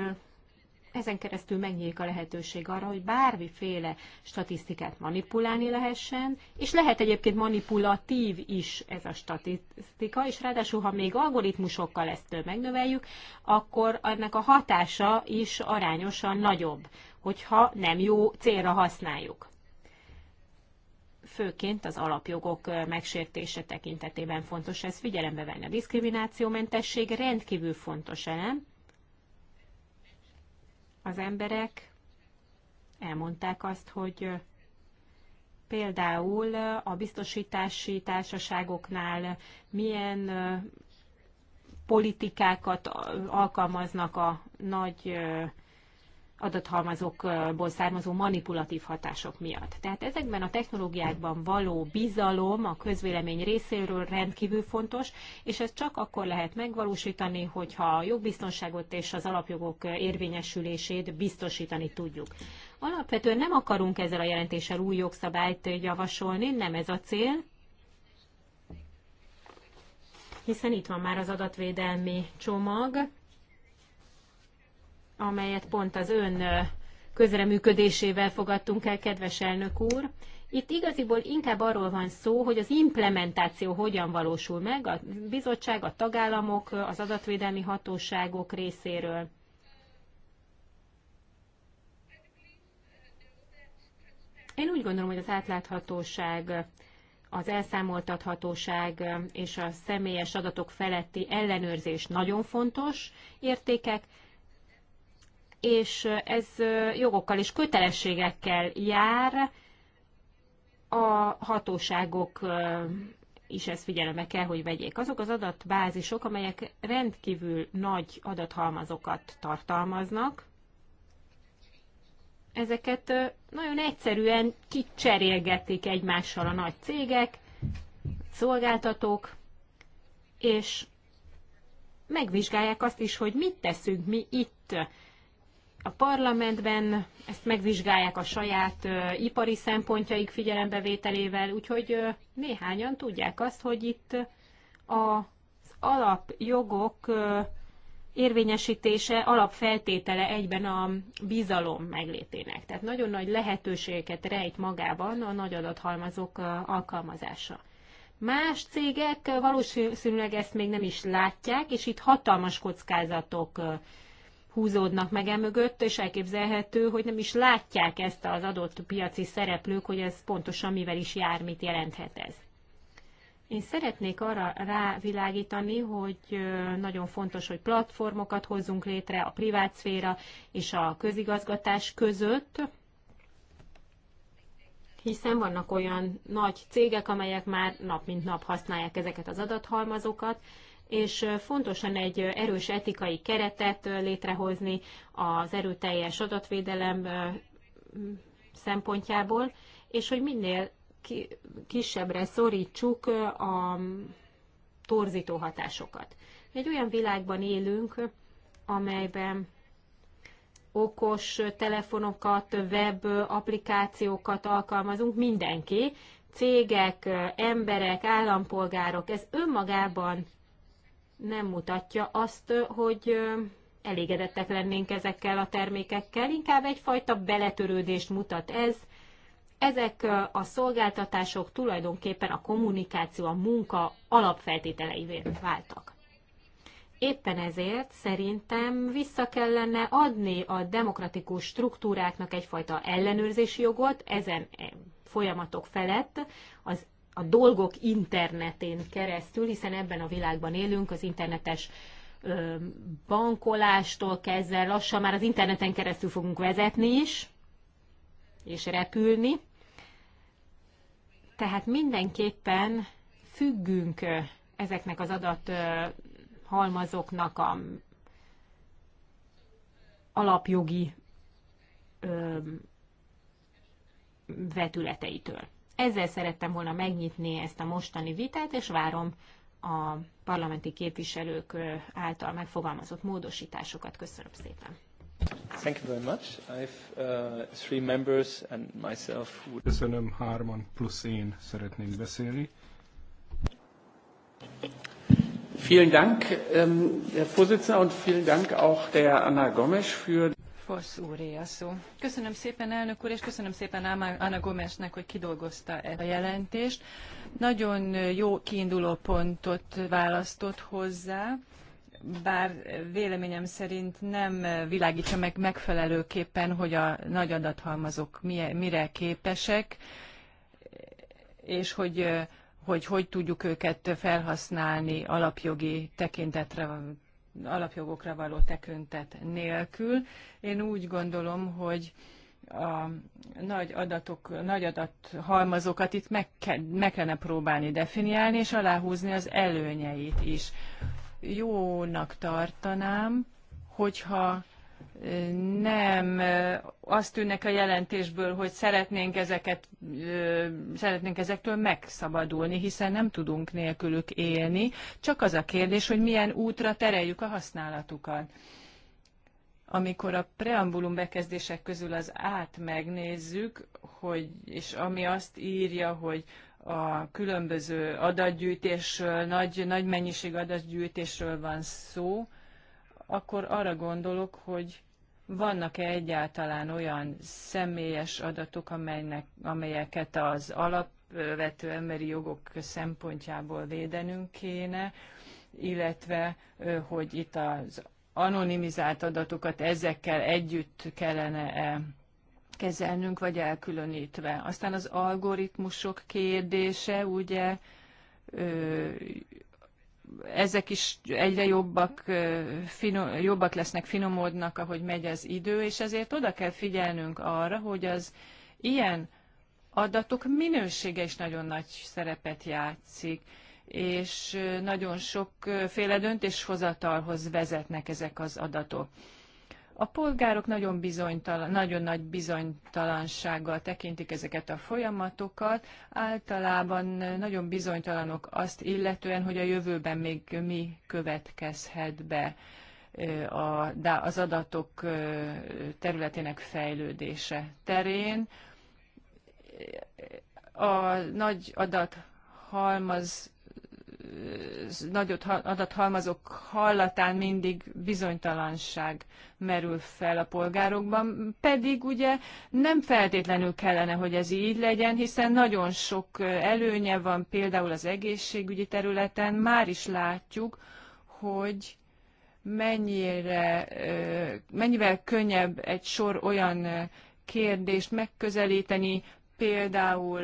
ezen keresztül megnyílik a lehetőség arra, hogy bármiféle statisztikát manipulálni lehessen, és lehet egyébként manipulatív is ez a statisztika, és ráadásul, ha még algoritmusokkal ezt megnöveljük, akkor ennek a hatása is arányosan nagyobb, hogyha nem jó célra használjuk főként az alapjogok megsértése tekintetében fontos ez figyelembe venni. A diszkriminációmentesség rendkívül fontos elem, az emberek elmondták azt, hogy például a biztosítási társaságoknál milyen politikákat alkalmaznak a nagy adathalmazokból származó manipulatív hatások miatt. Tehát ezekben a technológiákban való bizalom a közvélemény részéről rendkívül fontos, és ez csak akkor lehet megvalósítani, hogyha a jogbiztonságot és az alapjogok érvényesülését biztosítani tudjuk. Alapvetően nem akarunk ezzel a jelentéssel új jogszabályt javasolni, nem ez a cél, hiszen itt van már az adatvédelmi csomag, amelyet pont az ön közreműködésével fogadtunk el, kedves elnök úr. Itt igaziból inkább arról van szó, hogy az implementáció hogyan valósul meg a bizottság, a tagállamok, az adatvédelmi hatóságok részéről. Én úgy gondolom, hogy az átláthatóság, az elszámoltathatóság és a személyes adatok feletti ellenőrzés nagyon fontos értékek, és ez jogokkal és kötelességekkel jár, a hatóságok is ezt figyelembe kell, hogy vegyék. Azok az adatbázisok, amelyek rendkívül nagy adathalmazokat tartalmaznak, ezeket nagyon egyszerűen kicserélgetik egymással a nagy cégek, szolgáltatók, és megvizsgálják azt is, hogy mit teszünk mi itt a parlamentben ezt megvizsgálják a saját ö, ipari szempontjaik figyelembevételével, úgyhogy ö, néhányan tudják azt, hogy itt az alapjogok ö, érvényesítése alapfeltétele egyben a bizalom meglétének. Tehát nagyon nagy lehetőségeket rejt magában a nagy adathalmazok alkalmazása. Más cégek valószínűleg ezt még nem is látják, és itt hatalmas kockázatok húzódnak meg emögött, és elképzelhető, hogy nem is látják ezt az adott piaci szereplők, hogy ez pontosan mivel is jár, mit jelenthet ez. Én szeretnék arra rávilágítani, hogy nagyon fontos, hogy platformokat hozzunk létre a privát szféra és a közigazgatás között, hiszen vannak olyan nagy cégek, amelyek már nap mint nap használják ezeket az adathalmazokat, és fontosan egy erős etikai keretet létrehozni az erőteljes adatvédelem szempontjából, és hogy minél kisebbre szorítsuk a torzító hatásokat. Egy olyan világban élünk, amelyben okos telefonokat, web applikációkat alkalmazunk mindenki, cégek, emberek, állampolgárok, ez önmagában nem mutatja azt, hogy elégedettek lennénk ezekkel a termékekkel, inkább egyfajta beletörődést mutat ez. Ezek a szolgáltatások tulajdonképpen a kommunikáció, a munka alapfeltételeivé váltak. Éppen ezért szerintem vissza kellene adni a demokratikus struktúráknak egyfajta ellenőrzési jogot ezen eh, folyamatok felett, az a dolgok internetén keresztül, hiszen ebben a világban élünk, az internetes bankolástól kezdve lassan már az interneten keresztül fogunk vezetni is, és repülni. Tehát mindenképpen függünk ezeknek az adat halmazoknak a alapjogi vetületeitől. Ezzel szerettem volna megnyitni ezt a mostani vitát, és várom a parlamenti képviselők által megfogalmazott módosításokat. Köszönöm szépen. Thank you very much. I've uh, three members and myself. Would... Köszönöm, hárman plusz én szeretnék beszélni. Vielen Dank, ähm, Herr Vorsitzender, und vielen Dank auch der Anna Gomes für Fosz szó. Köszönöm szépen, elnök úr, és köszönöm szépen Anna Gomesnek, hogy kidolgozta ezt a jelentést. Nagyon jó kiinduló pontot választott hozzá, bár véleményem szerint nem világítja meg megfelelőképpen, hogy a nagy adathalmazok mire képesek, és hogy hogy hogy tudjuk őket felhasználni alapjogi tekintetre alapjogokra való tekintet nélkül. Én úgy gondolom, hogy a nagy adatok, nagy adathalmazokat itt meg, ke, meg kellene próbálni definiálni, és aláhúzni az előnyeit is. Jónak tartanám, hogyha nem azt tűnnek a jelentésből, hogy szeretnénk ezeket, szeretnénk ezektől megszabadulni, hiszen nem tudunk nélkülük élni. Csak az a kérdés, hogy milyen útra tereljük a használatukat. Amikor a preambulum bekezdések közül az át megnézzük, hogy, és ami azt írja, hogy a különböző adatgyűjtésről, nagy, nagy mennyiség adatgyűjtésről van szó, akkor arra gondolok, hogy vannak-e egyáltalán olyan személyes adatok, amelynek, amelyeket az alapvető emberi jogok szempontjából védenünk kéne, illetve hogy itt az anonimizált adatokat ezekkel együtt kellene -e kezelnünk, vagy elkülönítve. Aztán az algoritmusok kérdése, ugye, ezek is egyre jobbak, finom, jobbak lesznek, finomodnak, ahogy megy az idő, és ezért oda kell figyelnünk arra, hogy az ilyen adatok minősége is nagyon nagy szerepet játszik, és nagyon sokféle döntéshozatalhoz vezetnek ezek az adatok. A polgárok nagyon, bizonytalan, nagyon nagy bizonytalansággal tekintik ezeket a folyamatokat, általában nagyon bizonytalanok azt illetően, hogy a jövőben még mi következhet be a, az adatok területének fejlődése terén. A nagy adathalmaz nagyot adathalmazok hallatán mindig bizonytalanság merül fel a polgárokban, pedig ugye nem feltétlenül kellene, hogy ez így legyen, hiszen nagyon sok előnye van, például az egészségügyi területen már is látjuk, hogy mennyire, mennyivel könnyebb egy sor olyan kérdést megközelíteni, például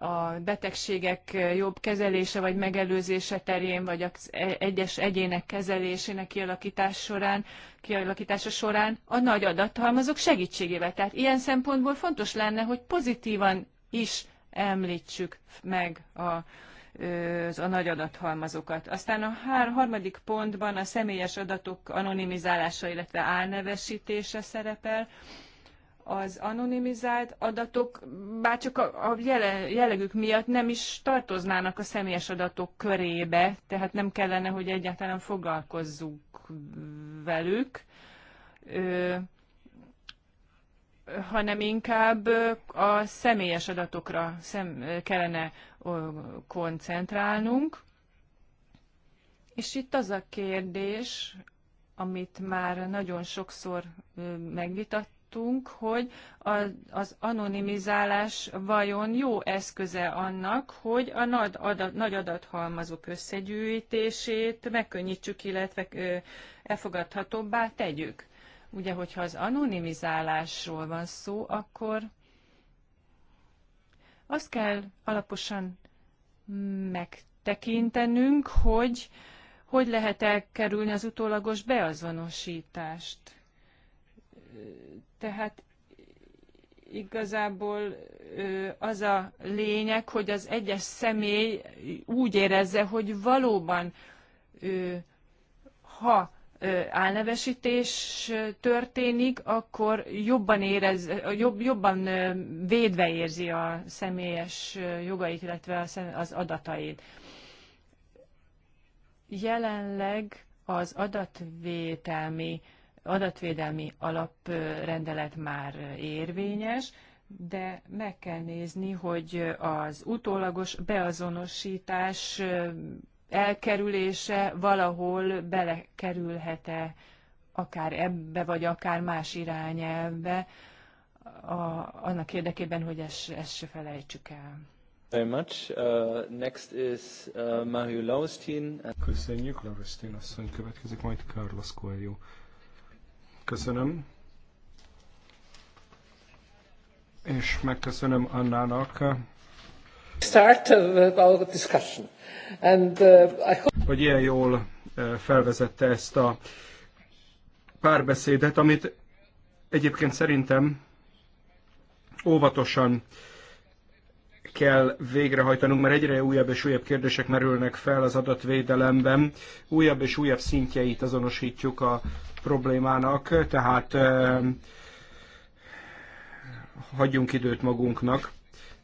a betegségek jobb kezelése vagy megelőzése terén, vagy az e- egyes egyének kezelésének kialakítás során, kialakítása során a nagy adathalmazok segítségével. Tehát ilyen szempontból fontos lenne, hogy pozitívan is említsük meg a, az a nagy adathalmazokat. Aztán a hár, harmadik pontban a személyes adatok anonimizálása, illetve álnevesítése szerepel az anonimizált adatok, bár csak a, a jele, jellegük miatt nem is tartoznának a személyes adatok körébe, tehát nem kellene, hogy egyáltalán foglalkozzunk velük, ö, hanem inkább a személyes adatokra szem, kellene ö, koncentrálnunk. És itt az a kérdés, amit már nagyon sokszor megvitattunk, tartottunk, hogy a, az anonimizálás vajon jó eszköze annak, hogy a nagy, adat, nagy adathalmazok összegyűjtését megkönnyítsük, illetve ö, elfogadhatóbbá tegyük. Ugye, hogyha az anonimizálásról van szó, akkor azt kell alaposan megtekintenünk, hogy hogy lehet elkerülni az utólagos beazonosítást. Tehát igazából az a lényeg, hogy az egyes személy úgy érezze, hogy valóban ha álnevesítés történik, akkor jobban, érez, jobb, jobban védve érzi a személyes jogait, illetve az adatait. Jelenleg az adatvételmi adatvédelmi alaprendelet már érvényes, de meg kell nézni, hogy az utólagos beazonosítás elkerülése valahol belekerülhet-e akár ebbe, vagy akár más irányelvbe, a, annak érdekében, hogy ezt, ezt se felejtsük el. Very much. Uh, next is uh, Mario Laustin. Köszönjük, Laustin asszony. Következik majd Carlos Coelho. Köszönöm. És megköszönöm Annának. Start of uh, our discussion. And, uh, I hope... Hogy ilyen jól uh, felvezette ezt a párbeszédet, amit egyébként szerintem óvatosan kell végrehajtanunk, mert egyre újabb és újabb kérdések merülnek fel az adatvédelemben. Újabb és újabb szintjeit azonosítjuk a problémának, tehát eh, hagyjunk időt magunknak,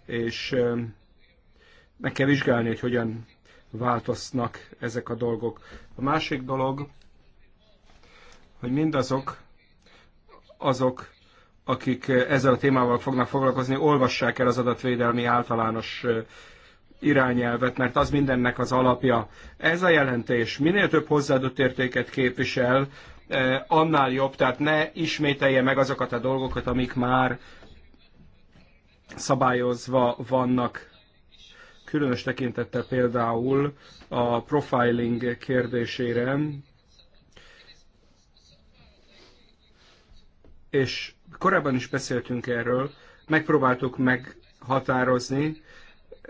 és eh, meg kell vizsgálni, hogy hogyan változnak ezek a dolgok. A másik dolog, hogy mindazok, azok, akik eh, ezzel a témával fognak foglalkozni, olvassák el az adatvédelmi általános eh, irányelvet, mert az mindennek az alapja. Ez a jelentés minél több hozzáadott értéket képvisel, eh, annál jobb, tehát ne ismételje meg azokat a dolgokat, amik már szabályozva vannak. Különös tekintettel például a profiling kérdésére, és Korábban is beszéltünk erről, megpróbáltuk meghatározni,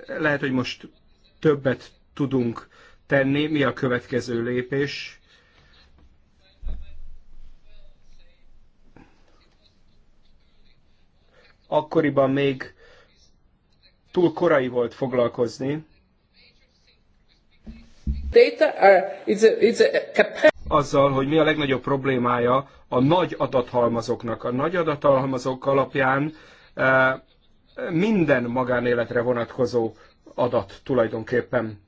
lehet, hogy most többet tudunk tenni, mi a következő lépés. Akkoriban még túl korai volt foglalkozni. Data are, uh, it's a, it's a azzal, hogy mi a legnagyobb problémája a nagy adathalmazoknak. A nagy adathalmazok alapján eh, minden magánéletre vonatkozó adat tulajdonképpen.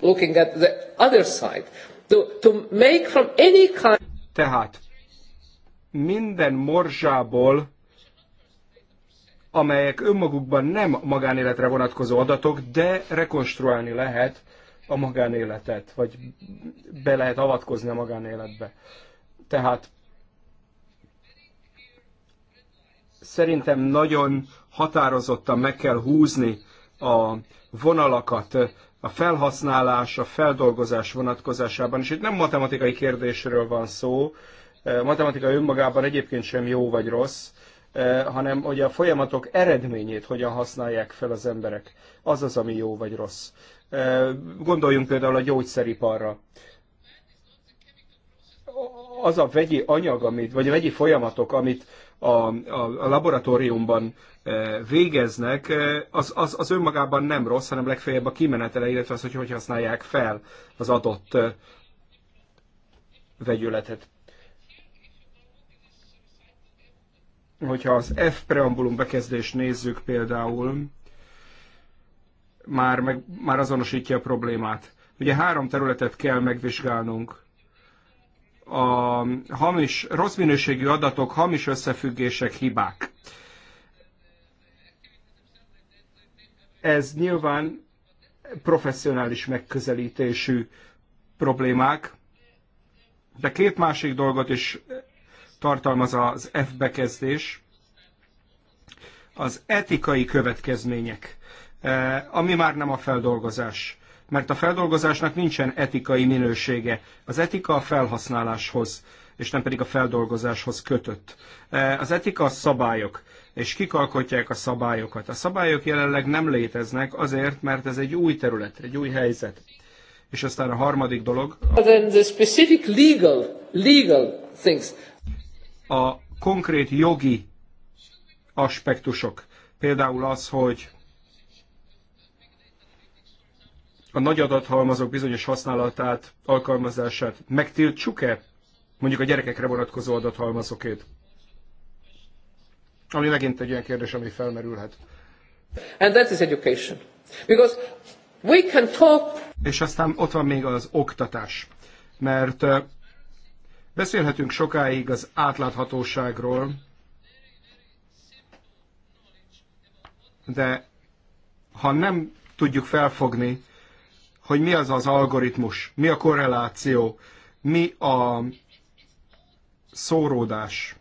Looking at the other side, to, to make from any kind... Tehát minden morzsából, amelyek önmagukban nem magánéletre vonatkozó adatok, de rekonstruálni lehet a magánéletet, vagy be lehet avatkozni a magánéletbe. Tehát szerintem nagyon határozottan meg kell húzni a vonalakat a felhasználás, a feldolgozás vonatkozásában, és itt nem matematikai kérdésről van szó, e, matematika önmagában egyébként sem jó vagy rossz, e, hanem hogy a folyamatok eredményét hogyan használják fel az emberek. Az az, ami jó vagy rossz. Gondoljunk például a gyógyszeriparra. Az a vegyi anyag, amit, vagy a vegyi folyamatok, amit a, a, a laboratóriumban végeznek, az, az, az önmagában nem rossz, hanem legfeljebb a kimenetele, illetve az, hogy hogy használják fel az adott vegyületet. Hogyha az F preambulum bekezdést nézzük például, már, meg, már azonosítja a problémát. Ugye három területet kell megvizsgálnunk. A hamis, rossz minőségű adatok, hamis összefüggések, hibák. Ez nyilván professzionális megközelítésű problémák, de két másik dolgot is tartalmaz az F bekezdés. Az etikai következmények Eh, ami már nem a feldolgozás. Mert a feldolgozásnak nincsen etikai minősége. Az etika a felhasználáshoz, és nem pedig a feldolgozáshoz kötött. Eh, az etika a szabályok, és kik alkotják a szabályokat. A szabályok jelenleg nem léteznek azért, mert ez egy új terület, egy új helyzet. És aztán a harmadik dolog. legal, legal A konkrét jogi aspektusok. Például az, hogy a nagy adathalmazok bizonyos használatát, alkalmazását megtiltsuk-e mondjuk a gyerekekre vonatkozó adathalmazokét? Ami megint egy olyan kérdés, ami felmerülhet. And that is education. Because we can talk... És aztán ott van még az oktatás. Mert eh, beszélhetünk sokáig az átláthatóságról, de ha nem tudjuk felfogni, hogy mi az az algoritmus, mi a korreláció, mi a szóródás.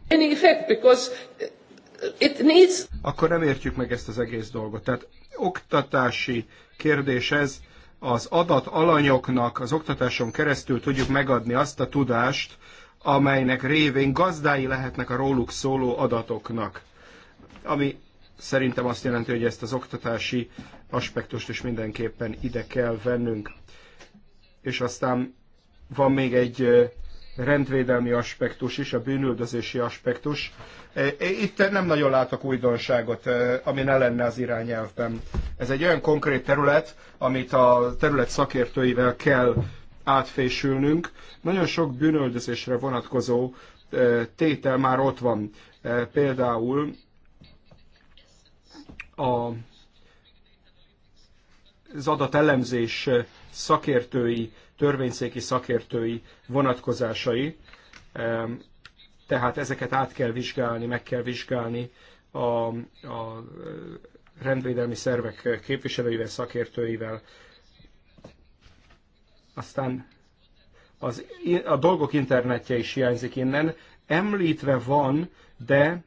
Akkor nem értjük meg ezt az egész dolgot. Tehát oktatási kérdés ez, az adat alanyoknak az oktatáson keresztül tudjuk megadni azt a tudást, amelynek révén gazdái lehetnek a róluk szóló adatoknak. Ami szerintem azt jelenti, hogy ezt az oktatási aspektust is mindenképpen ide kell vennünk. És aztán van még egy rendvédelmi aspektus is, a bűnüldözési aspektus. Itt nem nagyon látok újdonságot, ami ne lenne az irányelvben. Ez egy olyan konkrét terület, amit a terület szakértőivel kell átfésülnünk. Nagyon sok bűnöldözésre vonatkozó tétel már ott van. Például a, az adatelemzés szakértői, törvényszéki szakértői vonatkozásai, tehát ezeket át kell vizsgálni, meg kell vizsgálni a, a rendvédelmi szervek képviselőivel, szakértőivel. Aztán az, a dolgok internetje is hiányzik innen. Említve van, de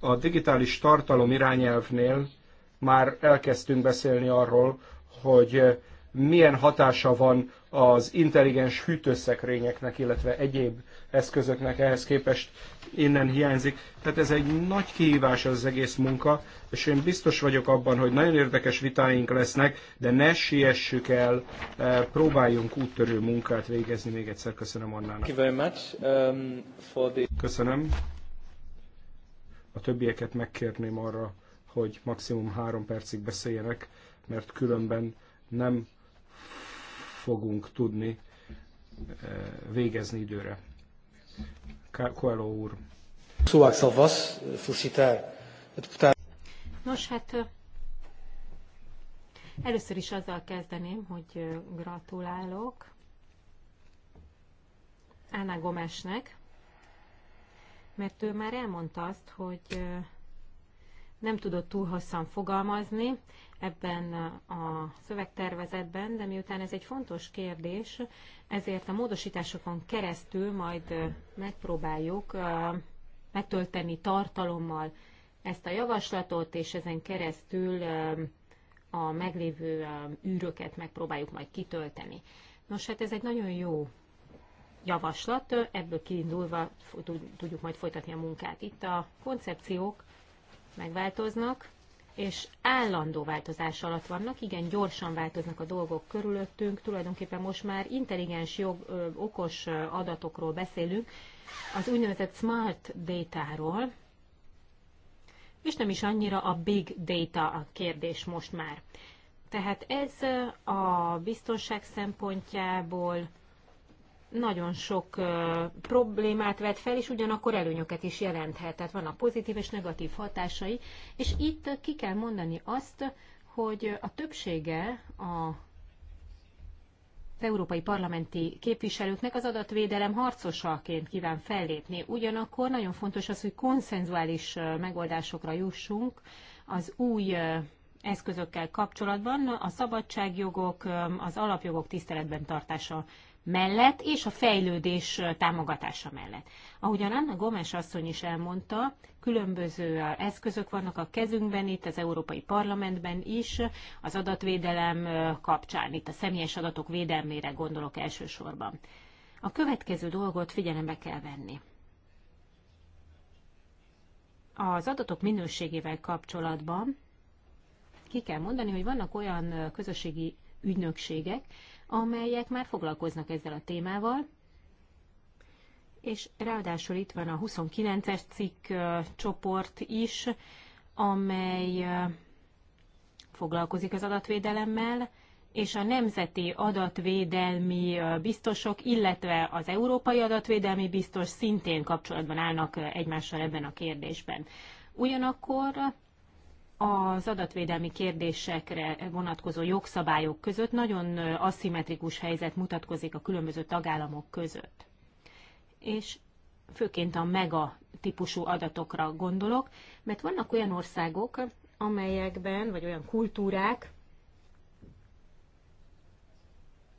a digitális tartalom irányelvnél már elkezdtünk beszélni arról, hogy milyen hatása van az intelligens hűtőszekrényeknek, illetve egyéb eszközöknek ehhez képest innen hiányzik. Tehát ez egy nagy kihívás az egész munka, és én biztos vagyok abban, hogy nagyon érdekes vitáink lesznek, de ne siessük el, eh, próbáljunk úttörő munkát végezni. Még egyszer köszönöm Annának. Um, köszönöm. A többieket megkérném arra, hogy maximum három percig beszéljenek, mert különben nem fogunk tudni eh, végezni időre. Coelho úr. Szóval Nos, hát először is azzal kezdeném, hogy gratulálok Ána Gomesnek, mert ő már elmondta azt, hogy nem tudott túl hosszan fogalmazni ebben a szövegtervezetben, de miután ez egy fontos kérdés, ezért a módosításokon keresztül majd megpróbáljuk megtölteni tartalommal ezt a javaslatot, és ezen keresztül a meglévő űröket megpróbáljuk majd kitölteni. Nos, hát ez egy nagyon jó javaslat, ebből kiindulva tudjuk majd folytatni a munkát. Itt a koncepciók megváltoznak, és állandó változás alatt vannak, igen, gyorsan változnak a dolgok körülöttünk, tulajdonképpen most már intelligens, jog, ö, okos adatokról beszélünk, az úgynevezett smart data-ról, és nem is annyira a big data a kérdés most már. Tehát ez a biztonság szempontjából nagyon sok uh, problémát vet fel, és ugyanakkor előnyöket is jelenthet. Tehát vannak pozitív és negatív hatásai, és itt ki kell mondani azt, hogy a többsége a az európai parlamenti képviselőknek az adatvédelem harcosaként kíván fellépni. Ugyanakkor nagyon fontos az, hogy konszenzuális megoldásokra jussunk az új eszközökkel kapcsolatban, a szabadságjogok, az alapjogok tiszteletben tartása mellett és a fejlődés támogatása mellett. Ahogyan Anna Gomes asszony is elmondta, különböző eszközök vannak a kezünkben itt, az Európai Parlamentben is, az adatvédelem kapcsán, itt a személyes adatok védelmére gondolok elsősorban. A következő dolgot figyelembe kell venni. Az adatok minőségével kapcsolatban ki kell mondani, hogy vannak olyan közösségi ügynökségek, amelyek már foglalkoznak ezzel a témával, és ráadásul itt van a 29-es cikk csoport is, amely foglalkozik az adatvédelemmel, és a nemzeti adatvédelmi biztosok, illetve az európai adatvédelmi biztos szintén kapcsolatban állnak egymással ebben a kérdésben. Ugyanakkor az adatvédelmi kérdésekre vonatkozó jogszabályok között nagyon aszimmetrikus helyzet mutatkozik a különböző tagállamok között. És főként a mega típusú adatokra gondolok, mert vannak olyan országok, amelyekben, vagy olyan kultúrák,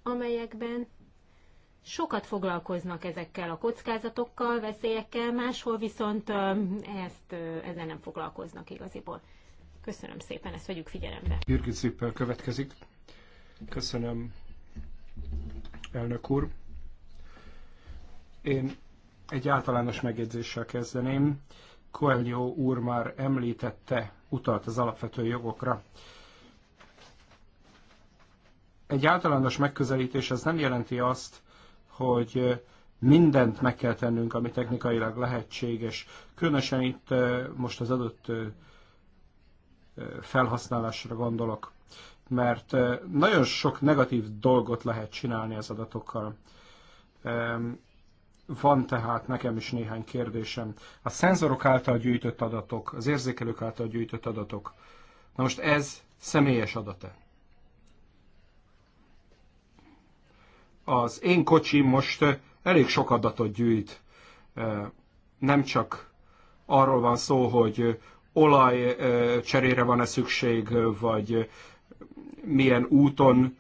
amelyekben sokat foglalkoznak ezekkel a kockázatokkal, veszélyekkel, máshol viszont ezt, ezzel nem foglalkoznak igaziból. Köszönöm szépen, ezt vegyük figyelembe. Jürgen Zippel következik. Köszönöm, elnök úr. Én egy általános megjegyzéssel kezdeném. Coelho úr már említette, utalt az alapvető jogokra. Egy általános megközelítés az nem jelenti azt, hogy mindent meg kell tennünk, ami technikailag lehetséges. Különösen itt eh, most az adott eh, felhasználásra gondolok, mert nagyon sok negatív dolgot lehet csinálni az adatokkal. Van tehát nekem is néhány kérdésem. A szenzorok által gyűjtött adatok, az érzékelők által gyűjtött adatok, na most ez személyes adat-e? Az én kocsi most elég sok adatot gyűjt. Nem csak arról van szó, hogy olaj cserére van-e szükség, vagy milyen úton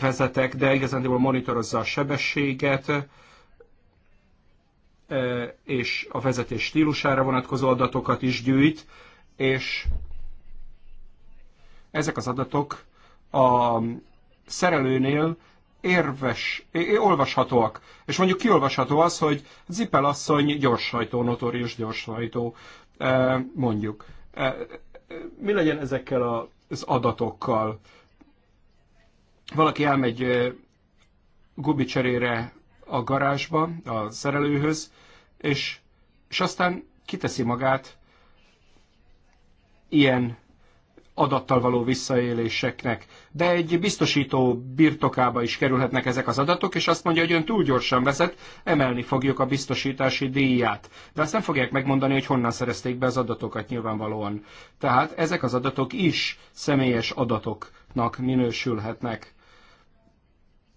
vezetek, de igazándiból monitorozza a sebességet, és a vezetés stílusára vonatkozó adatokat is gyűjt, és ezek az adatok a szerelőnél érves, olvashatóak. És mondjuk kiolvasható az, hogy Zipel asszony gyorshajtó, notórius gyorshajtó mondjuk. Mi legyen ezekkel az adatokkal? Valaki elmegy gubicserére a garázsba, a szerelőhöz, és, és aztán kiteszi magát ilyen adattal való visszaéléseknek. De egy biztosító birtokába is kerülhetnek ezek az adatok, és azt mondja, hogy ön túl gyorsan vezet, emelni fogjuk a biztosítási díját. De azt nem fogják megmondani, hogy honnan szerezték be az adatokat nyilvánvalóan. Tehát ezek az adatok is személyes adatoknak minősülhetnek.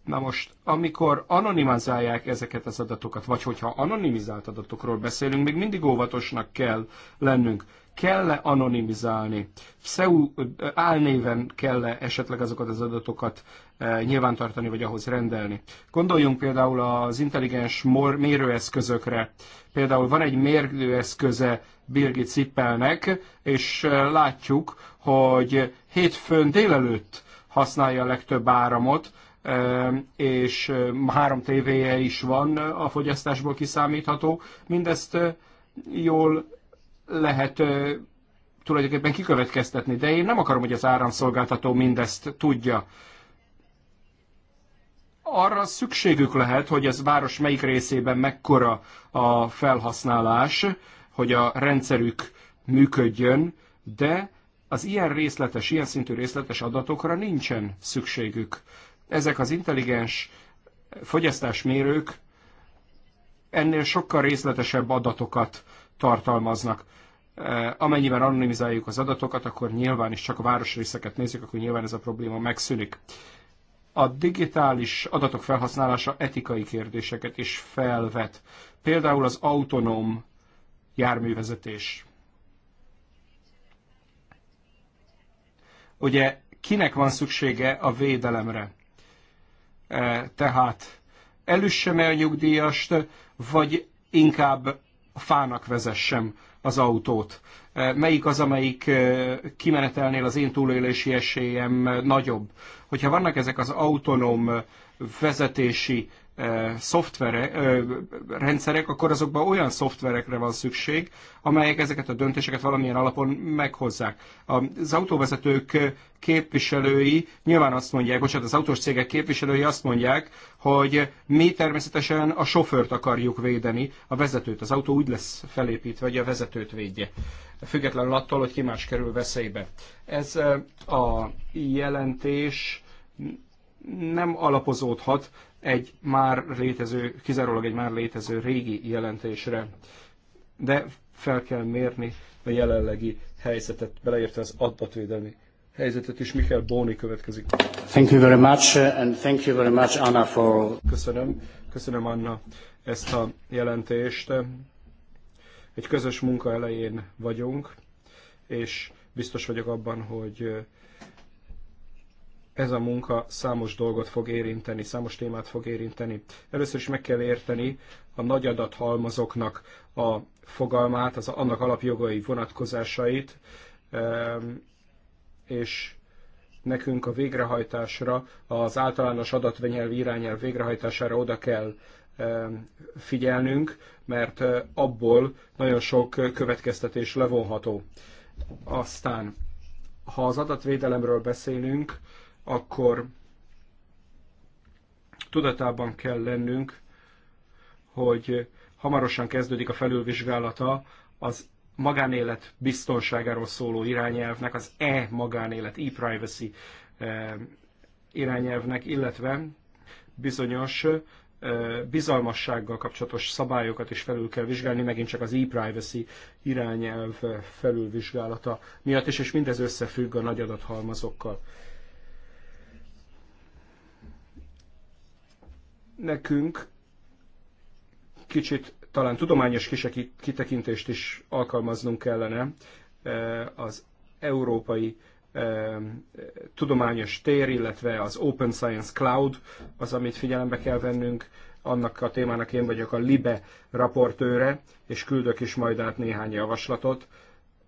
Na most, amikor anonimizálják ezeket az adatokat, vagy hogyha anonimizált adatokról beszélünk, még mindig óvatosnak kell lennünk kell-e anonimizálni, pseu, álnéven kell-e esetleg azokat az adatokat eh, nyilvántartani, vagy ahhoz rendelni. Gondoljunk például az intelligens mérőeszközökre. Például van egy mérőeszköze Birgit Zippelnek, és eh, látjuk, hogy hétfőn délelőtt használja a legtöbb áramot, eh, és három tévéje is van a fogyasztásból kiszámítható. Mindezt jól lehet tulajdonképpen kikövetkeztetni, de én nem akarom, hogy az áramszolgáltató mindezt tudja. Arra szükségük lehet, hogy az város melyik részében mekkora a felhasználás, hogy a rendszerük működjön, de az ilyen részletes, ilyen szintű részletes adatokra nincsen szükségük. Ezek az intelligens fogyasztásmérők ennél sokkal részletesebb adatokat tartalmaznak. Eh, amennyiben anonimizáljuk az adatokat, akkor nyilván is csak a városrészeket nézzük, akkor nyilván ez a probléma megszűnik. A digitális adatok felhasználása etikai kérdéseket is felvet. Például az autonóm járművezetés. Ugye kinek van szüksége a védelemre? Eh, tehát elüssem el nyugdíjast, vagy inkább fának vezessem az autót. E, melyik az, amelyik e, kimenetelnél az én túlélési esélyem e, nagyobb? Hogyha vannak ezek az autonóm vezetési szoftverek, rendszerek, akkor azokban olyan szoftverekre van szükség, amelyek ezeket a döntéseket valamilyen alapon meghozzák. Az autóvezetők képviselői nyilván azt mondják, bocsánat, az autós cégek képviselői azt mondják, hogy mi természetesen a sofőrt akarjuk védeni, a vezetőt. Az autó úgy lesz felépítve, hogy a vezetőt védje. Függetlenül attól, hogy ki más kerül veszélybe. Ez a jelentés nem alapozódhat egy már létező, kizárólag egy már létező régi jelentésre. De fel kell mérni a jelenlegi helyzetet, beleértve az adatvédelmi helyzetet is. Michael Bóni következik. Thank you very much, uh, and thank you very much, Anna, for... Köszönöm, köszönöm Anna ezt a jelentést. Egy közös munka elején vagyunk, és biztos vagyok abban, hogy ez a munka számos dolgot fog érinteni, számos témát fog érinteni. Először is meg kell érteni a nagy adathalmazoknak a fogalmát, az annak alapjogai vonatkozásait, ehm, és nekünk a végrehajtásra, az általános adatvenyelvi irányelv végrehajtására oda kell ehm, figyelnünk, mert eh, abból nagyon sok következtetés levonható. Aztán, ha az adatvédelemről beszélünk, akkor tudatában kell lennünk, hogy hamarosan kezdődik a felülvizsgálata az magánélet biztonságáról szóló irányelvnek, az e-magánélet, e-privacy eh, irányelvnek, illetve bizonyos eh, bizalmassággal kapcsolatos szabályokat is felül kell vizsgálni, megint csak az e-privacy irányelv felülvizsgálata miatt is, és mindez összefügg a nagy adathalmazokkal. nekünk kicsit talán tudományos kitekintést is alkalmaznunk kellene e, az európai e, tudományos tér, illetve az Open Science Cloud, az, amit figyelembe kell vennünk, annak a témának én vagyok a LIBE raportőre, és küldök is majd át néhány javaslatot,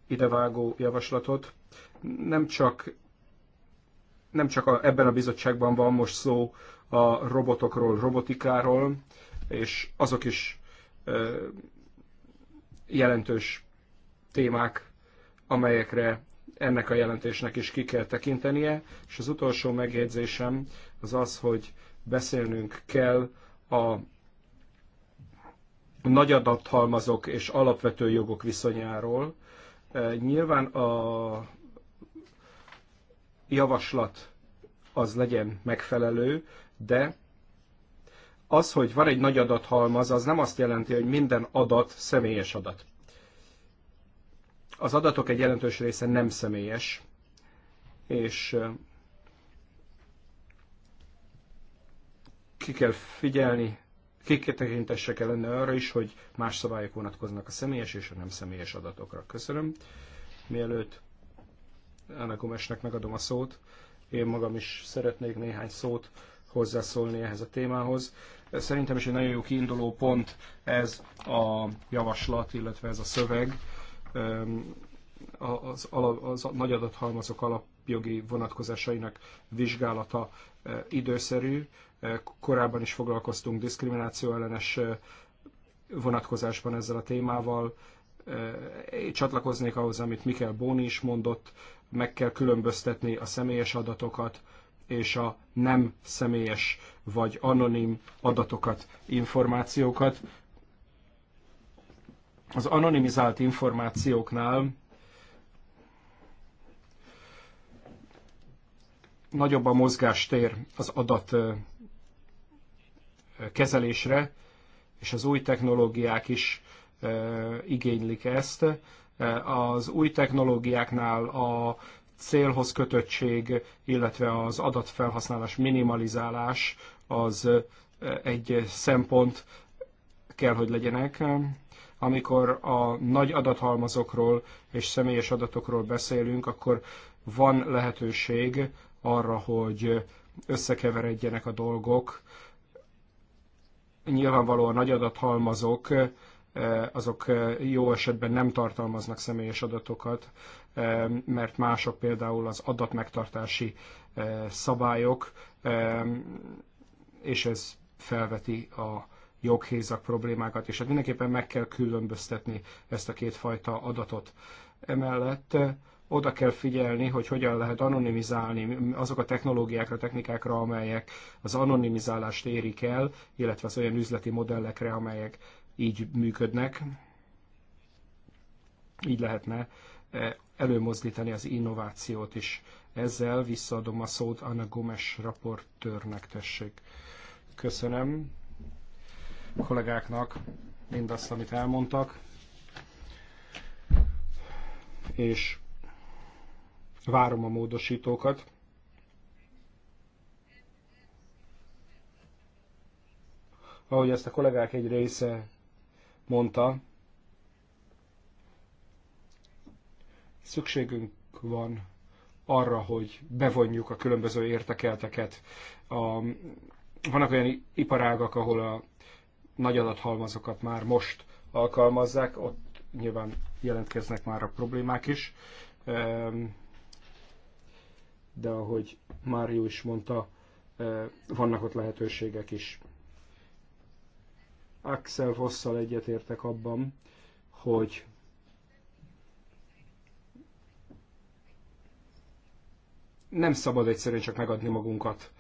idevágó javaslatot. Nem csak, nem csak a, ebben a bizottságban van most szó a robotokról, robotikáról, és azok is jelentős témák, amelyekre ennek a jelentésnek is ki kell tekintenie, és az utolsó megjegyzésem az az, hogy beszélnünk kell a nagy adathalmazok és alapvető jogok viszonyáról. Nyilván a javaslat az legyen megfelelő, de az, hogy van egy nagy adathalmaz, az nem azt jelenti, hogy minden adat személyes adat. Az adatok egy jelentős része nem személyes, és ki kell figyelni, kiktekintesse kell lenne arra is, hogy más szabályok vonatkoznak a személyes és a nem személyes adatokra. Köszönöm. Mielőtt Anna Gomesnek megadom a szót, én magam is szeretnék néhány szót hozzászólni ehhez a témához. Szerintem is egy nagyon jó kiinduló pont ez a javaslat, illetve ez a szöveg az, az, az nagy adathalmazok alapjogi vonatkozásainak vizsgálata időszerű. Korábban is foglalkoztunk diszkrimináció ellenes vonatkozásban ezzel a témával. Csatlakoznék ahhoz, amit Mikkel Bóni is mondott, meg kell különböztetni a személyes adatokat és a nem személyes vagy anonim adatokat, információkat. Az anonimizált információknál nagyobb a mozgástér az adat kezelésre, és az új technológiák is igénylik ezt. Az új technológiáknál a célhoz kötöttség, illetve az adatfelhasználás minimalizálás az egy szempont kell, hogy legyenek. Amikor a nagy adathalmazokról és személyes adatokról beszélünk, akkor van lehetőség arra, hogy összekeveredjenek a dolgok. Nyilvánvalóan nagy adathalmazok azok jó esetben nem tartalmaznak személyes adatokat, mert mások például az adatmegtartási szabályok, és ez felveti a joghézak problémákat, és hát mindenképpen meg kell különböztetni ezt a kétfajta adatot. Emellett oda kell figyelni, hogy hogyan lehet anonimizálni azok a technológiákra, technikákra, amelyek az anonimizálást érik el, illetve az olyan üzleti modellekre, amelyek így működnek, így lehetne eh, előmozdítani az innovációt is. Ezzel visszaadom a szót Anna Gomes raportőrnek, tessék. Köszönöm a kollégáknak mindazt, amit elmondtak, és várom a módosítókat. Ahogy ezt a kollégák egy része mondta, szükségünk van arra, hogy bevonjuk a különböző értekelteket. A, vannak olyan iparágak, ahol a nagy adathalmazokat már most alkalmazzák, ott nyilván jelentkeznek már a problémák is. Ehm, de ahogy Mário is mondta, ehm, vannak ott lehetőségek is. Axel Vosszal egyetértek abban, hogy nem szabad egyszerűen csak megadni magunkat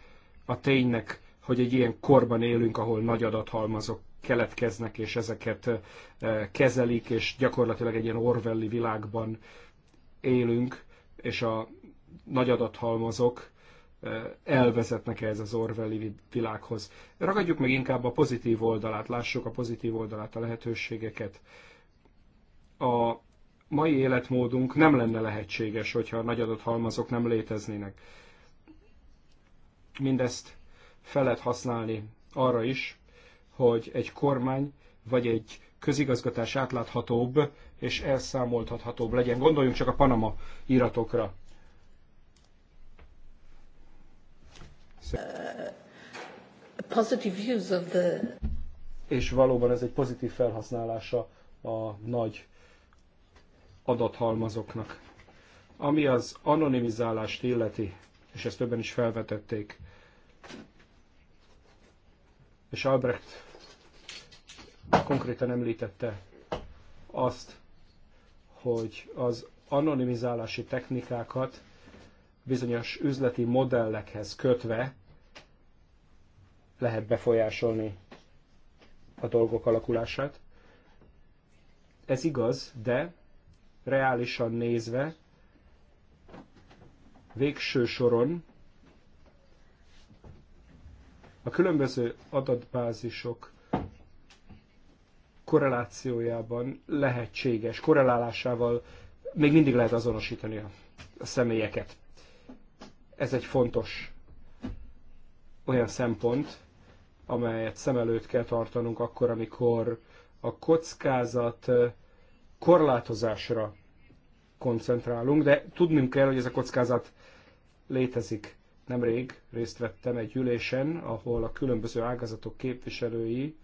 a ténynek, hogy egy ilyen korban élünk, ahol nagy adathalmazok keletkeznek, és ezeket eh, kezelik, és gyakorlatilag egy ilyen Orwelli világban élünk, és a nagy adathalmazok elvezetnek ez az Orwelli világhoz. Ragadjuk meg inkább a pozitív oldalát, lássuk a pozitív oldalát, a lehetőségeket. A mai életmódunk nem lenne lehetséges, hogyha a nagy adott halmazok nem léteznének. Mindezt fel lehet használni arra is, hogy egy kormány vagy egy közigazgatás átláthatóbb és elszámoltathatóbb legyen. Gondoljunk csak a Panama iratokra. Positive use of the... És valóban ez egy pozitív felhasználása a nagy adathalmazoknak. Ami az anonimizálást illeti, és ezt többen is felvetették, és Albrecht konkrétan említette azt, hogy az anonimizálási technikákat bizonyos üzleti modellekhez kötve lehet befolyásolni a dolgok alakulását. Ez igaz, de reálisan nézve végső soron a különböző adatbázisok korrelációjában lehetséges, korrelálásával még mindig lehet azonosítani a személyeket. Ez egy fontos olyan szempont, amelyet szem előtt kell tartanunk akkor, amikor a kockázat korlátozásra koncentrálunk, de tudnunk kell, hogy ez a kockázat létezik. Nemrég részt vettem egy ülésen, ahol a különböző ágazatok képviselői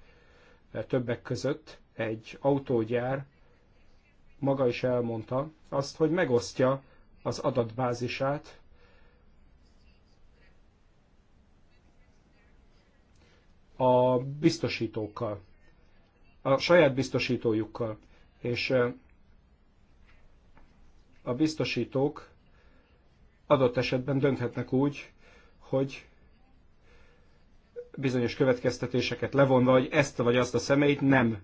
többek között egy autógyár maga is elmondta azt, hogy megosztja az adatbázisát a biztosítókkal, a saját biztosítójukkal. És a biztosítók adott esetben dönthetnek úgy, hogy bizonyos következtetéseket levonva, hogy ezt vagy azt a személyt nem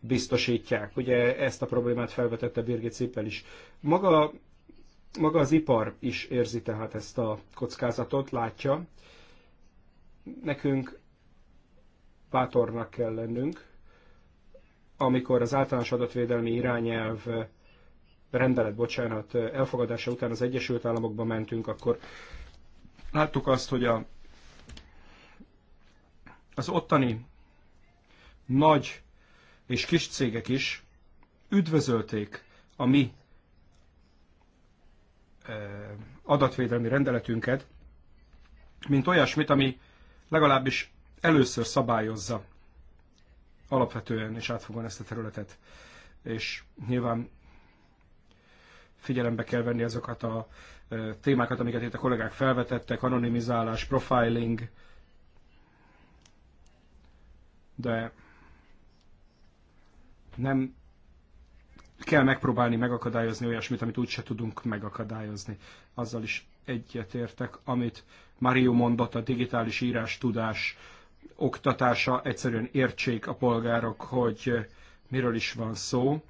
biztosítják. Ugye ezt a problémát felvetette Birgit Cipel is. Maga, maga az ipar is érzi tehát ezt a kockázatot, látja. Nekünk bátornak kell lennünk, amikor az általános adatvédelmi irányelv rendelet, bocsánat, elfogadása után az Egyesült Államokba mentünk, akkor láttuk azt, hogy a, az ottani nagy és kis cégek is üdvözölték a mi e, adatvédelmi rendeletünket, mint olyasmit, ami legalábbis először szabályozza alapvetően és átfogóan ezt a területet. És nyilván figyelembe kell venni azokat a témákat, amiket itt a kollégák felvetettek, anonimizálás, profiling, de nem kell megpróbálni megakadályozni olyasmit, amit úgyse tudunk megakadályozni. Azzal is egyetértek, amit Mario mondott, a digitális írás tudás oktatása, egyszerűen értsék a polgárok, hogy miről is van szó.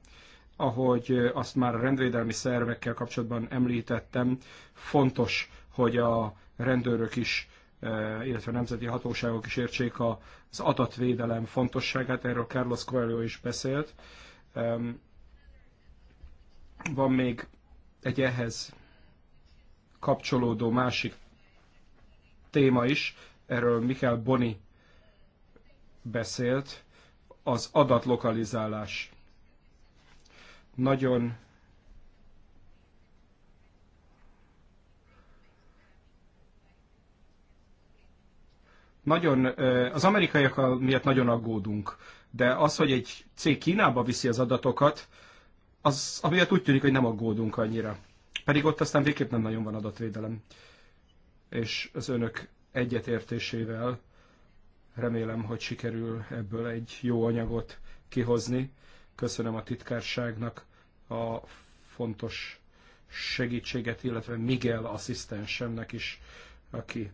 Ahogy azt már a rendvédelmi szervekkel kapcsolatban említettem, fontos, hogy a rendőrök is e, illetve a nemzeti hatóságok is értsék az adatvédelem fontosságát, erről Carlos Coelho is beszélt. E, van még egy ehhez kapcsolódó másik téma is, erről Mikael Boni beszélt, az adatlokalizálás. Nagyon nagyon, az amerikaiak miatt nagyon aggódunk, de az, hogy egy cég Kínába viszi az adatokat, az amiatt úgy tűnik, hogy nem aggódunk annyira. Pedig ott aztán végképp nem nagyon van adatvédelem. És az önök egyetértésével Remélem, hogy sikerül ebből egy jó anyagot kihozni. Köszönöm a titkárságnak a fontos segítséget, illetve Miguel asszisztensemnek is, aki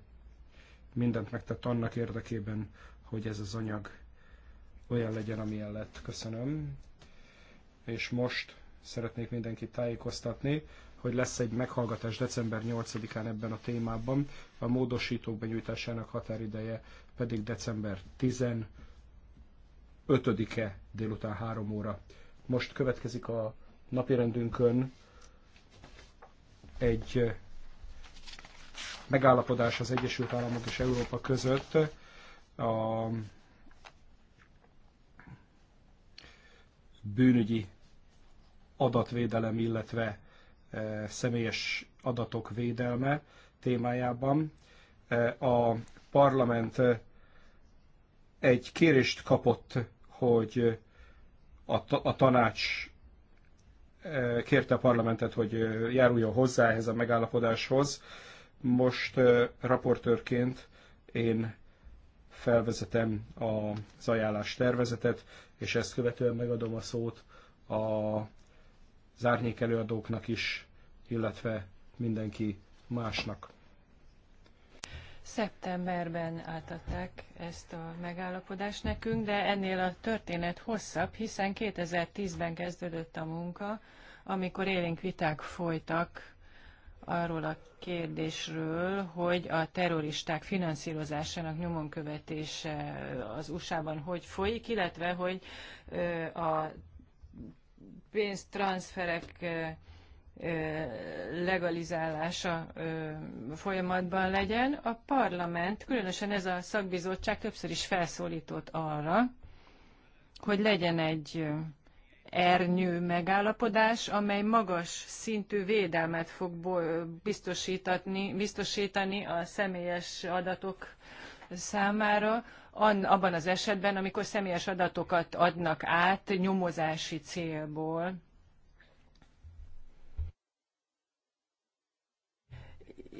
mindent megtett annak érdekében, hogy ez az anyag olyan legyen, amilyen lett. Köszönöm. És most szeretnék mindenkit tájékoztatni, hogy lesz egy meghallgatás december 8-án ebben a témában. A módosítók benyújtásának határideje pedig december 15-e délután 3 óra. Most következik a napirendünkön egy eh, megállapodás az Egyesült Államok és Európa között a bűnügyi adatvédelem, illetve eh, személyes adatok védelme témájában. Eh, a parlament egy kérést kapott, hogy a, a tanács eh, kérte a parlamentet, hogy eh, járuljon hozzá ehhez a megállapodáshoz. Most eh, raportőrként én felvezetem az ajánlás tervezetet, és ezt követően megadom a szót a zárnyék előadóknak is, illetve mindenki másnak. Szeptemberben átadták ezt a megállapodást nekünk, de ennél a történet hosszabb, hiszen 2010-ben kezdődött a munka, amikor élénk viták folytak arról a kérdésről, hogy a terroristák finanszírozásának nyomon követése az USA-ban hogy folyik, illetve hogy a pénztranszferek legalizálása folyamatban legyen. A parlament, különösen ez a szakbizottság többször is felszólított arra, hogy legyen egy ernyő megállapodás, amely magas szintű védelmet fog biztosítani, biztosítani a személyes adatok számára, abban az esetben, amikor személyes adatokat adnak át nyomozási célból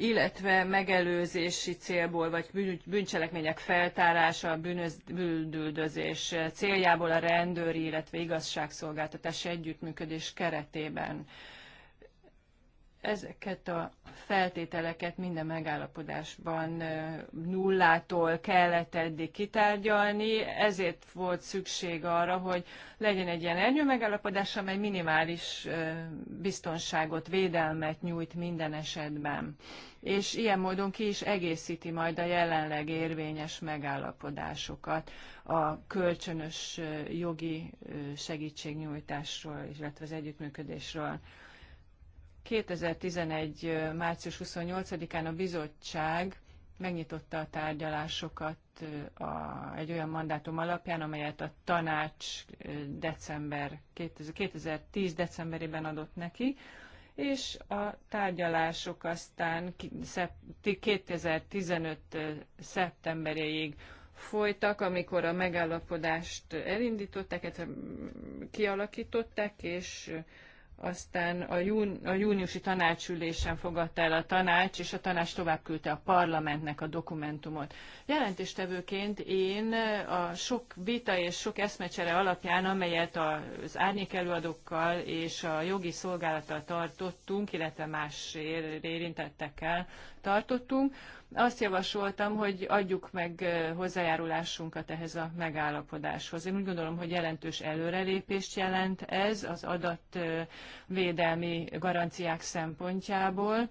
illetve megelőzési célból, vagy bűncselekmények feltárása, bűnöz, bűnüldözés céljából a rendőri, illetve igazságszolgáltatás együttműködés keretében ezeket a feltételeket minden megállapodásban nullától kellett eddig kitárgyalni, ezért volt szükség arra, hogy legyen egy ilyen ernyő megállapodás, amely minimális biztonságot, védelmet nyújt minden esetben. És ilyen módon ki is egészíti majd a jelenleg érvényes megállapodásokat a kölcsönös jogi segítségnyújtásról, illetve az együttműködésről 2011. március 28-án a bizottság megnyitotta a tárgyalásokat a, egy olyan mandátum alapján, amelyet a tanács december 2010. decemberében adott neki, és a tárgyalások aztán 2015. szeptemberéig folytak, amikor a megállapodást elindították, kialakították, és aztán a, jún, a júniusi tanácsülésen fogadta el a tanács, és a tanács tovább küldte a parlamentnek a dokumentumot. Jelentéstevőként én a sok vita és sok eszmecsere alapján, amelyet az árnyék előadókkal és a jogi szolgálattal tartottunk, illetve más érintettekkel, tartottunk. Azt javasoltam, hogy adjuk meg hozzájárulásunkat ehhez a megállapodáshoz. Én úgy gondolom, hogy jelentős előrelépést jelent ez az adatvédelmi garanciák szempontjából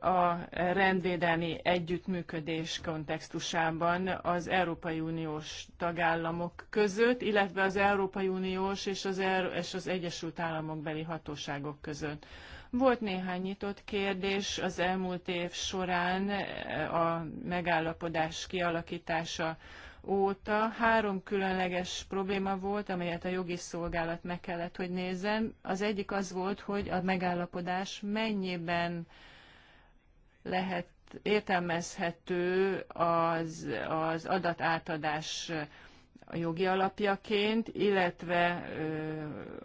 a rendvédelmi együttműködés kontextusában az Európai Uniós tagállamok között, illetve az Európai Uniós és az, és az Egyesült Államok beli hatóságok között. Volt néhány nyitott kérdés az elmúlt év során eh, a megállapodás kialakítása óta. Három különleges probléma volt, amelyet a jogi szolgálat meg kellett, hogy nézzen. Az egyik az volt, hogy a megállapodás mennyiben lehet értelmezhető az, az adatátadás a jogi alapjaként, illetve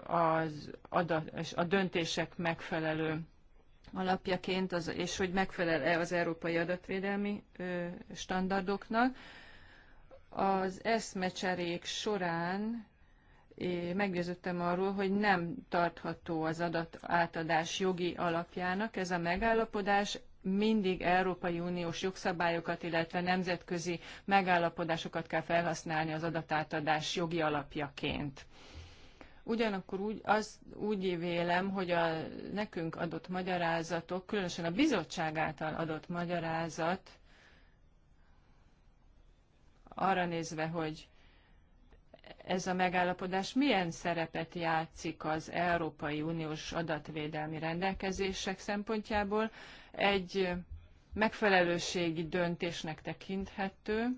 az adat, a döntések megfelelő alapjaként, az, és hogy megfelel-e az európai adatvédelmi standardoknak. Az eszmecserék során meggyőződtem arról, hogy nem tartható az adatátadás jogi alapjának ez a megállapodás, mindig Európai Uniós jogszabályokat, illetve nemzetközi megállapodásokat kell felhasználni az adatátadás jogi alapjaként. Ugyanakkor úgy, az, úgy vélem, hogy a nekünk adott magyarázatok, különösen a bizottság által adott magyarázat, arra nézve, hogy ez a megállapodás milyen szerepet játszik az Európai Uniós adatvédelmi rendelkezések szempontjából, egy megfelelőségi döntésnek tekinthető,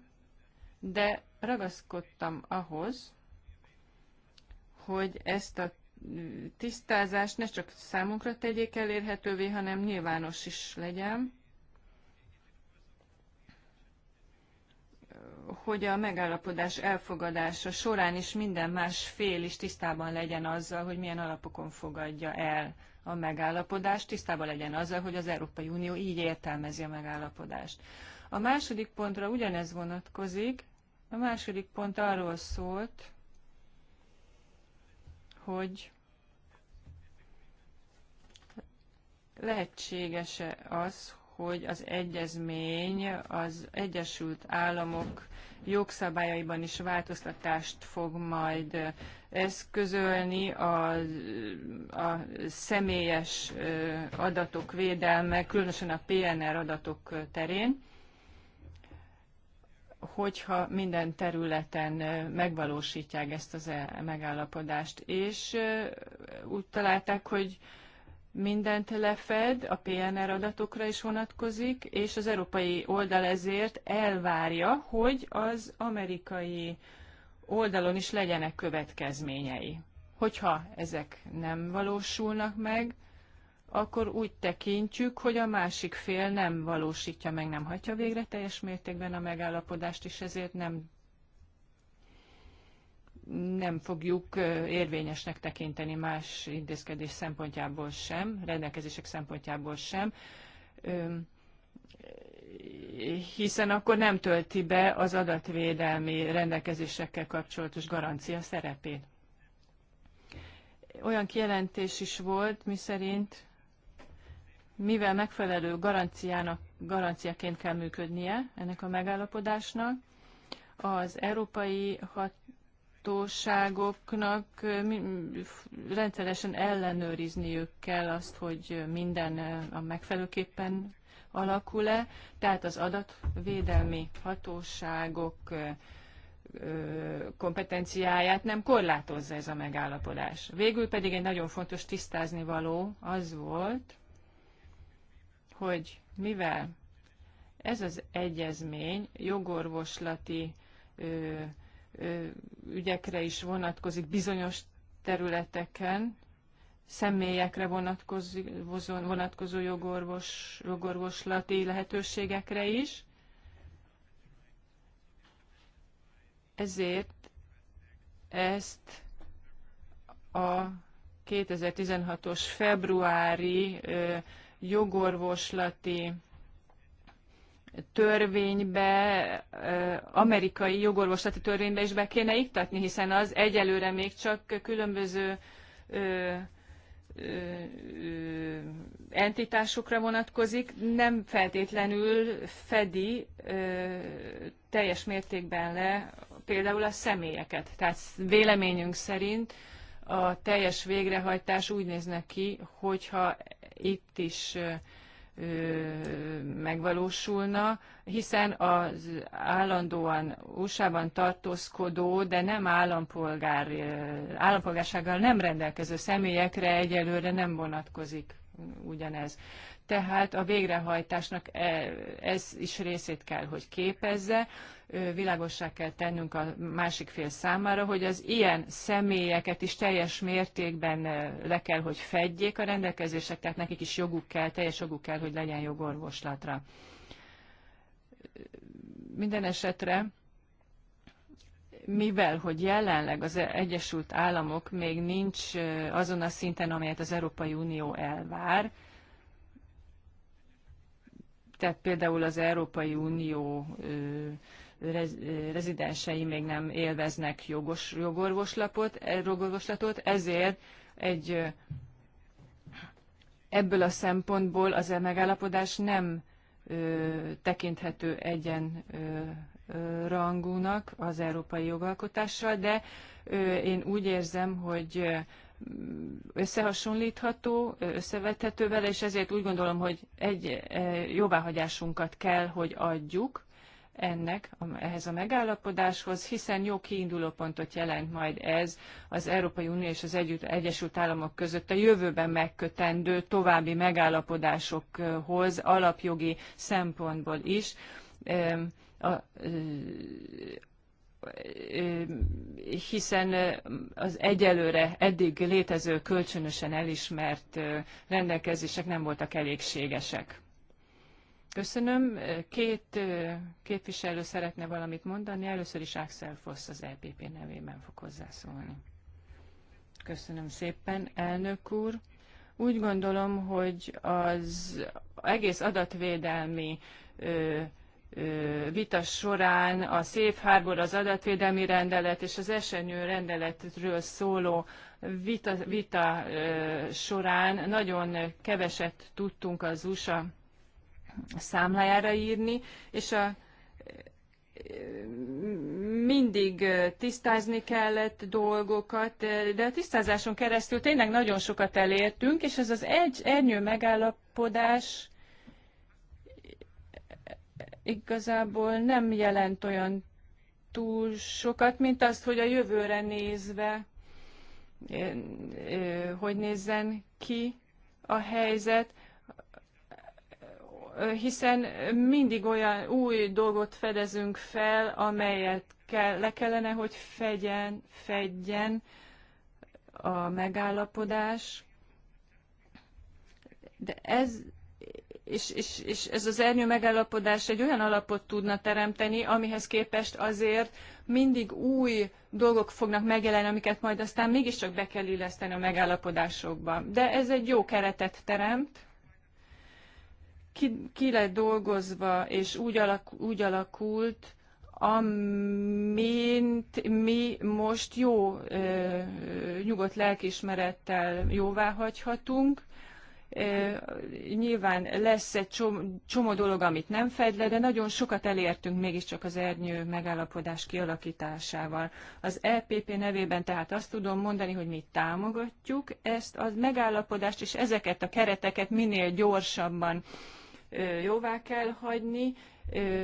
de ragaszkodtam ahhoz, hogy ezt a tisztázást ne csak számunkra tegyék elérhetővé, hanem nyilvános is legyen, hogy a megállapodás elfogadása során is minden más fél is tisztában legyen azzal, hogy milyen alapokon fogadja el a megállapodást, tisztában legyen azzal, hogy az Európai Unió így értelmezi a megállapodást. A második pontra ugyanez vonatkozik, a második pont arról szólt, hogy lehetséges-e az, hogy az egyezmény az Egyesült Államok jogszabályaiban is változtatást fog majd eszközölni a, a személyes adatok védelme, különösen a PNR adatok terén, hogyha minden területen megvalósítják ezt az e, megállapodást. És úgy találták, hogy mindent lefed, a PNR adatokra is vonatkozik, és az európai oldal ezért elvárja, hogy az amerikai oldalon is legyenek következményei. Hogyha ezek nem valósulnak meg, akkor úgy tekintjük, hogy a másik fél nem valósítja meg, nem hagyja végre teljes mértékben a megállapodást, és ezért nem, nem fogjuk érvényesnek tekinteni más intézkedés szempontjából sem, rendelkezések szempontjából sem hiszen akkor nem tölti be az adatvédelmi rendelkezésekkel kapcsolatos garancia szerepét. Olyan kijelentés is volt, miszerint mivel megfelelő garanciának, garanciaként kell működnie ennek a megállapodásnak, az európai hatóságoknak rendszeresen ellenőrizniük kell azt, hogy minden a megfelelőképpen alakul-e, tehát az adatvédelmi hatóságok kompetenciáját nem korlátozza ez a megállapodás. Végül pedig egy nagyon fontos tisztázni való az volt, hogy mivel ez az egyezmény jogorvoslati ö, ö, ügyekre is vonatkozik bizonyos területeken, személyekre vonatkozó, vonatkozó jogorvos, jogorvoslati lehetőségekre is. Ezért ezt a 2016-os februári jogorvoslati törvénybe, amerikai jogorvoslati törvénybe is be kéne iktatni, hiszen az egyelőre még csak különböző entitásokra vonatkozik, nem feltétlenül fedi teljes mértékben le például a személyeket. Tehát véleményünk szerint a teljes végrehajtás úgy néznek ki, hogyha itt is megvalósulna, hiszen az állandóan USA-ban tartózkodó, de nem állampolgár, állampolgársággal nem rendelkező személyekre egyelőre nem vonatkozik ugyanez tehát a végrehajtásnak e, ez is részét kell, hogy képezze. Világossá kell tennünk a másik fél számára, hogy az ilyen személyeket is teljes mértékben e, le kell, hogy fedjék a rendelkezések, tehát nekik is joguk kell, teljes joguk kell, hogy legyen jogorvoslatra. Minden esetre mivel hogy jelenleg az Egyesült Államok még nincs azon a szinten, amelyet az Európai Unió elvár, tehát például az Európai Unió rezidensei még nem élveznek jogos, jogorvoslatot, e, jogorvoslatot, ezért egy ebből a szempontból az e megállapodás nem ö, tekinthető egyen ö, rangúnak az európai jogalkotással, de ö, én úgy érzem, hogy összehasonlítható, összevethető vele, és ezért úgy gondolom, hogy egy eh, jóváhagyásunkat kell, hogy adjuk ennek, ehhez a megállapodáshoz, hiszen jó kiindulópontot jelent majd ez az Európai Unió és az Együtt, Egyesült Államok között a jövőben megkötendő további megállapodásokhoz alapjogi szempontból is. A, hiszen az egyelőre eddig létező kölcsönösen elismert rendelkezések nem voltak elégségesek. Köszönöm. Két képviselő szeretne valamit mondani. Először is Axel Foss az LPP e nevében fog hozzászólni. Köszönöm szépen, elnök úr. Úgy gondolom, hogy az egész adatvédelmi vita során a Safe Harbor, az adatvédelmi rendelet és az esenyő rendeletről szóló vita, vita során nagyon keveset tudtunk az USA számlájára írni, és a, mindig tisztázni kellett dolgokat, de a tisztázáson keresztül tényleg nagyon sokat elértünk, és ez az egy ernyő megállapodás igazából nem jelent olyan túl sokat, mint azt, hogy a jövőre nézve, e, e, hogy nézzen ki a helyzet, e, hiszen mindig olyan új dolgot fedezünk fel, amelyet kell, le kellene, hogy fegyen, fedjen a megállapodás. De ez és, és, és ez az ernyő megállapodás egy olyan alapot tudna teremteni, amihez képest azért mindig új dolgok fognak megjelenni, amiket majd aztán mégiscsak be kell illeszteni a megállapodásokba. De ez egy jó keretet teremt, ki, ki lett dolgozva, és úgy, alak, úgy alakult, amint mi most jó, ö, nyugodt lelkismerettel jóvá hagyhatunk, nyilván lesz egy csomó, csomó dolog, amit nem fed le, de nagyon sokat elértünk mégiscsak az ernyő megállapodás kialakításával. Az EPP nevében tehát azt tudom mondani, hogy mi támogatjuk ezt a megállapodást, és ezeket a kereteket minél gyorsabban jóvá kell hagyni,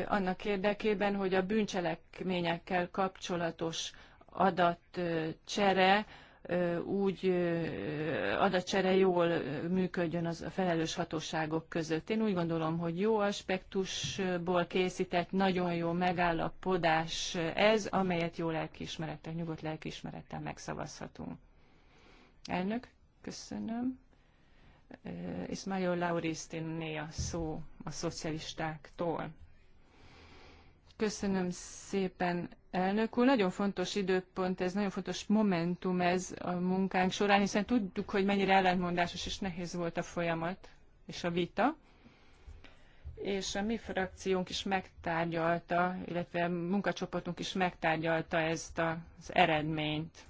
annak érdekében, hogy a bűncselekményekkel kapcsolatos adatcsere, úgy adatcsere jól működjön az a felelős hatóságok között. Én úgy gondolom, hogy jó aspektusból készített, nagyon jó megállapodás ez, amelyet jó lelkiismerettel, nyugodt lelkiismerettel megszavazhatunk. Elnök, köszönöm. Ismail Lauristinné a szó a szocialistáktól. Köszönöm szépen, Elnök úr, nagyon fontos időpont ez, nagyon fontos momentum ez a munkánk során, hiszen tudjuk, hogy mennyire ellentmondásos és nehéz volt a folyamat és a vita. És a mi frakciónk is megtárgyalta, illetve a munkacsoportunk is megtárgyalta ezt az eredményt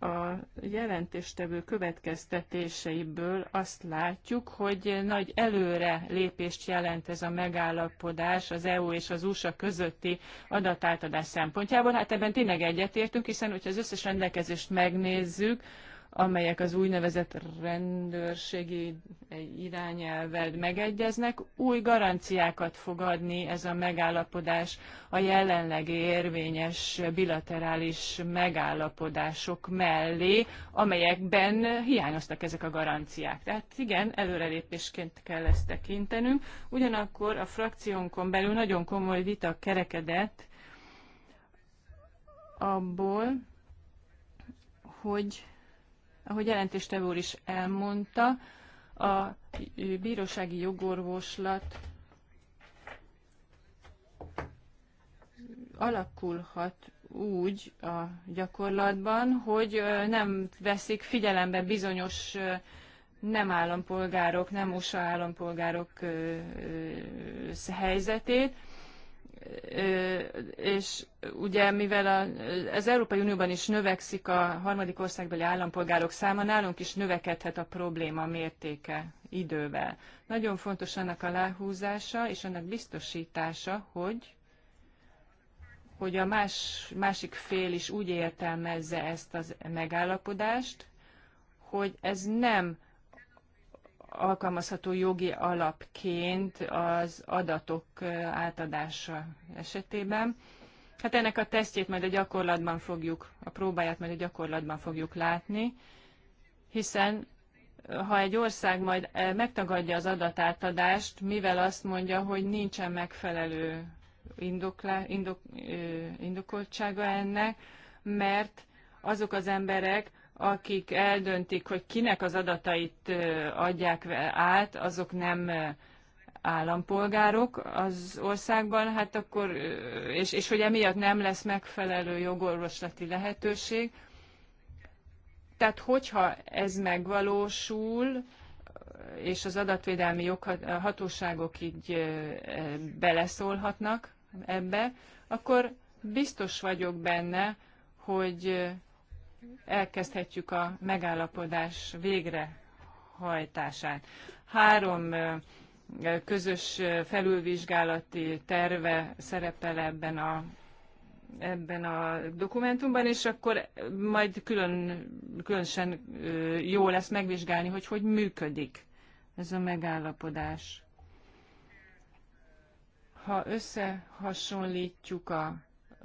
a jelentéstevő következtetéseiből azt látjuk, hogy nagy előre lépést jelent ez a megállapodás az EU és az USA közötti adatátadás szempontjából. Hát ebben tényleg egyetértünk, hiszen hogyha az összes rendelkezést megnézzük, amelyek az úgynevezett rendőrségi irányelvvel megegyeznek, új garanciákat fog adni ez a megállapodás a jelenlegi érvényes bilaterális megállapodások mellé, amelyekben hiányoztak ezek a garanciák. Tehát igen, előrelépésként kell ezt tekintenünk. Ugyanakkor a frakciónkon belül nagyon komoly vita kerekedett abból, hogy ahogy jelentéstevő is elmondta, a bírósági jogorvoslat alakulhat úgy a gyakorlatban, hogy nem veszik figyelembe bizonyos nem állampolgárok, nem USA állampolgárok helyzetét, és ugye mivel az Európai Unióban is növekszik a harmadik országbeli állampolgárok száma, nálunk is növekedhet a probléma mértéke idővel. Nagyon fontos annak a láhúzása és annak biztosítása, hogy hogy a más, másik fél is úgy értelmezze ezt a megállapodást, hogy ez nem alkalmazható jogi alapként az adatok átadása esetében. Hát ennek a tesztjét majd a gyakorlatban fogjuk, a próbáját majd a gyakorlatban fogjuk látni, hiszen ha egy ország majd megtagadja az adatátadást, mivel azt mondja, hogy nincsen megfelelő indoklá, indok, indokoltsága ennek, mert azok az emberek, akik eldöntik, hogy kinek az adatait adják át, azok nem állampolgárok az országban, hát akkor, és, és hogy emiatt nem lesz megfelelő jogorvoslati lehetőség. Tehát hogyha ez megvalósul, és az adatvédelmi joghatóságok így beleszólhatnak ebbe, akkor biztos vagyok benne, hogy elkezdhetjük a megállapodás végrehajtását. Három közös felülvizsgálati terve szerepel ebben a ebben a dokumentumban, és akkor majd külön, különösen jó lesz megvizsgálni, hogy hogy működik ez a megállapodás. Ha összehasonlítjuk a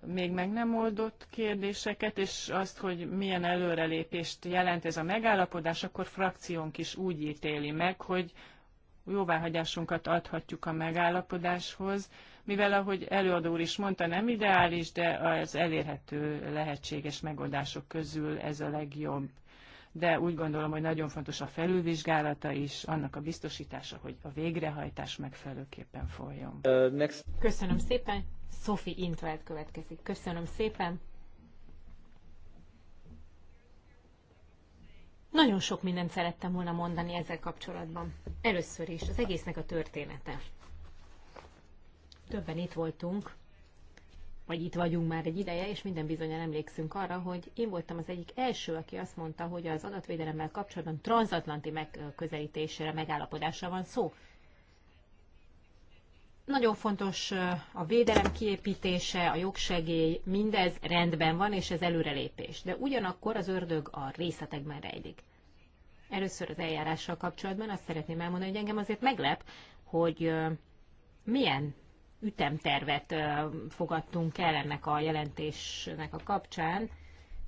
még meg nem oldott kérdéseket, és azt, hogy milyen előrelépést jelent ez a megállapodás, akkor frakciónk is úgy ítéli meg, hogy jóváhagyásunkat adhatjuk a megállapodáshoz, mivel ahogy előadó úr is mondta, nem ideális, de az elérhető lehetséges megoldások közül ez a legjobb. De úgy gondolom, hogy nagyon fontos a felülvizsgálata is, annak a biztosítása, hogy a végrehajtás megfelelőképpen folyjon. Uh, next. Köszönöm szépen! Sophie Intveld következik. Köszönöm szépen! Nagyon sok mindent szerettem volna mondani ezzel kapcsolatban. Először is az egésznek a története. Többen itt voltunk, vagy itt vagyunk már egy ideje, és minden bizonyan emlékszünk arra, hogy én voltam az egyik első, aki azt mondta, hogy az adatvédelemmel kapcsolatban transatlanti megközelítésre, megállapodásra van szó. Nagyon fontos a védelem kiépítése, a jogsegély, mindez rendben van, és ez előrelépés. De ugyanakkor az ördög a részletekben rejlik. Először az eljárással kapcsolatban azt szeretném elmondani, hogy engem azért meglep, hogy milyen ütemtervet fogadtunk el ennek a jelentésnek a kapcsán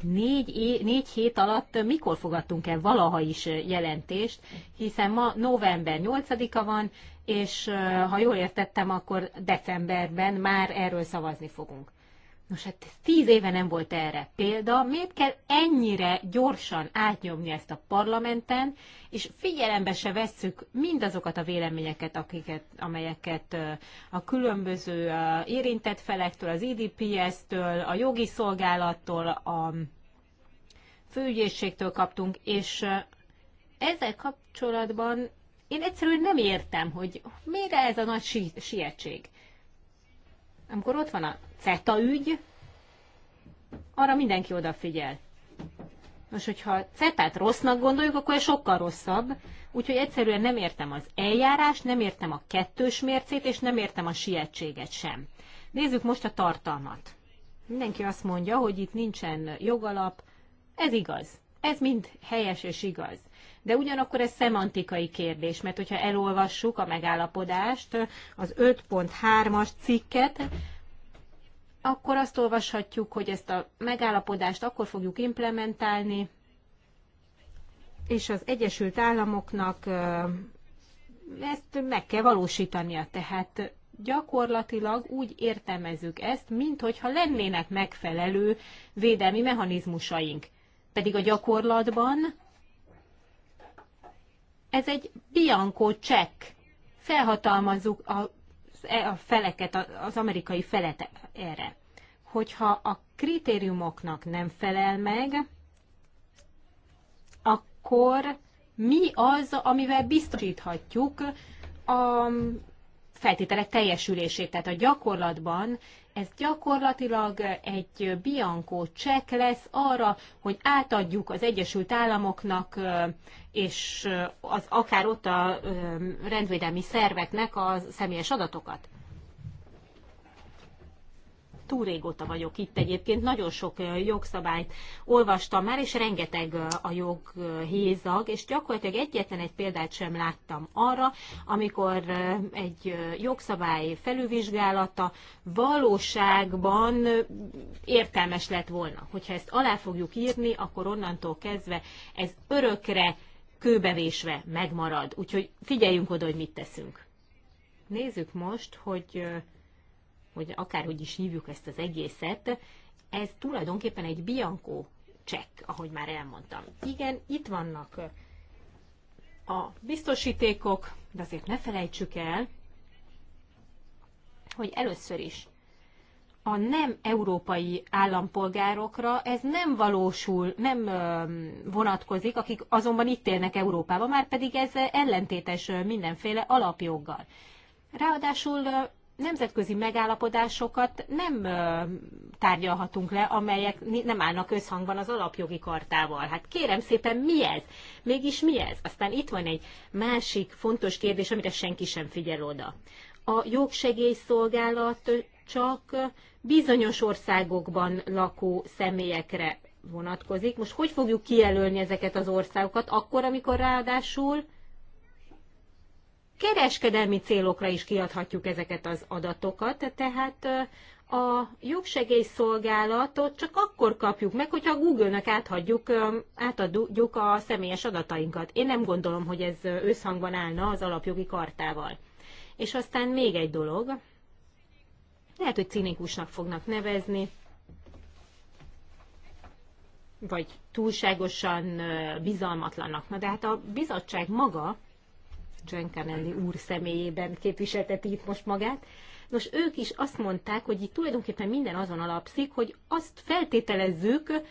négy, é- négy hét alatt mikor fogadtunk el valaha is jelentést, hiszen ma november 8-a van, és ha jól értettem, akkor decemberben már erről szavazni fogunk. Nos hát tíz éve nem volt erre példa, miért kell ennyire gyorsan átnyomni ezt a parlamenten, és figyelembe se vesszük mindazokat a véleményeket, akiket, amelyeket a különböző érintett felektől, az IDPS-től, a jogi szolgálattól, a főügyészségtől kaptunk, és ezzel kapcsolatban én egyszerűen nem értem, hogy miért ez a nagy sietség. Amikor ott van a CETA ügy, arra mindenki odafigyel. Most, hogyha CETA-t rossznak gondoljuk, akkor ez sokkal rosszabb. Úgyhogy egyszerűen nem értem az eljárást, nem értem a kettős mércét, és nem értem a sietséget sem. Nézzük most a tartalmat. Mindenki azt mondja, hogy itt nincsen jogalap. Ez igaz. Ez mind helyes és igaz. De ugyanakkor ez szemantikai kérdés, mert hogyha elolvassuk a megállapodást, az 5.3-as cikket, akkor azt olvashatjuk, hogy ezt a megállapodást akkor fogjuk implementálni, és az Egyesült Államoknak ezt meg kell valósítania. Tehát gyakorlatilag úgy értelmezzük ezt, minthogyha lennének megfelelő védelmi mechanizmusaink. Pedig a gyakorlatban ez egy bianco csekk. Felhatalmazzuk a E a feleket, az amerikai felet erre. Hogyha a kritériumoknak nem felel meg, akkor mi az, amivel biztosíthatjuk a feltételek teljesülését. Tehát a gyakorlatban ez gyakorlatilag egy biankó csekk lesz arra, hogy átadjuk az Egyesült Államoknak és az akár ott a rendvédelmi szerveknek a személyes adatokat túl régóta vagyok itt egyébként, nagyon sok jogszabályt olvastam már, és rengeteg a joghézag, és gyakorlatilag egyetlen egy példát sem láttam arra, amikor egy jogszabály felülvizsgálata valóságban értelmes lett volna. Hogyha ezt alá fogjuk írni, akkor onnantól kezdve ez örökre kőbevésve megmarad. Úgyhogy figyeljünk oda, hogy mit teszünk. Nézzük most, hogy hogy akárhogy is hívjuk ezt az egészet, ez tulajdonképpen egy bianco csekk, ahogy már elmondtam. Igen, itt vannak a biztosítékok, de azért ne felejtsük el, hogy először is a nem európai állampolgárokra ez nem valósul, nem vonatkozik, akik azonban itt élnek Európában, már pedig ez ellentétes mindenféle alapjoggal. Ráadásul nemzetközi megállapodásokat nem tárgyalhatunk le, amelyek nem állnak összhangban az alapjogi kartával. Hát kérem szépen, mi ez? Mégis mi ez? Aztán itt van egy másik fontos kérdés, amire senki sem figyel oda. A jogsegélyszolgálat csak bizonyos országokban lakó személyekre vonatkozik. Most hogy fogjuk kijelölni ezeket az országokat, akkor, amikor ráadásul kereskedelmi célokra is kiadhatjuk ezeket az adatokat, tehát a jogsegélyszolgálatot csak akkor kapjuk meg, hogyha a Google-nak átadjuk, átadjuk a személyes adatainkat. Én nem gondolom, hogy ez összhangban állna az alapjogi kartával. És aztán még egy dolog, lehet, hogy cinikusnak fognak nevezni, vagy túlságosan bizalmatlannak. Na de hát a bizottság maga Giancarelli úr személyében képviselteti itt most magát. Nos, ők is azt mondták, hogy itt tulajdonképpen minden azon alapszik, hogy azt feltételezzük,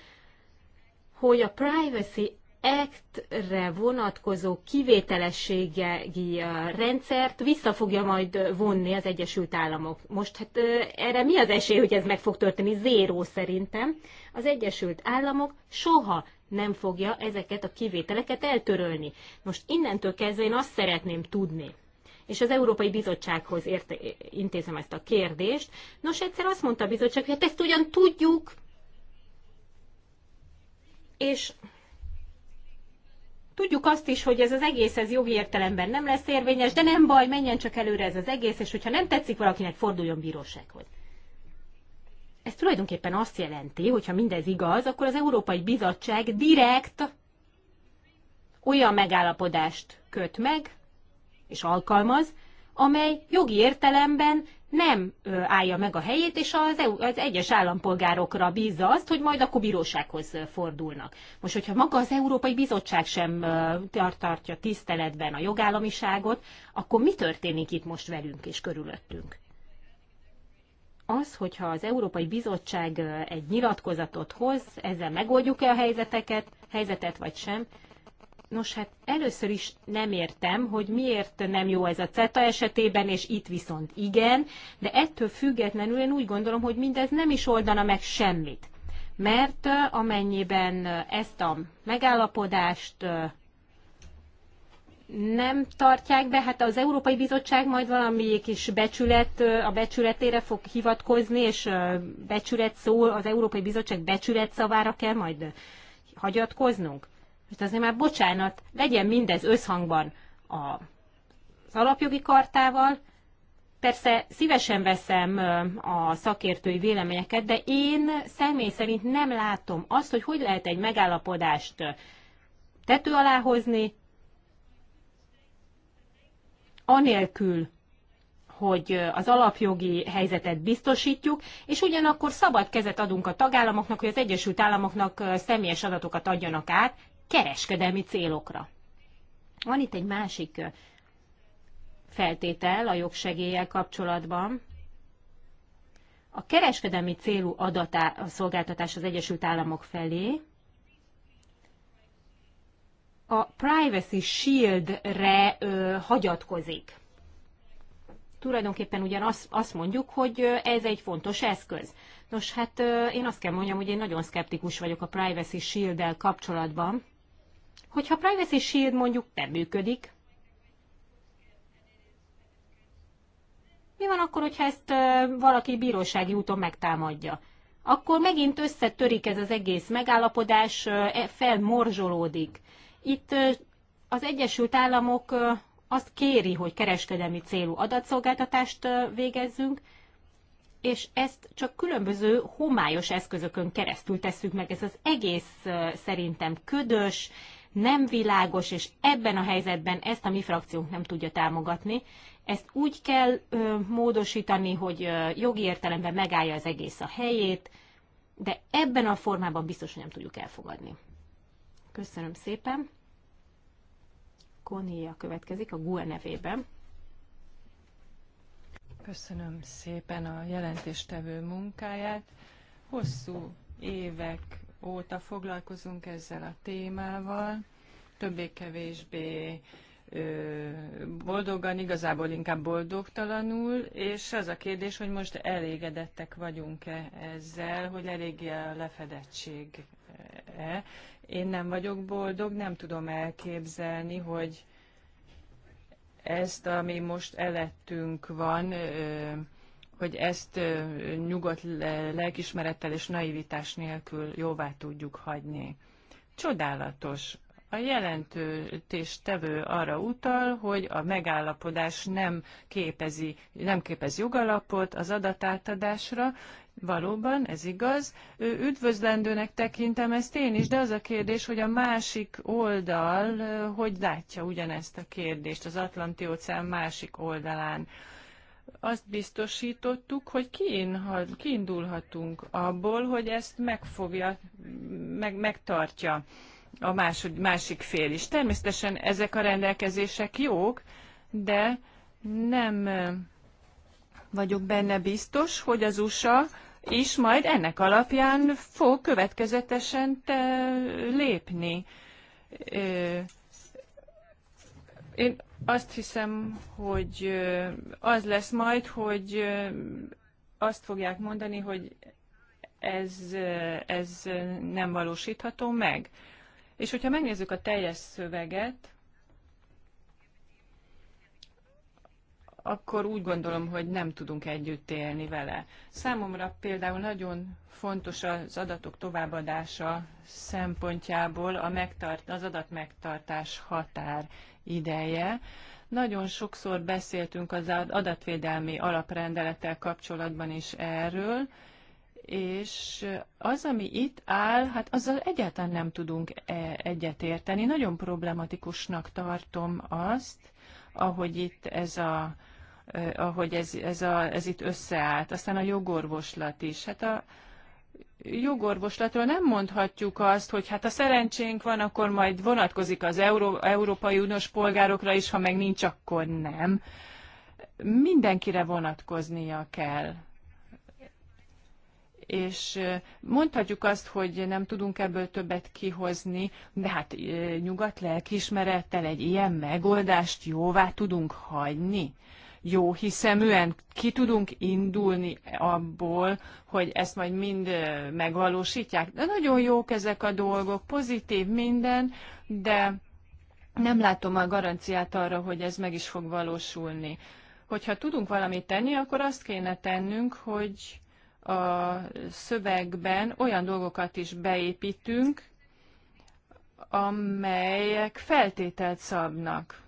hogy a Privacy Act-re vonatkozó kivételességi uh, rendszert vissza fogja majd uh, vonni az Egyesült Államok. Most hát uh, erre mi az esély, hogy ez meg fog történni? Zéró szerintem. Az Egyesült Államok soha nem fogja ezeket a kivételeket eltörölni. Most innentől kezdve én azt szeretném tudni, és az Európai Bizottsághoz érte, intézem ezt a kérdést. Nos, egyszer azt mondta a bizottság, hogy hát ezt ugyan tudjuk, és tudjuk azt is, hogy ez az egész ez jogi értelemben nem lesz érvényes, de nem baj, menjen csak előre ez az egész, és hogyha nem tetszik valakinek, forduljon bírósághoz. Ez tulajdonképpen azt jelenti, hogyha mindez igaz, akkor az Európai Bizottság direkt olyan megállapodást köt meg és alkalmaz, amely jogi értelemben nem állja meg a helyét, és az, EU, az egyes állampolgárokra bízza azt, hogy majd akkor bírósághoz fordulnak. Most, hogyha maga az Európai Bizottság sem tartja tiszteletben a jogállamiságot, akkor mi történik itt most velünk és körülöttünk? az, hogyha az Európai Bizottság egy nyilatkozatot hoz, ezzel megoldjuk-e a helyzeteket, helyzetet vagy sem, Nos, hát először is nem értem, hogy miért nem jó ez a CETA esetében, és itt viszont igen, de ettől függetlenül én úgy gondolom, hogy mindez nem is oldana meg semmit. Mert amennyiben ezt a megállapodást nem tartják be, hát az Európai Bizottság majd valami kis becsület, a becsületére fog hivatkozni, és becsület szó, az Európai Bizottság becsület szavára kell majd hagyatkoznunk. És azért már bocsánat, legyen mindez összhangban a, az alapjogi kartával. Persze szívesen veszem a szakértői véleményeket, de én személy szerint nem látom azt, hogy hogy lehet egy megállapodást tető alá hozni, anélkül, hogy az alapjogi helyzetet biztosítjuk, és ugyanakkor szabad kezet adunk a tagállamoknak, hogy az Egyesült Államoknak személyes adatokat adjanak át kereskedelmi célokra. Van itt egy másik feltétel a jogsegéllyel kapcsolatban. A kereskedelmi célú adatá, szolgáltatás az Egyesült Államok felé a Privacy Shield-re hagyatkozik. Tulajdonképpen ugyan azt, azt mondjuk, hogy ez egy fontos eszköz. Nos, hát én azt kell mondjam, hogy én nagyon szkeptikus vagyok a Privacy Shield-del kapcsolatban. Hogyha Privacy Shield mondjuk nem működik, mi van akkor, hogyha ezt valaki bírósági úton megtámadja? Akkor megint összetörik ez az egész megállapodás, e, felmorzsolódik. Itt az Egyesült Államok azt kéri, hogy kereskedelmi célú adatszolgáltatást végezzünk, és ezt csak különböző homályos eszközökön keresztül tesszük meg. Ez az egész szerintem ködös, nem világos, és ebben a helyzetben ezt a mi frakciónk nem tudja támogatni. Ezt úgy kell ö, módosítani, hogy ö, jogi értelemben megállja az egész a helyét, de ebben a formában biztos, hogy nem tudjuk elfogadni. Köszönöm szépen. Konia következik a GUE nevében. Köszönöm szépen a jelentéstevő munkáját. Hosszú évek óta foglalkozunk ezzel a témával, többé-kevésbé boldogan, igazából inkább boldogtalanul, és az a kérdés, hogy most elégedettek vagyunk-e ezzel, hogy eléggé a lefedettség-e. Én nem vagyok boldog, nem tudom elképzelni, hogy ezt, ami most elettünk van, hogy ezt nyugodt lelkismerettel és naivitás nélkül jóvá tudjuk hagyni. Csodálatos. A tevő arra utal, hogy a megállapodás nem képezi, nem képez jogalapot az adatátadásra, Valóban, ez igaz. Üdvözlendőnek tekintem ezt én is, de az a kérdés, hogy a másik oldal hogy látja ugyanezt a kérdést az Atlanti-óceán másik oldalán. Azt biztosítottuk, hogy kiindulhatunk abból, hogy ezt megfogja, meg, megtartja a másod, másik fél is. Természetesen ezek a rendelkezések jók, de nem vagyok benne biztos, hogy az USA is majd ennek alapján fog következetesen lépni. Én azt hiszem, hogy az lesz majd, hogy azt fogják mondani, hogy ez, ez nem valósítható meg. És hogyha megnézzük a teljes szöveget, akkor úgy gondolom, hogy nem tudunk együtt élni vele. Számomra például nagyon fontos az adatok továbbadása szempontjából a megtart, az adatmegtartás határ ideje. Nagyon sokszor beszéltünk az adatvédelmi alaprendelettel kapcsolatban is erről, és az, ami itt áll, hát azzal egyáltalán nem tudunk e, egyetérteni. Nagyon problematikusnak tartom azt, ahogy itt ez a Eh, ahogy ez, ez, a, ez itt összeállt. Aztán a jogorvoslat is. Hát a jogorvoslatról nem mondhatjuk azt, hogy hát a szerencsénk van, akkor majd vonatkozik az Euró, Európai Uniós polgárokra is, ha meg nincs, akkor nem. Mindenkire vonatkoznia kell és eh, mondhatjuk azt, hogy nem tudunk ebből többet kihozni, de hát eh, nyugat lelkismerettel egy ilyen megoldást jóvá tudunk hagyni jó hiszeműen ki tudunk indulni abból, hogy ezt majd mind megvalósítják. De nagyon jók ezek a dolgok, pozitív minden, de nem látom a garanciát arra, hogy ez meg is fog valósulni. Hogyha tudunk valamit tenni, akkor azt kéne tennünk, hogy a szövegben olyan dolgokat is beépítünk, amelyek feltételt szabnak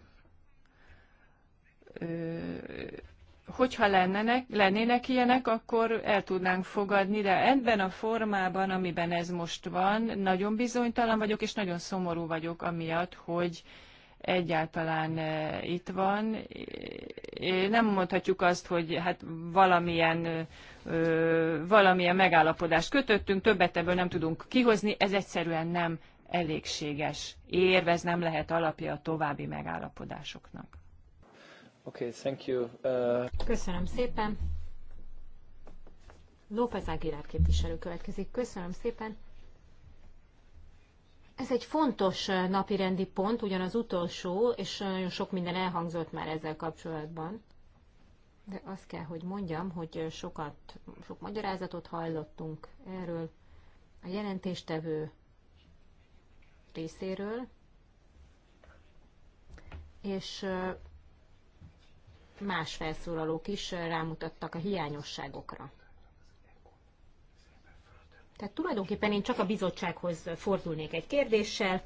hogyha lennenek, lennének ilyenek, akkor el tudnánk fogadni, de ebben a formában, amiben ez most van, nagyon bizonytalan vagyok, és nagyon szomorú vagyok amiatt, hogy egyáltalán e, itt van. Nem mondhatjuk azt, hogy hát valamilyen, e, valamilyen megállapodást kötöttünk, többet ebből nem tudunk kihozni, ez egyszerűen nem elégséges érvez, nem lehet alapja a további megállapodásoknak. Okay, thank you. Uh... Köszönöm szépen. López Ágirár képviselő következik. Köszönöm szépen. Ez egy fontos uh, napi rendi pont, ugyanaz utolsó, és uh, nagyon sok minden elhangzott már ezzel kapcsolatban. De azt kell, hogy mondjam, hogy uh, sokat, sok magyarázatot hallottunk erről a jelentéstevő részéről, és más felszólalók is rámutattak a hiányosságokra. Tehát tulajdonképpen én csak a bizottsághoz fordulnék egy kérdéssel.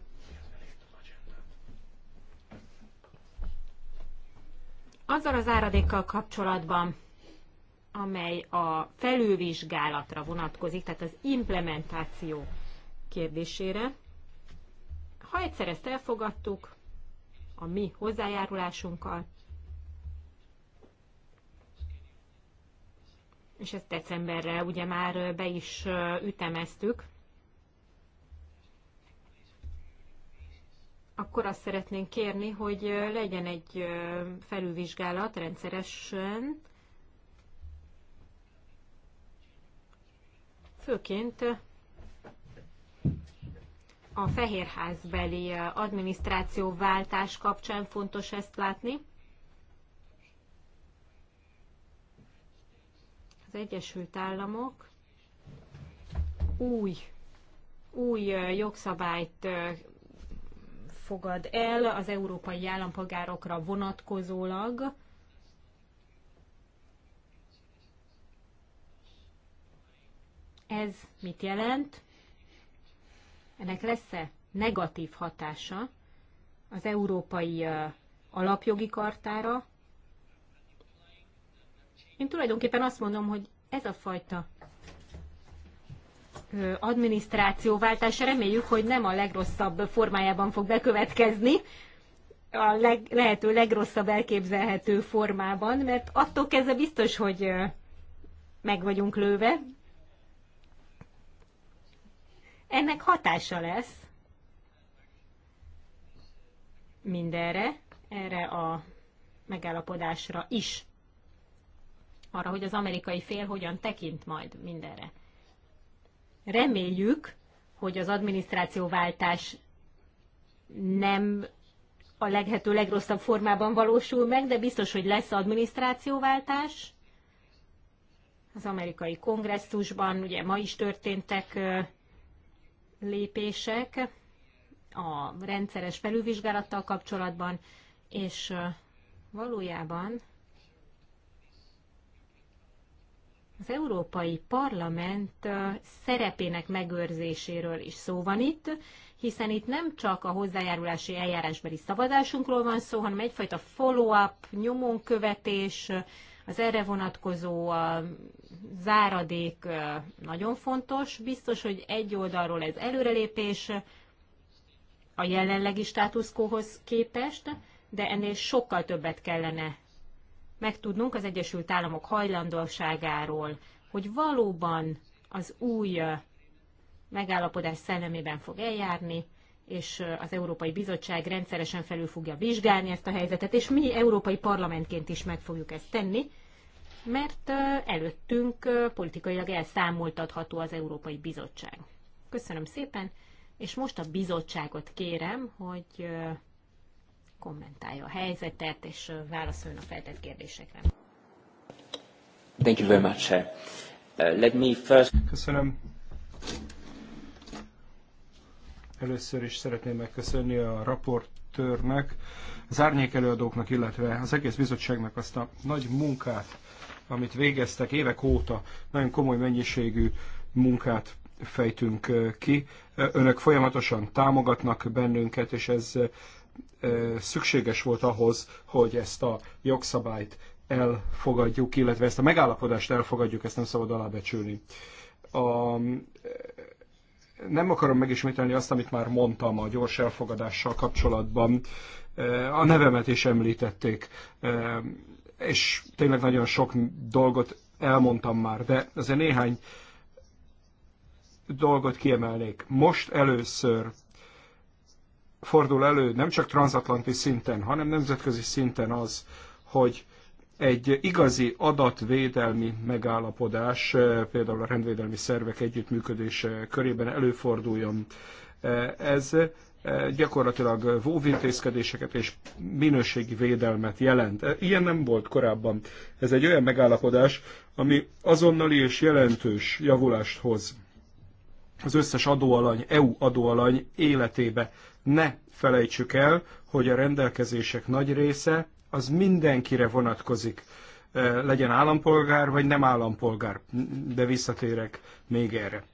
Azzal az áradékkal kapcsolatban, amely a felülvizsgálatra vonatkozik, tehát az implementáció kérdésére, ha egyszer ezt elfogadtuk a mi hozzájárulásunkkal, és ezt decemberre ugye már be is ütemeztük, akkor azt szeretnénk kérni, hogy legyen egy felülvizsgálat rendszeresen, főként a fehérházbeli váltás kapcsán fontos ezt látni. az Egyesült Államok új, új jogszabályt fogad el az európai állampolgárokra vonatkozólag. Ez mit jelent? Ennek lesz-e negatív hatása az európai alapjogi kartára, én tulajdonképpen azt mondom, hogy ez a fajta adminisztrációváltás, reméljük, hogy nem a legrosszabb formájában fog bekövetkezni, a leg, lehető legrosszabb elképzelhető formában, mert attól kezdve biztos, hogy meg vagyunk lőve. Ennek hatása lesz mindenre, erre a megállapodásra is arra, hogy az amerikai fél hogyan tekint majd mindenre. Reméljük, hogy az adminisztrációváltás nem a leghető legrosszabb formában valósul meg, de biztos, hogy lesz adminisztrációváltás. Az amerikai kongresszusban ugye ma is történtek lépések a rendszeres felülvizsgálattal kapcsolatban, és valójában Az Európai Parlament szerepének megőrzéséről is szó van itt, hiszen itt nem csak a hozzájárulási eljárásbeli szavazásunkról van szó, hanem egyfajta follow-up, nyomonkövetés, az erre vonatkozó záradék nagyon fontos. Biztos, hogy egy oldalról ez előrelépés a jelenlegi státuszkóhoz képest, de ennél sokkal többet kellene megtudnunk az Egyesült Államok hajlandóságáról, hogy valóban az új megállapodás szellemében fog eljárni, és az Európai Bizottság rendszeresen felül fogja vizsgálni ezt a helyzetet, és mi Európai Parlamentként is meg fogjuk ezt tenni, mert előttünk politikailag elszámoltatható az Európai Bizottság. Köszönöm szépen, és most a bizottságot kérem, hogy kommentálja a helyzetet, és válaszoljon a feltett kérdésekre. Thank you very much. Uh, let me first... Köszönöm. Először is szeretném megköszönni a raportőrnek, az árnyékelőadóknak, illetve az egész bizottságnak azt a nagy munkát, amit végeztek évek óta, nagyon komoly mennyiségű munkát fejtünk ki. Önök folyamatosan támogatnak bennünket, és ez szükséges volt ahhoz, hogy ezt a jogszabályt elfogadjuk, illetve ezt a megállapodást elfogadjuk, ezt nem szabad alábecsülni. A, nem akarom megismételni azt, amit már mondtam a gyors elfogadással kapcsolatban. A nevemet is említették, és tényleg nagyon sok dolgot elmondtam már, de azért néhány dolgot kiemelnék. Most először fordul elő nem csak transatlanti szinten, hanem nemzetközi szinten az, hogy egy igazi adatvédelmi megállapodás, eh, például a rendvédelmi szervek együttműködése körében előforduljon. Eh, ez eh, gyakorlatilag vóvintézkedéseket és minőségi védelmet jelent. Ilyen nem volt korábban. Ez egy olyan megállapodás, ami azonnali és jelentős javulást hoz az összes adóalany, EU adóalany életébe ne felejtsük el, hogy a rendelkezések nagy része az mindenkire vonatkozik, e, legyen állampolgár vagy nem állampolgár, de visszatérek még erre.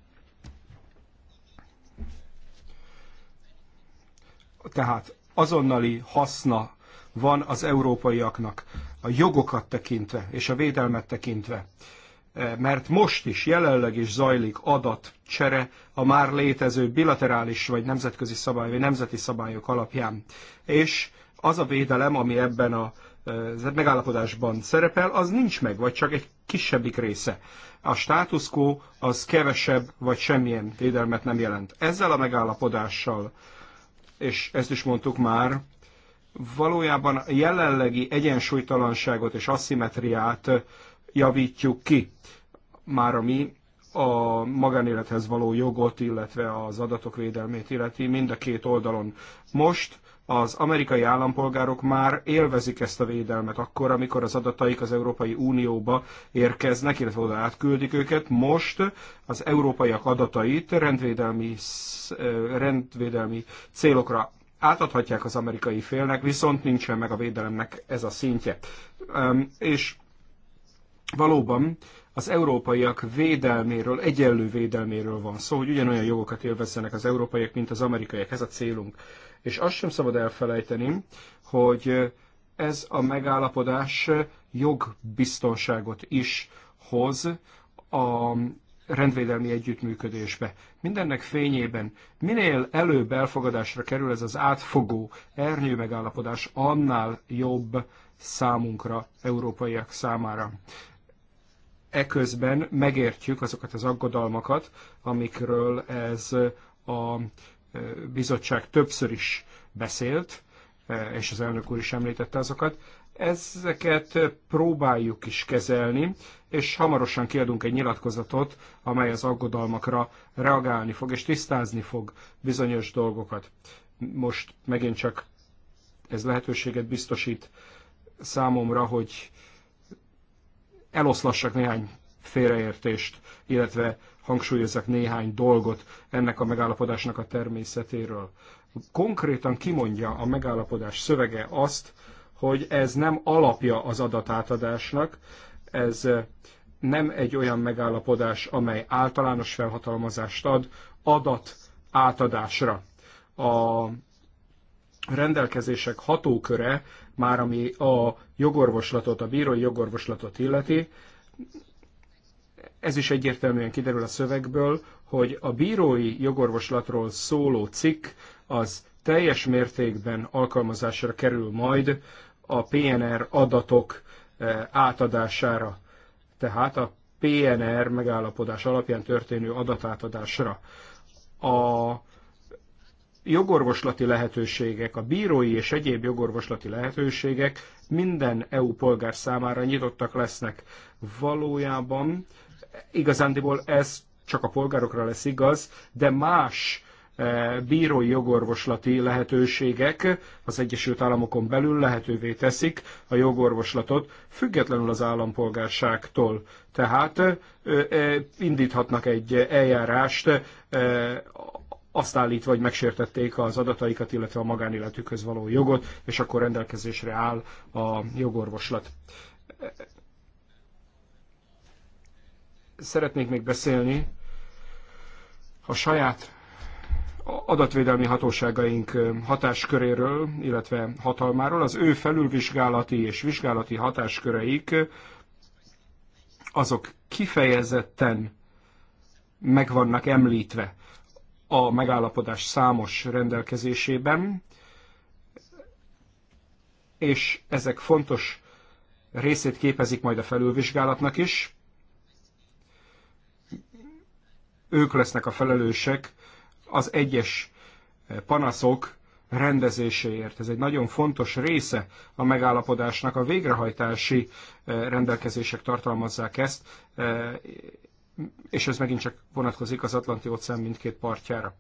Tehát azonnali haszna van az európaiaknak a jogokat tekintve és a védelmet tekintve mert most is jelenleg is zajlik adatcsere a már létező bilaterális vagy nemzetközi szabály, vagy nemzeti szabályok alapján. És az a védelem, ami ebben a megállapodásban szerepel, az nincs meg, vagy csak egy kisebbik része. A status quo az kevesebb, vagy semmilyen védelmet nem jelent. Ezzel a megállapodással, és ezt is mondtuk már, valójában a jelenlegi egyensúlytalanságot és asszimetriát javítjuk ki. Már ami a magánélethez való jogot, illetve az adatok védelmét illeti mind a két oldalon. Most az amerikai állampolgárok már élvezik ezt a védelmet akkor, amikor az adataik az Európai Unióba érkeznek, illetve oda átküldik őket. Most az európaiak adatait rendvédelmi, rendvédelmi célokra átadhatják az amerikai félnek, viszont nincsen meg a védelemnek ez a szintje. És valóban az európaiak védelméről, egyenlő védelméről van szó, hogy ugyanolyan jogokat élvezzenek az európaiak, mint az amerikaiak. Ez a célunk. És azt sem szabad elfelejteni, hogy ez a megállapodás jogbiztonságot is hoz a rendvédelmi együttműködésbe. Mindennek fényében minél előbb elfogadásra kerül ez az átfogó ernyő megállapodás, annál jobb számunkra, európaiak számára eközben megértjük azokat az aggodalmakat, amikről ez a bizottság többször is beszélt, és az elnök úr is említette azokat. Ezeket próbáljuk is kezelni, és hamarosan kiadunk egy nyilatkozatot, amely az aggodalmakra reagálni fog, és tisztázni fog bizonyos dolgokat. Most megint csak ez lehetőséget biztosít számomra, hogy eloszlassak néhány félreértést, illetve hangsúlyozzak néhány dolgot ennek a megállapodásnak a természetéről. Konkrétan kimondja a megállapodás szövege azt, hogy ez nem alapja az adatátadásnak, ez nem egy olyan megállapodás, amely általános felhatalmazást ad adat átadásra. A rendelkezések hatóköre már ami a jogorvoslatot, a bírói jogorvoslatot illeti, ez is egyértelműen kiderül a szövegből, hogy a bírói jogorvoslatról szóló cikk az teljes mértékben alkalmazásra kerül majd a PNR adatok eh, átadására, tehát a PNR megállapodás alapján történő adatátadásra. A jogorvoslati lehetőségek, a bírói és egyéb jogorvoslati lehetőségek minden EU polgár számára nyitottak lesznek. Valójában igazándiból ez csak a polgárokra lesz igaz, de más eh, bírói jogorvoslati lehetőségek az Egyesült Államokon belül lehetővé teszik a jogorvoslatot, függetlenül az állampolgárságtól. Tehát eh, eh, indíthatnak egy eljárást azt állítva, hogy megsértették az adataikat, illetve a magánéletükhöz való jogot, és akkor rendelkezésre áll a jogorvoslat. Szeretnék még beszélni a saját adatvédelmi hatóságaink hatásköréről, illetve hatalmáról. Az ő felülvizsgálati és vizsgálati hatásköreik azok kifejezetten meg vannak említve a megállapodás számos rendelkezésében, és ezek fontos részét képezik majd a felülvizsgálatnak is. Ők lesznek a felelősek az egyes panaszok rendezéséért. Ez egy nagyon fontos része a megállapodásnak. A végrehajtási eh, rendelkezések tartalmazzák ezt, eh, és ez megint csak vonatkozik az Atlanti-óceán mindkét partjára.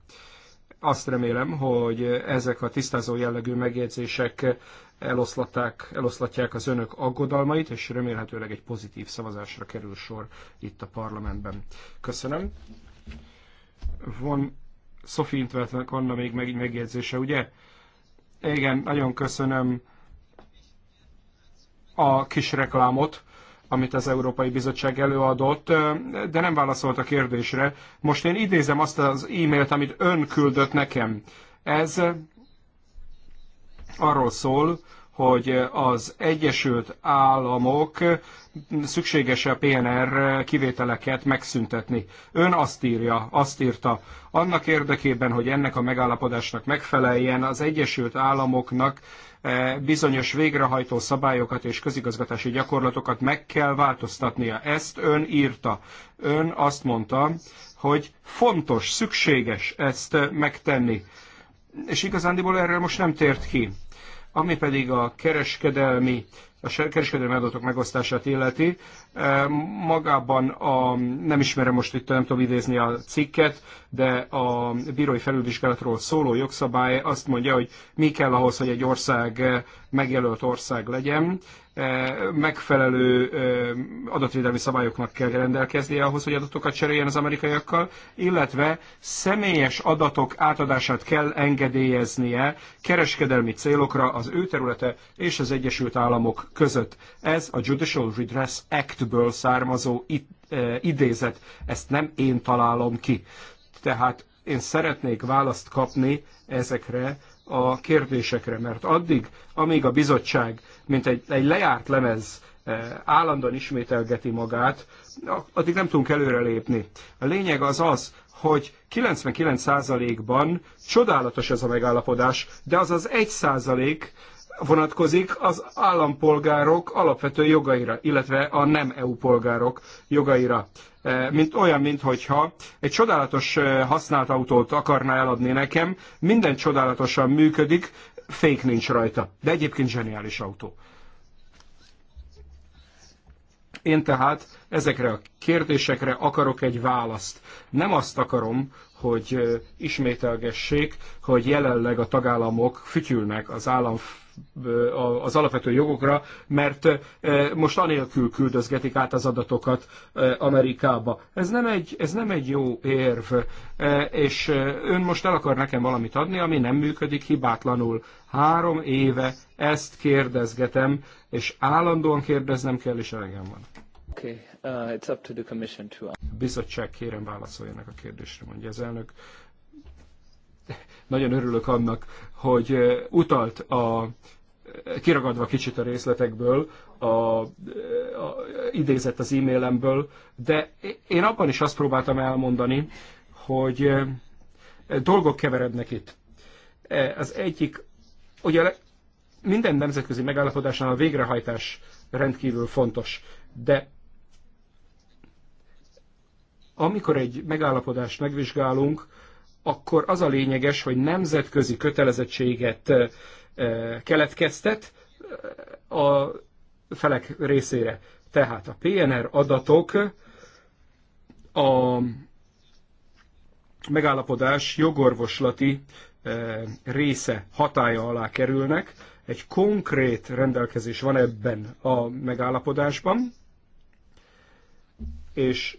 Azt remélem, hogy ezek a tisztázó jellegű megjegyzések eloszlatják az önök aggodalmait, és remélhetőleg egy pozitív szavazásra kerül sor itt a parlamentben. Köszönöm. Van Sophie Intvetnek Anna még meg, megjegyzése, ugye? Igen, nagyon köszönöm a kis reklámot amit az Európai Bizottság előadott, de nem válaszolt a kérdésre. Most én idézem azt az e-mailt, amit ön küldött nekem. Ez arról szól, hogy az Egyesült Államok szükséges a PNR kivételeket megszüntetni. Ön azt írja, azt írta, annak érdekében, hogy ennek a megállapodásnak megfeleljen, az Egyesült Államoknak eh, bizonyos végrehajtó szabályokat és közigazgatási gyakorlatokat meg kell változtatnia. Ezt ön írta. Ön azt mondta, hogy fontos, szükséges ezt megtenni. És igazándiból erről most nem tért ki. Ami pedig a kereskedelmi a kereskedelmi adatok megosztását illeti, magában a, nem ismerem most itt, nem tudom idézni a cikket, de a bírói felülvizsgálatról szóló jogszabály azt mondja, hogy mi kell ahhoz, hogy egy ország megjelölt ország legyen, megfelelő adatvédelmi szabályoknak kell rendelkeznie ahhoz, hogy adatokat cseréljen az amerikaiakkal, illetve személyes adatok átadását kell engedélyeznie kereskedelmi célokra az ő területe és az Egyesült Államok között. Ez a Judicial Redress Act Swiftből származó it, e, idézet. Ezt nem én találom ki. Tehát én szeretnék választ kapni ezekre a kérdésekre, mert addig, amíg a bizottság, mint egy, egy lejárt lemez, e, állandóan ismételgeti magát, addig nem tudunk előrelépni. A lényeg az az, hogy 99%-ban csodálatos ez a megállapodás, de az az 1%, vonatkozik az állampolgárok alapvető jogaira, illetve a nem EU polgárok jogaira. E, mint olyan, minthogyha egy csodálatos e, használt autót akarná eladni nekem, minden csodálatosan működik, fék nincs rajta, de egyébként zseniális autó. Én tehát ezekre a kérdésekre akarok egy választ. Nem azt akarom, hogy e, ismételgessék, hogy jelenleg a tagállamok fütyülnek az állam az alapvető jogokra, mert most anélkül küldözgetik át az adatokat Amerikába. Ez nem egy, ez nem egy jó érv, és ön most el akar nekem valamit adni, ami nem működik hibátlanul. Három éve ezt kérdezgetem, és állandóan kérdeznem kell, és elegem van. Okay. Uh, it's up to the commission to... Bizottság kérem válaszoljanak a kérdésre, mondja az elnök. Uh, nagyon örülök annak, hogy utalt a kiragadva kicsit a részletekből, a, a, idézett az e-mailemből, de én abban is azt próbáltam elmondani, hogy dolgok keverednek itt. E, az egyik, ugye minden nemzetközi megállapodásnál a végrehajtás rendkívül fontos, de amikor egy megállapodást megvizsgálunk, akkor az a lényeges, hogy nemzetközi kötelezettséget keletkeztet a felek részére. Tehát a PNR adatok a megállapodás jogorvoslati része hatája alá kerülnek. Egy konkrét rendelkezés van ebben a megállapodásban, és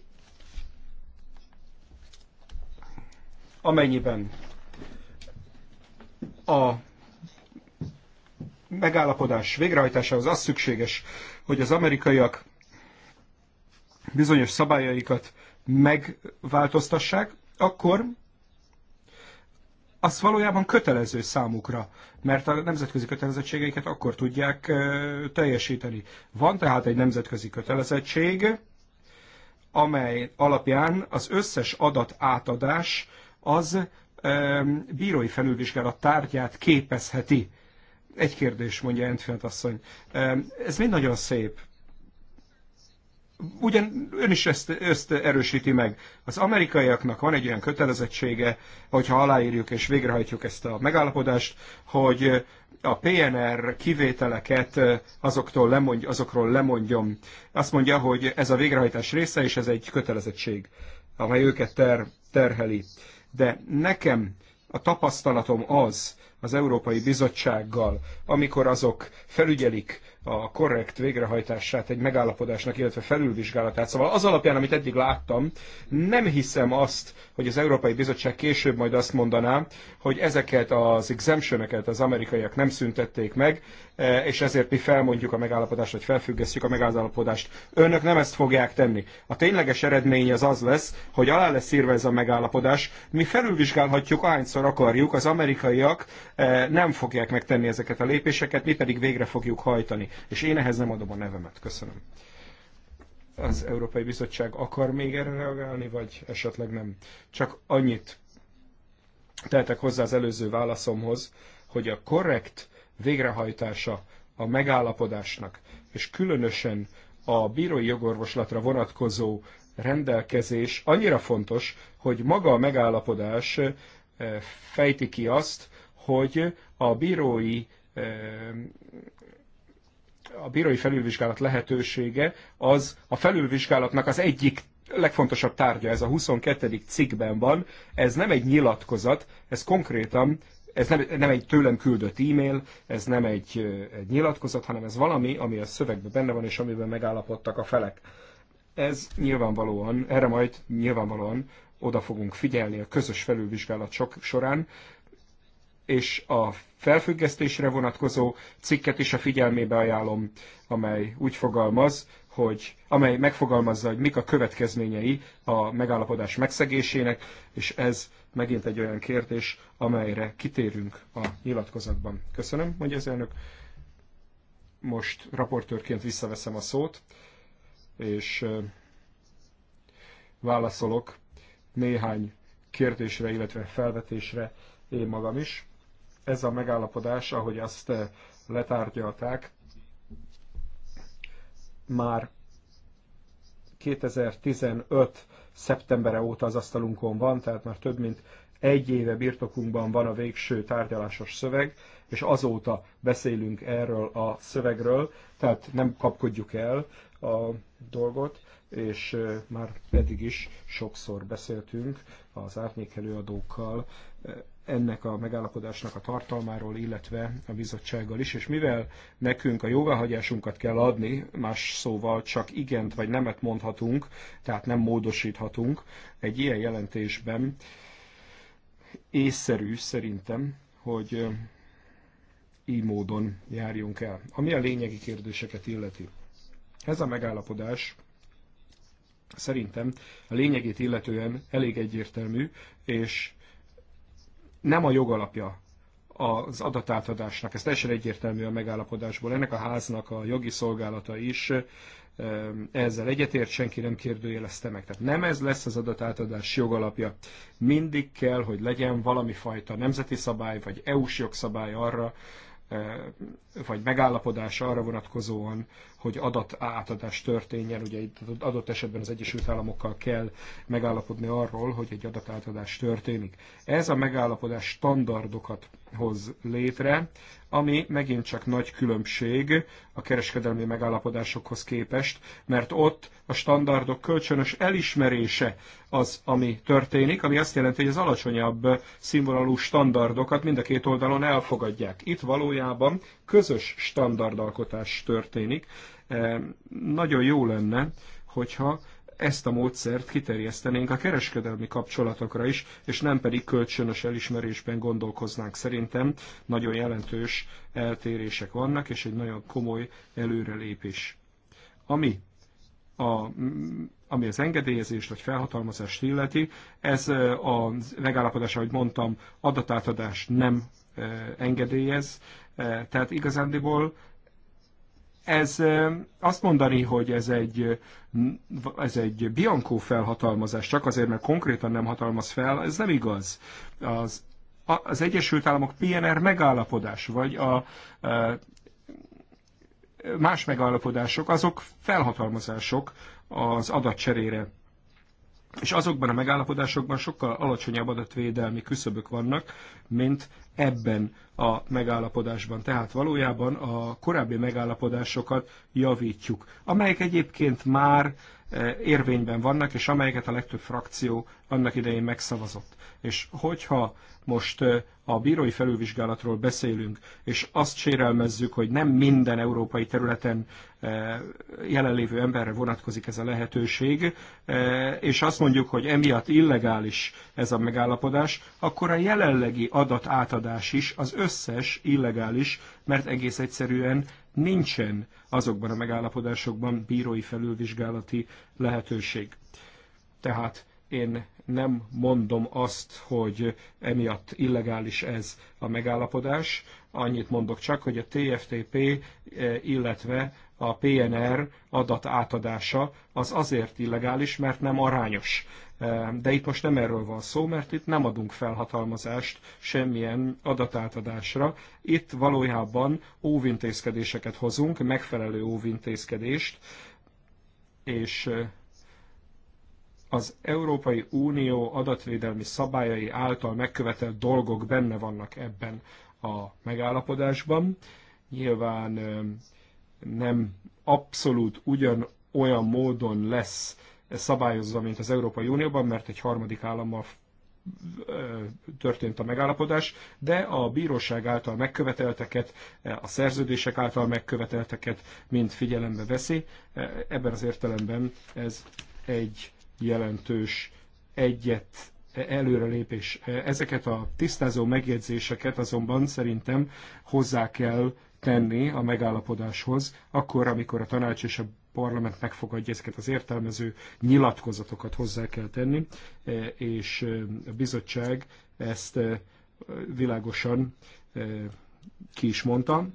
amennyiben a megállapodás végrehajtásához az szükséges, hogy az amerikaiak bizonyos szabályaikat megváltoztassák, akkor az valójában kötelező számukra, mert a nemzetközi kötelezettségeiket akkor tudják teljesíteni. Van tehát egy nemzetközi kötelezettség, amely alapján az összes adat átadás az bírói felülvizsgálat tárgyát képezheti. Egy kérdés, mondja Entfiant asszony. Ez mind nagyon szép. Ugyan ön is ezt, ezt erősíti meg. Az amerikaiaknak van egy olyan kötelezettsége, hogyha aláírjuk és végrehajtjuk ezt a megállapodást, hogy a PNR kivételeket eh, azoktól lemondj, azokról lemondjon. Azt mondja, hogy ez a végrehajtás része, és ez egy kötelezettség, amely őket ter, terheli de nekem a tapasztalatom az az Európai Bizottsággal, amikor azok felügyelik a korrekt végrehajtását egy megállapodásnak, illetve felülvizsgálatát. Szóval az alapján, amit eddig láttam, nem hiszem azt, hogy az Európai Bizottság később majd azt mondaná, hogy ezeket az exemptioneket az amerikaiak nem szüntették meg, eh, és ezért mi felmondjuk a megállapodást, vagy felfüggesztjük a megállapodást. Önök nem ezt fogják tenni. A tényleges eredmény az az lesz, hogy alá lesz írva ez a megállapodás. Mi felülvizsgálhatjuk, ahányszor akarjuk, az amerikaiak eh, nem fogják megtenni ezeket a lépéseket, mi pedig végre fogjuk hajtani. És én ehhez nem adom a nevemet. Köszönöm. Az Európai Bizottság akar még erre reagálni, vagy esetleg nem? Csak annyit tehetek hozzá az előző válaszomhoz, hogy a korrekt végrehajtása a megállapodásnak, és különösen a bírói jogorvoslatra vonatkozó rendelkezés annyira fontos, hogy maga a megállapodás eh, fejti ki azt, hogy a bírói eh, a bírói felülvizsgálat lehetősége az a felülvizsgálatnak az egyik legfontosabb tárgya, ez a 22. cikkben van, ez nem egy nyilatkozat, ez konkrétan, ez nem, nem egy tőlem küldött e-mail, ez nem egy, eh, egy nyilatkozat, hanem ez valami, ami a szövegben benne van, és amiben megállapodtak a felek. Ez nyilvánvalóan, erre majd nyilvánvalóan oda fogunk figyelni a közös felülvizsgálat sok során, és a felfüggesztésre vonatkozó cikket is a figyelmébe ajánlom, amely úgy fogalmaz, hogy, amely megfogalmazza, hogy mik a következményei a megállapodás megszegésének, és ez megint egy olyan kérdés, amelyre kitérünk a nyilatkozatban. Köszönöm, mondja az elnök. Most raportőrként visszaveszem a szót, és válaszolok néhány kérdésre, illetve felvetésre én magam is ez a megállapodás, ahogy azt eh, letárgyalták, már 2015 szeptembere óta az asztalunkon van, tehát már több mint egy éve birtokunkban van a végső tárgyalásos szöveg, és azóta beszélünk erről a szövegről, tehát nem kapkodjuk el a dolgot, és eh, már pedig is sokszor beszéltünk az árnyékelőadókkal, eh, ennek a megállapodásnak a tartalmáról, illetve a bizottsággal is, és mivel nekünk a jóváhagyásunkat kell adni, más szóval csak igent vagy nemet mondhatunk, tehát nem módosíthatunk, egy ilyen jelentésben észszerű szerintem, hogy így módon járjunk el. Ami a lényegi kérdéseket illeti. Ez a megállapodás szerintem a lényegét illetően elég egyértelmű, és nem a jogalapja az adatátadásnak, ez teljesen egyértelmű a megállapodásból. Ennek a háznak a jogi szolgálata is ezzel egyetért, senki nem kérdőjelezte meg. Tehát nem ez lesz az adatátadás jogalapja. Mindig kell, hogy legyen valami fajta nemzeti szabály, vagy EU-s jogszabály arra, vagy megállapodás arra vonatkozóan, hogy adat átadás történjen. Ugye itt adott esetben az Egyesült Államokkal kell megállapodni arról, hogy egy adatátadás történik. Ez a megállapodás standardokat hoz létre, ami megint csak nagy különbség a kereskedelmi megállapodásokhoz képest, mert ott a standardok kölcsönös elismerése az, ami történik, ami azt jelenti, hogy az alacsonyabb színvonalú standardokat mind a két oldalon elfogadják. Itt valójában közös standardalkotás történik, nagyon jó lenne, hogyha ezt a módszert kiterjesztenénk a kereskedelmi kapcsolatokra is, és nem pedig kölcsönös elismerésben gondolkoznánk. Szerintem nagyon jelentős eltérések vannak, és egy nagyon komoly előrelépés. Ami a, ami az engedélyezést vagy felhatalmazást illeti, ez a megállapodás, ahogy mondtam, adatátadást nem engedélyez, tehát igazándiból ez azt mondani, hogy ez egy, ez egy Bianco felhatalmazás, csak azért, mert konkrétan nem hatalmaz fel, ez nem igaz. Az, az Egyesült Államok PNR megállapodás, vagy a, a más megállapodások, azok felhatalmazások az adatcserére. És azokban a megállapodásokban sokkal alacsonyabb adatvédelmi küszöbök vannak, mint ebben a megállapodásban. Tehát valójában a korábbi megállapodásokat javítjuk, amelyek egyébként már eh, érvényben vannak, és amelyeket a legtöbb frakció annak idején megszavazott. És hogyha most eh, a bírói felülvizsgálatról beszélünk, és azt sérelmezzük, hogy nem minden európai területen eh, jelenlévő emberre vonatkozik ez a lehetőség, és azt mondjuk, hogy emiatt illegális ez a megállapodás, akkor a jelenlegi adat átadás támadás is az összes illegális, mert egész egyszerűen nincsen azokban a megállapodásokban bírói felülvizsgálati lehetőség. Tehát én nem mondom azt, hogy emiatt illegális ez a megállapodás, annyit mondok csak, hogy a TFTP, eh, illetve a PNR adat átadása az azért illegális, mert nem arányos. E, de itt most nem erről van szó, mert itt nem adunk felhatalmazást semmilyen adatátadásra. Itt valójában óvintézkedéseket hozunk, megfelelő óvintézkedést, és e, az Európai Unió adatvédelmi szabályai által megkövetelt dolgok benne vannak ebben a megállapodásban. Nyilván e, nem abszolút ugyan olyan módon lesz szabályozva, mint az Európai Unióban, mert egy harmadik állammal történt a megállapodás, de a bíróság által megkövetelteket, a szerződések által megkövetelteket mind figyelembe veszi. Ebben az értelemben ez egy jelentős egyet előrelépés. Ezeket a tisztázó megjegyzéseket azonban szerintem hozzá kell tenni a megállapodáshoz, akkor, amikor a tanács és a parlament megfogadja ezeket az értelmező nyilatkozatokat hozzá kell tenni, e, és e, a bizottság ezt e, világosan ki is mondta.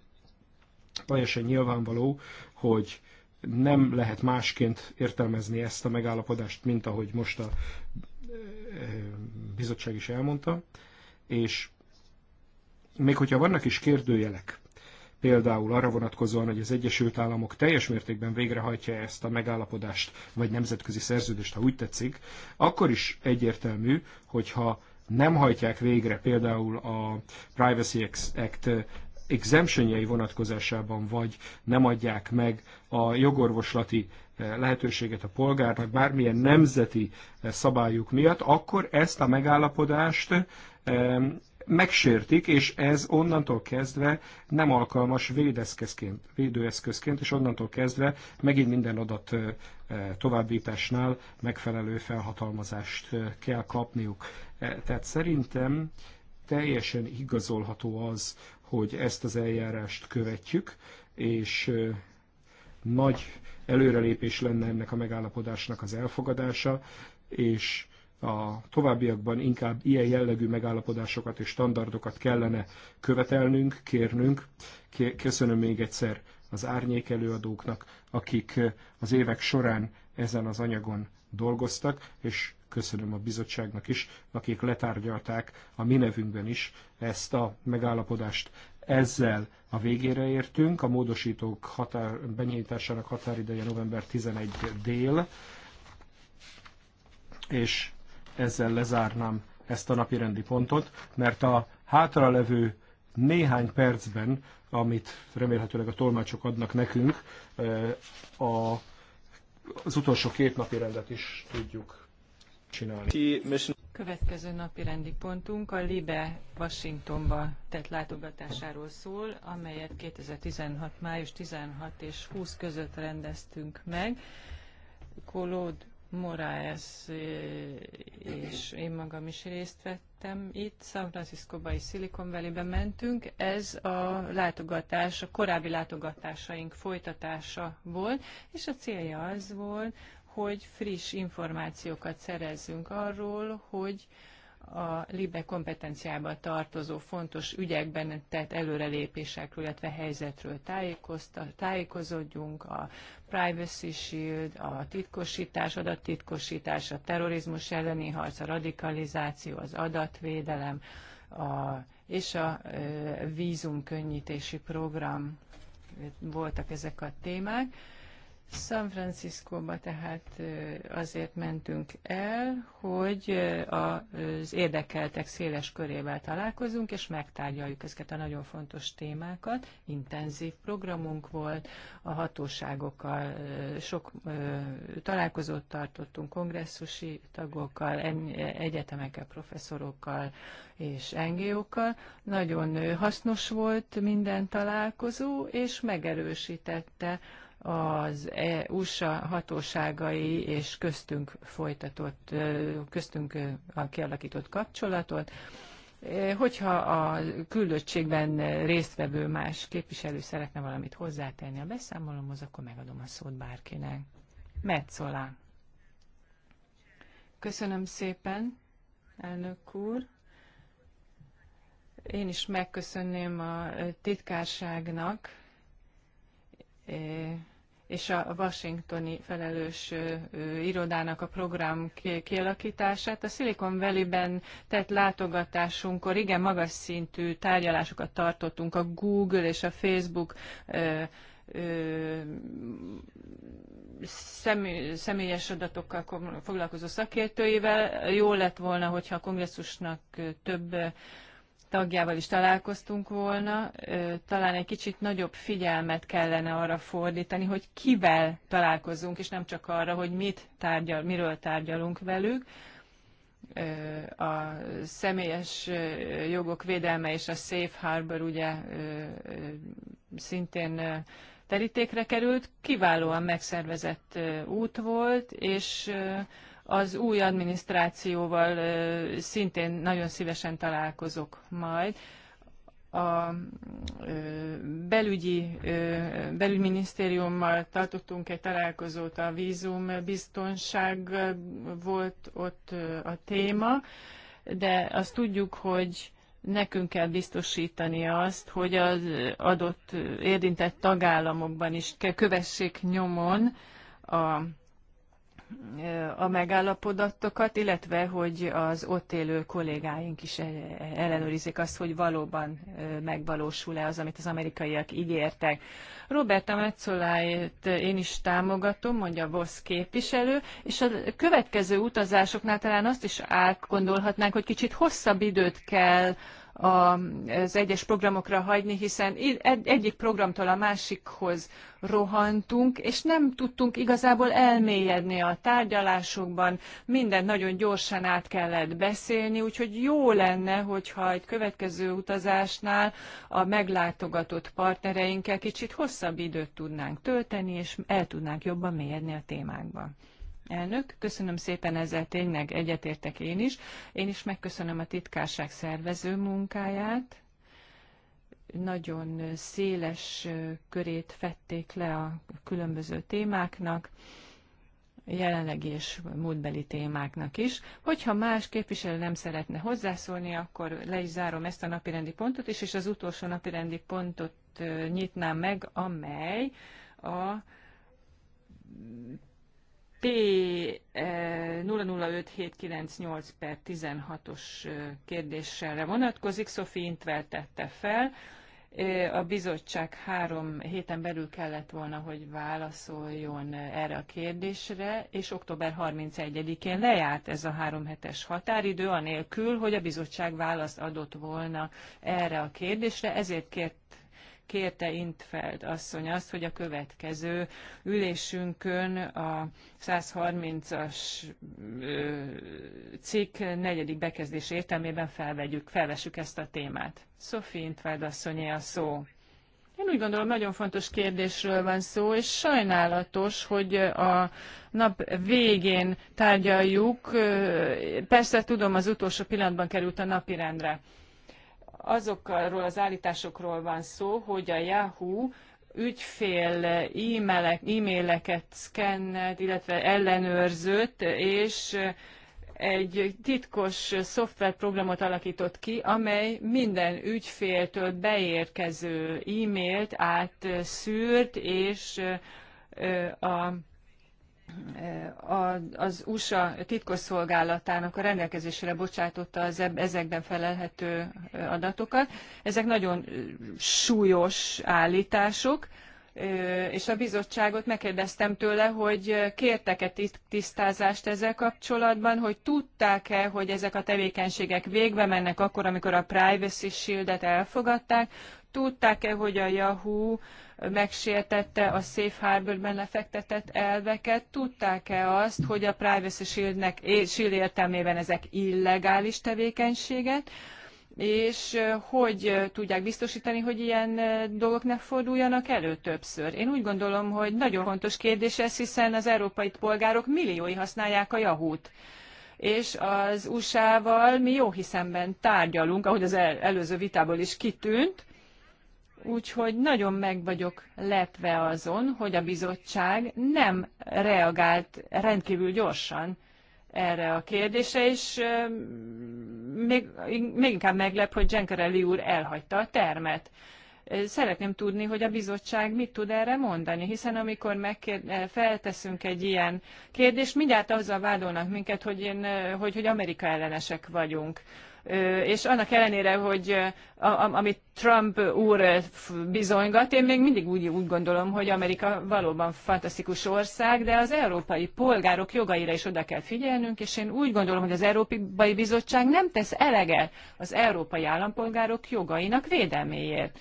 Teljesen nyilvánvaló, hogy nem lehet másként értelmezni ezt a megállapodást, mint ahogy most a bizottság is elmondta, és még hogyha vannak is kérdőjelek például arra vonatkozóan, hogy az Egyesült Államok teljes mértékben végrehajtja ezt a megállapodást, vagy nemzetközi szerződést, ha úgy tetszik, akkor is egyértelmű, hogyha nem hajtják végre például a Privacy Act exemptionjei vonatkozásában, vagy nem adják meg a jogorvoslati eh, lehetőséget a polgárnak bármilyen nemzeti eh, szabályuk miatt, akkor ezt a megállapodást eh, megsértik, és ez onnantól kezdve nem alkalmas védeszközként, védőeszközként, és onnantól kezdve megint minden adat továbbításnál megfelelő felhatalmazást kell kapniuk. E, tehát szerintem teljesen igazolható az, hogy ezt az eljárást követjük, és nagy előrelépés lenne ennek a megállapodásnak az elfogadása, és a továbbiakban inkább ilyen jellegű megállapodásokat és standardokat kellene követelnünk, kérnünk. Köszönöm még egyszer az árnyék előadóknak, akik eh, az évek során ezen az anyagon dolgoztak, és köszönöm a bizottságnak is, akik letárgyalták a mi nevünkben is ezt a megállapodást. Ezzel a végére értünk, a módosítók határ, benyújtásának határideje november 11 dél, és ezzel lezárnám ezt a napi rendi pontot, mert a hátralevő néhány percben, amit remélhetőleg a tolmácsok adnak nekünk, eh, a, az utolsó két napi rendet is tudjuk csinálni. Következő napi rendi pontunk a Libe Washingtonba tett látogatásáról szól, amelyet 2016. május 16 és 20 között rendeztünk meg. Kolód Moraes és én magam is részt vettem itt. San Francisco-ba és Silicon Valley-be mentünk. Ez a látogatás, a korábbi látogatásaink folytatása volt, és a célja az volt, hogy friss információkat szerezzünk arról, hogy a LIBE kompetenciába tartozó fontos ügyekben tett előrelépésekről, illetve helyzetről tájékozódjunk, a Privacy Shield, a titkosítás, adattitkosítás, a terrorizmus elleni harc, a radikalizáció, az adatvédelem, a, és a vízumkönnyítési program voltak ezek a témák San Franciscóba tehát azért mentünk el, hogy az érdekeltek széles körével találkozunk, és megtárgyaljuk ezeket a nagyon fontos témákat. Intenzív programunk volt, a hatóságokkal sok találkozót tartottunk, kongresszusi tagokkal, egyetemekkel, professzorokkal és NGO-kkal. Nagyon hasznos volt minden találkozó, és megerősítette az e, USA hatóságai és köztünk folytatott, köztünk kialakított kapcsolatot. Hogyha a küldöttségben résztvevő más képviselő szeretne valamit hozzátenni a beszámolomhoz, akkor megadom a szót bárkinek. Metzola. Köszönöm szépen, elnök úr. Én is megköszönném a titkárságnak és a washingtoni felelős irodának a program kialakítását. A Silicon Valley-ben tett látogatásunkkor igen magas szintű tárgyalásokat tartottunk a Google és a Facebook személyes adatokkal foglalkozó szakértőivel. Jó lett volna, hogyha a kongresszusnak több tagjával is találkoztunk volna, talán egy kicsit nagyobb figyelmet kellene arra fordítani, hogy kivel találkozunk, és nem csak arra, hogy mit tárgyal, miről tárgyalunk velük. A személyes jogok védelme és a Safe Harbor ugye szintén terítékre került, kiválóan megszervezett út volt, és az új adminisztrációval szintén nagyon szívesen találkozok majd. A belügyi, belügyminisztériummal tartottunk egy találkozót, a vízumbiztonság volt ott a téma, de azt tudjuk, hogy nekünk kell biztosítani azt, hogy az adott érintett tagállamokban is kövessék nyomon a a megállapodatokat, illetve hogy az ott élő kollégáink is e- ellenőrizik azt, hogy valóban megvalósul-e az, amit az amerikaiak ígértek. Robert Metzolájt én is támogatom, mondja VOSZ képviselő, és a következő utazásoknál talán azt is átgondolhatnánk, hogy kicsit hosszabb időt kell az egyes programokra hagyni, hiszen egyik programtól a másikhoz rohantunk, és nem tudtunk igazából elmélyedni a tárgyalásokban, mindent nagyon gyorsan át kellett beszélni, úgyhogy jó lenne, hogyha egy következő utazásnál a meglátogatott partnereinkkel kicsit hosszabb időt tudnánk tölteni, és el tudnánk jobban mélyedni a témákban. Elnök, köszönöm szépen ezzel tényleg egyetértek én is. Én is megköszönöm a titkárság szervező munkáját. Nagyon széles körét fették le a különböző témáknak jelenlegi és múltbeli témáknak is. Hogyha más képviselő nem szeretne hozzászólni, akkor le is zárom ezt a napirendi pontot is, és az utolsó napirendi pontot nyitnám meg, amely a P00578 eh, per 16-os eh, kérdésre vonatkozik, Szofi Intvel tette fel. Eh, a bizottság három héten belül kellett volna, hogy válaszoljon erre a kérdésre, és október 31-én lejárt ez a három hetes határidő, anélkül, hogy a bizottság választ adott volna erre a kérdésre, ezért kért kérte Intfeld asszony azt, hogy a következő ülésünkön a 130-as cikk negyedik bekezdés értelmében felvegyük, felvessük ezt a témát. Sophie Intfeld asszonyé a szó. Én úgy gondolom, nagyon fontos kérdésről van szó, és sajnálatos, hogy a nap végén tárgyaljuk. Persze tudom, az utolsó pillanatban került a napirendre azokról az állításokról van szó, hogy a Yahoo ügyfél e-mailek, e-maileket szkennelt, illetve ellenőrzött, és egy titkos szoftverprogramot alakított ki, amely minden ügyféltől beérkező e-mailt átszűrt, és a az USA titkosszolgálatának a rendelkezésre bocsátotta az ezekben felelhető adatokat. Ezek nagyon súlyos állítások, és a bizottságot megkérdeztem tőle, hogy kértek-e tisztázást ezzel kapcsolatban, hogy tudták-e, hogy ezek a tevékenységek végbe mennek akkor, amikor a Privacy Shield-et elfogadták, Tudták-e, hogy a Yahoo megsértette a Safe Harborben lefektetett elveket? Tudták-e azt, hogy a Privacy Shield-nek, Shield értelmében ezek illegális tevékenységet? és hogy tudják biztosítani, hogy ilyen dolgok ne forduljanak elő többször. Én úgy gondolom, hogy nagyon fontos kérdés ez, hiszen az európai polgárok milliói használják a Yahoo-t és az USA-val mi jó hiszemben tárgyalunk, ahogy az előző vitából is kitűnt, Úgyhogy nagyon meg vagyok lepve azon, hogy a bizottság nem reagált rendkívül gyorsan erre a kérdésre, és még, még inkább meglep, hogy Genkereli úr elhagyta a termet. Szeretném tudni, hogy a bizottság mit tud erre mondani, hiszen amikor megkér, felteszünk egy ilyen kérdést, mindjárt azzal vádolnak minket, hogy, én, hogy, hogy Amerika ellenesek vagyunk és annak ellenére, hogy amit Trump úr bizonygat, én még mindig úgy, úgy gondolom, hogy Amerika valóban fantasztikus ország, de az európai polgárok jogaira is oda kell figyelnünk, és én úgy gondolom, hogy az Európai Bizottság nem tesz eleget az európai állampolgárok jogainak védelméért.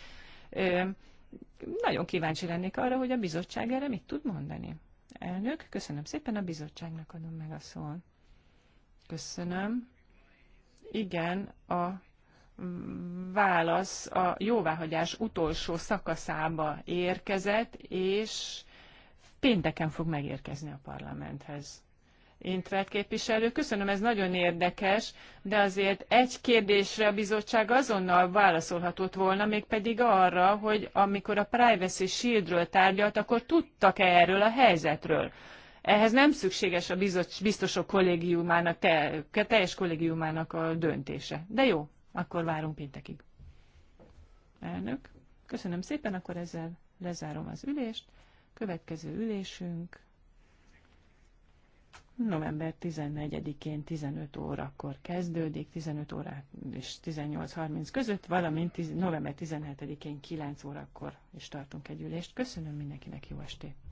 Nagyon kíváncsi lennék arra, hogy a bizottság erre mit tud mondani. Elnök, köszönöm szépen, a bizottságnak adom meg a szót. Köszönöm igen, a válasz a jóváhagyás utolsó szakaszába érkezett, és pénteken fog megérkezni a parlamenthez. Intvert képviselő, köszönöm, ez nagyon érdekes, de azért egy kérdésre a bizottság azonnal válaszolhatott volna, mégpedig arra, hogy amikor a Privacy Shieldről tárgyalt, akkor tudtak-e erről a helyzetről? Ehhez nem szükséges a biztosok kollégiumának, te, teljes kollégiumának a döntése. De jó, akkor várunk péntekig. Elnök, köszönöm szépen, akkor ezzel lezárom az ülést. Következő ülésünk november 14-én 15 órakor kezdődik, 15 óra és 18.30 között, valamint november 17-én 9 órakor is tartunk egy ülést. Köszönöm mindenkinek, jó estét!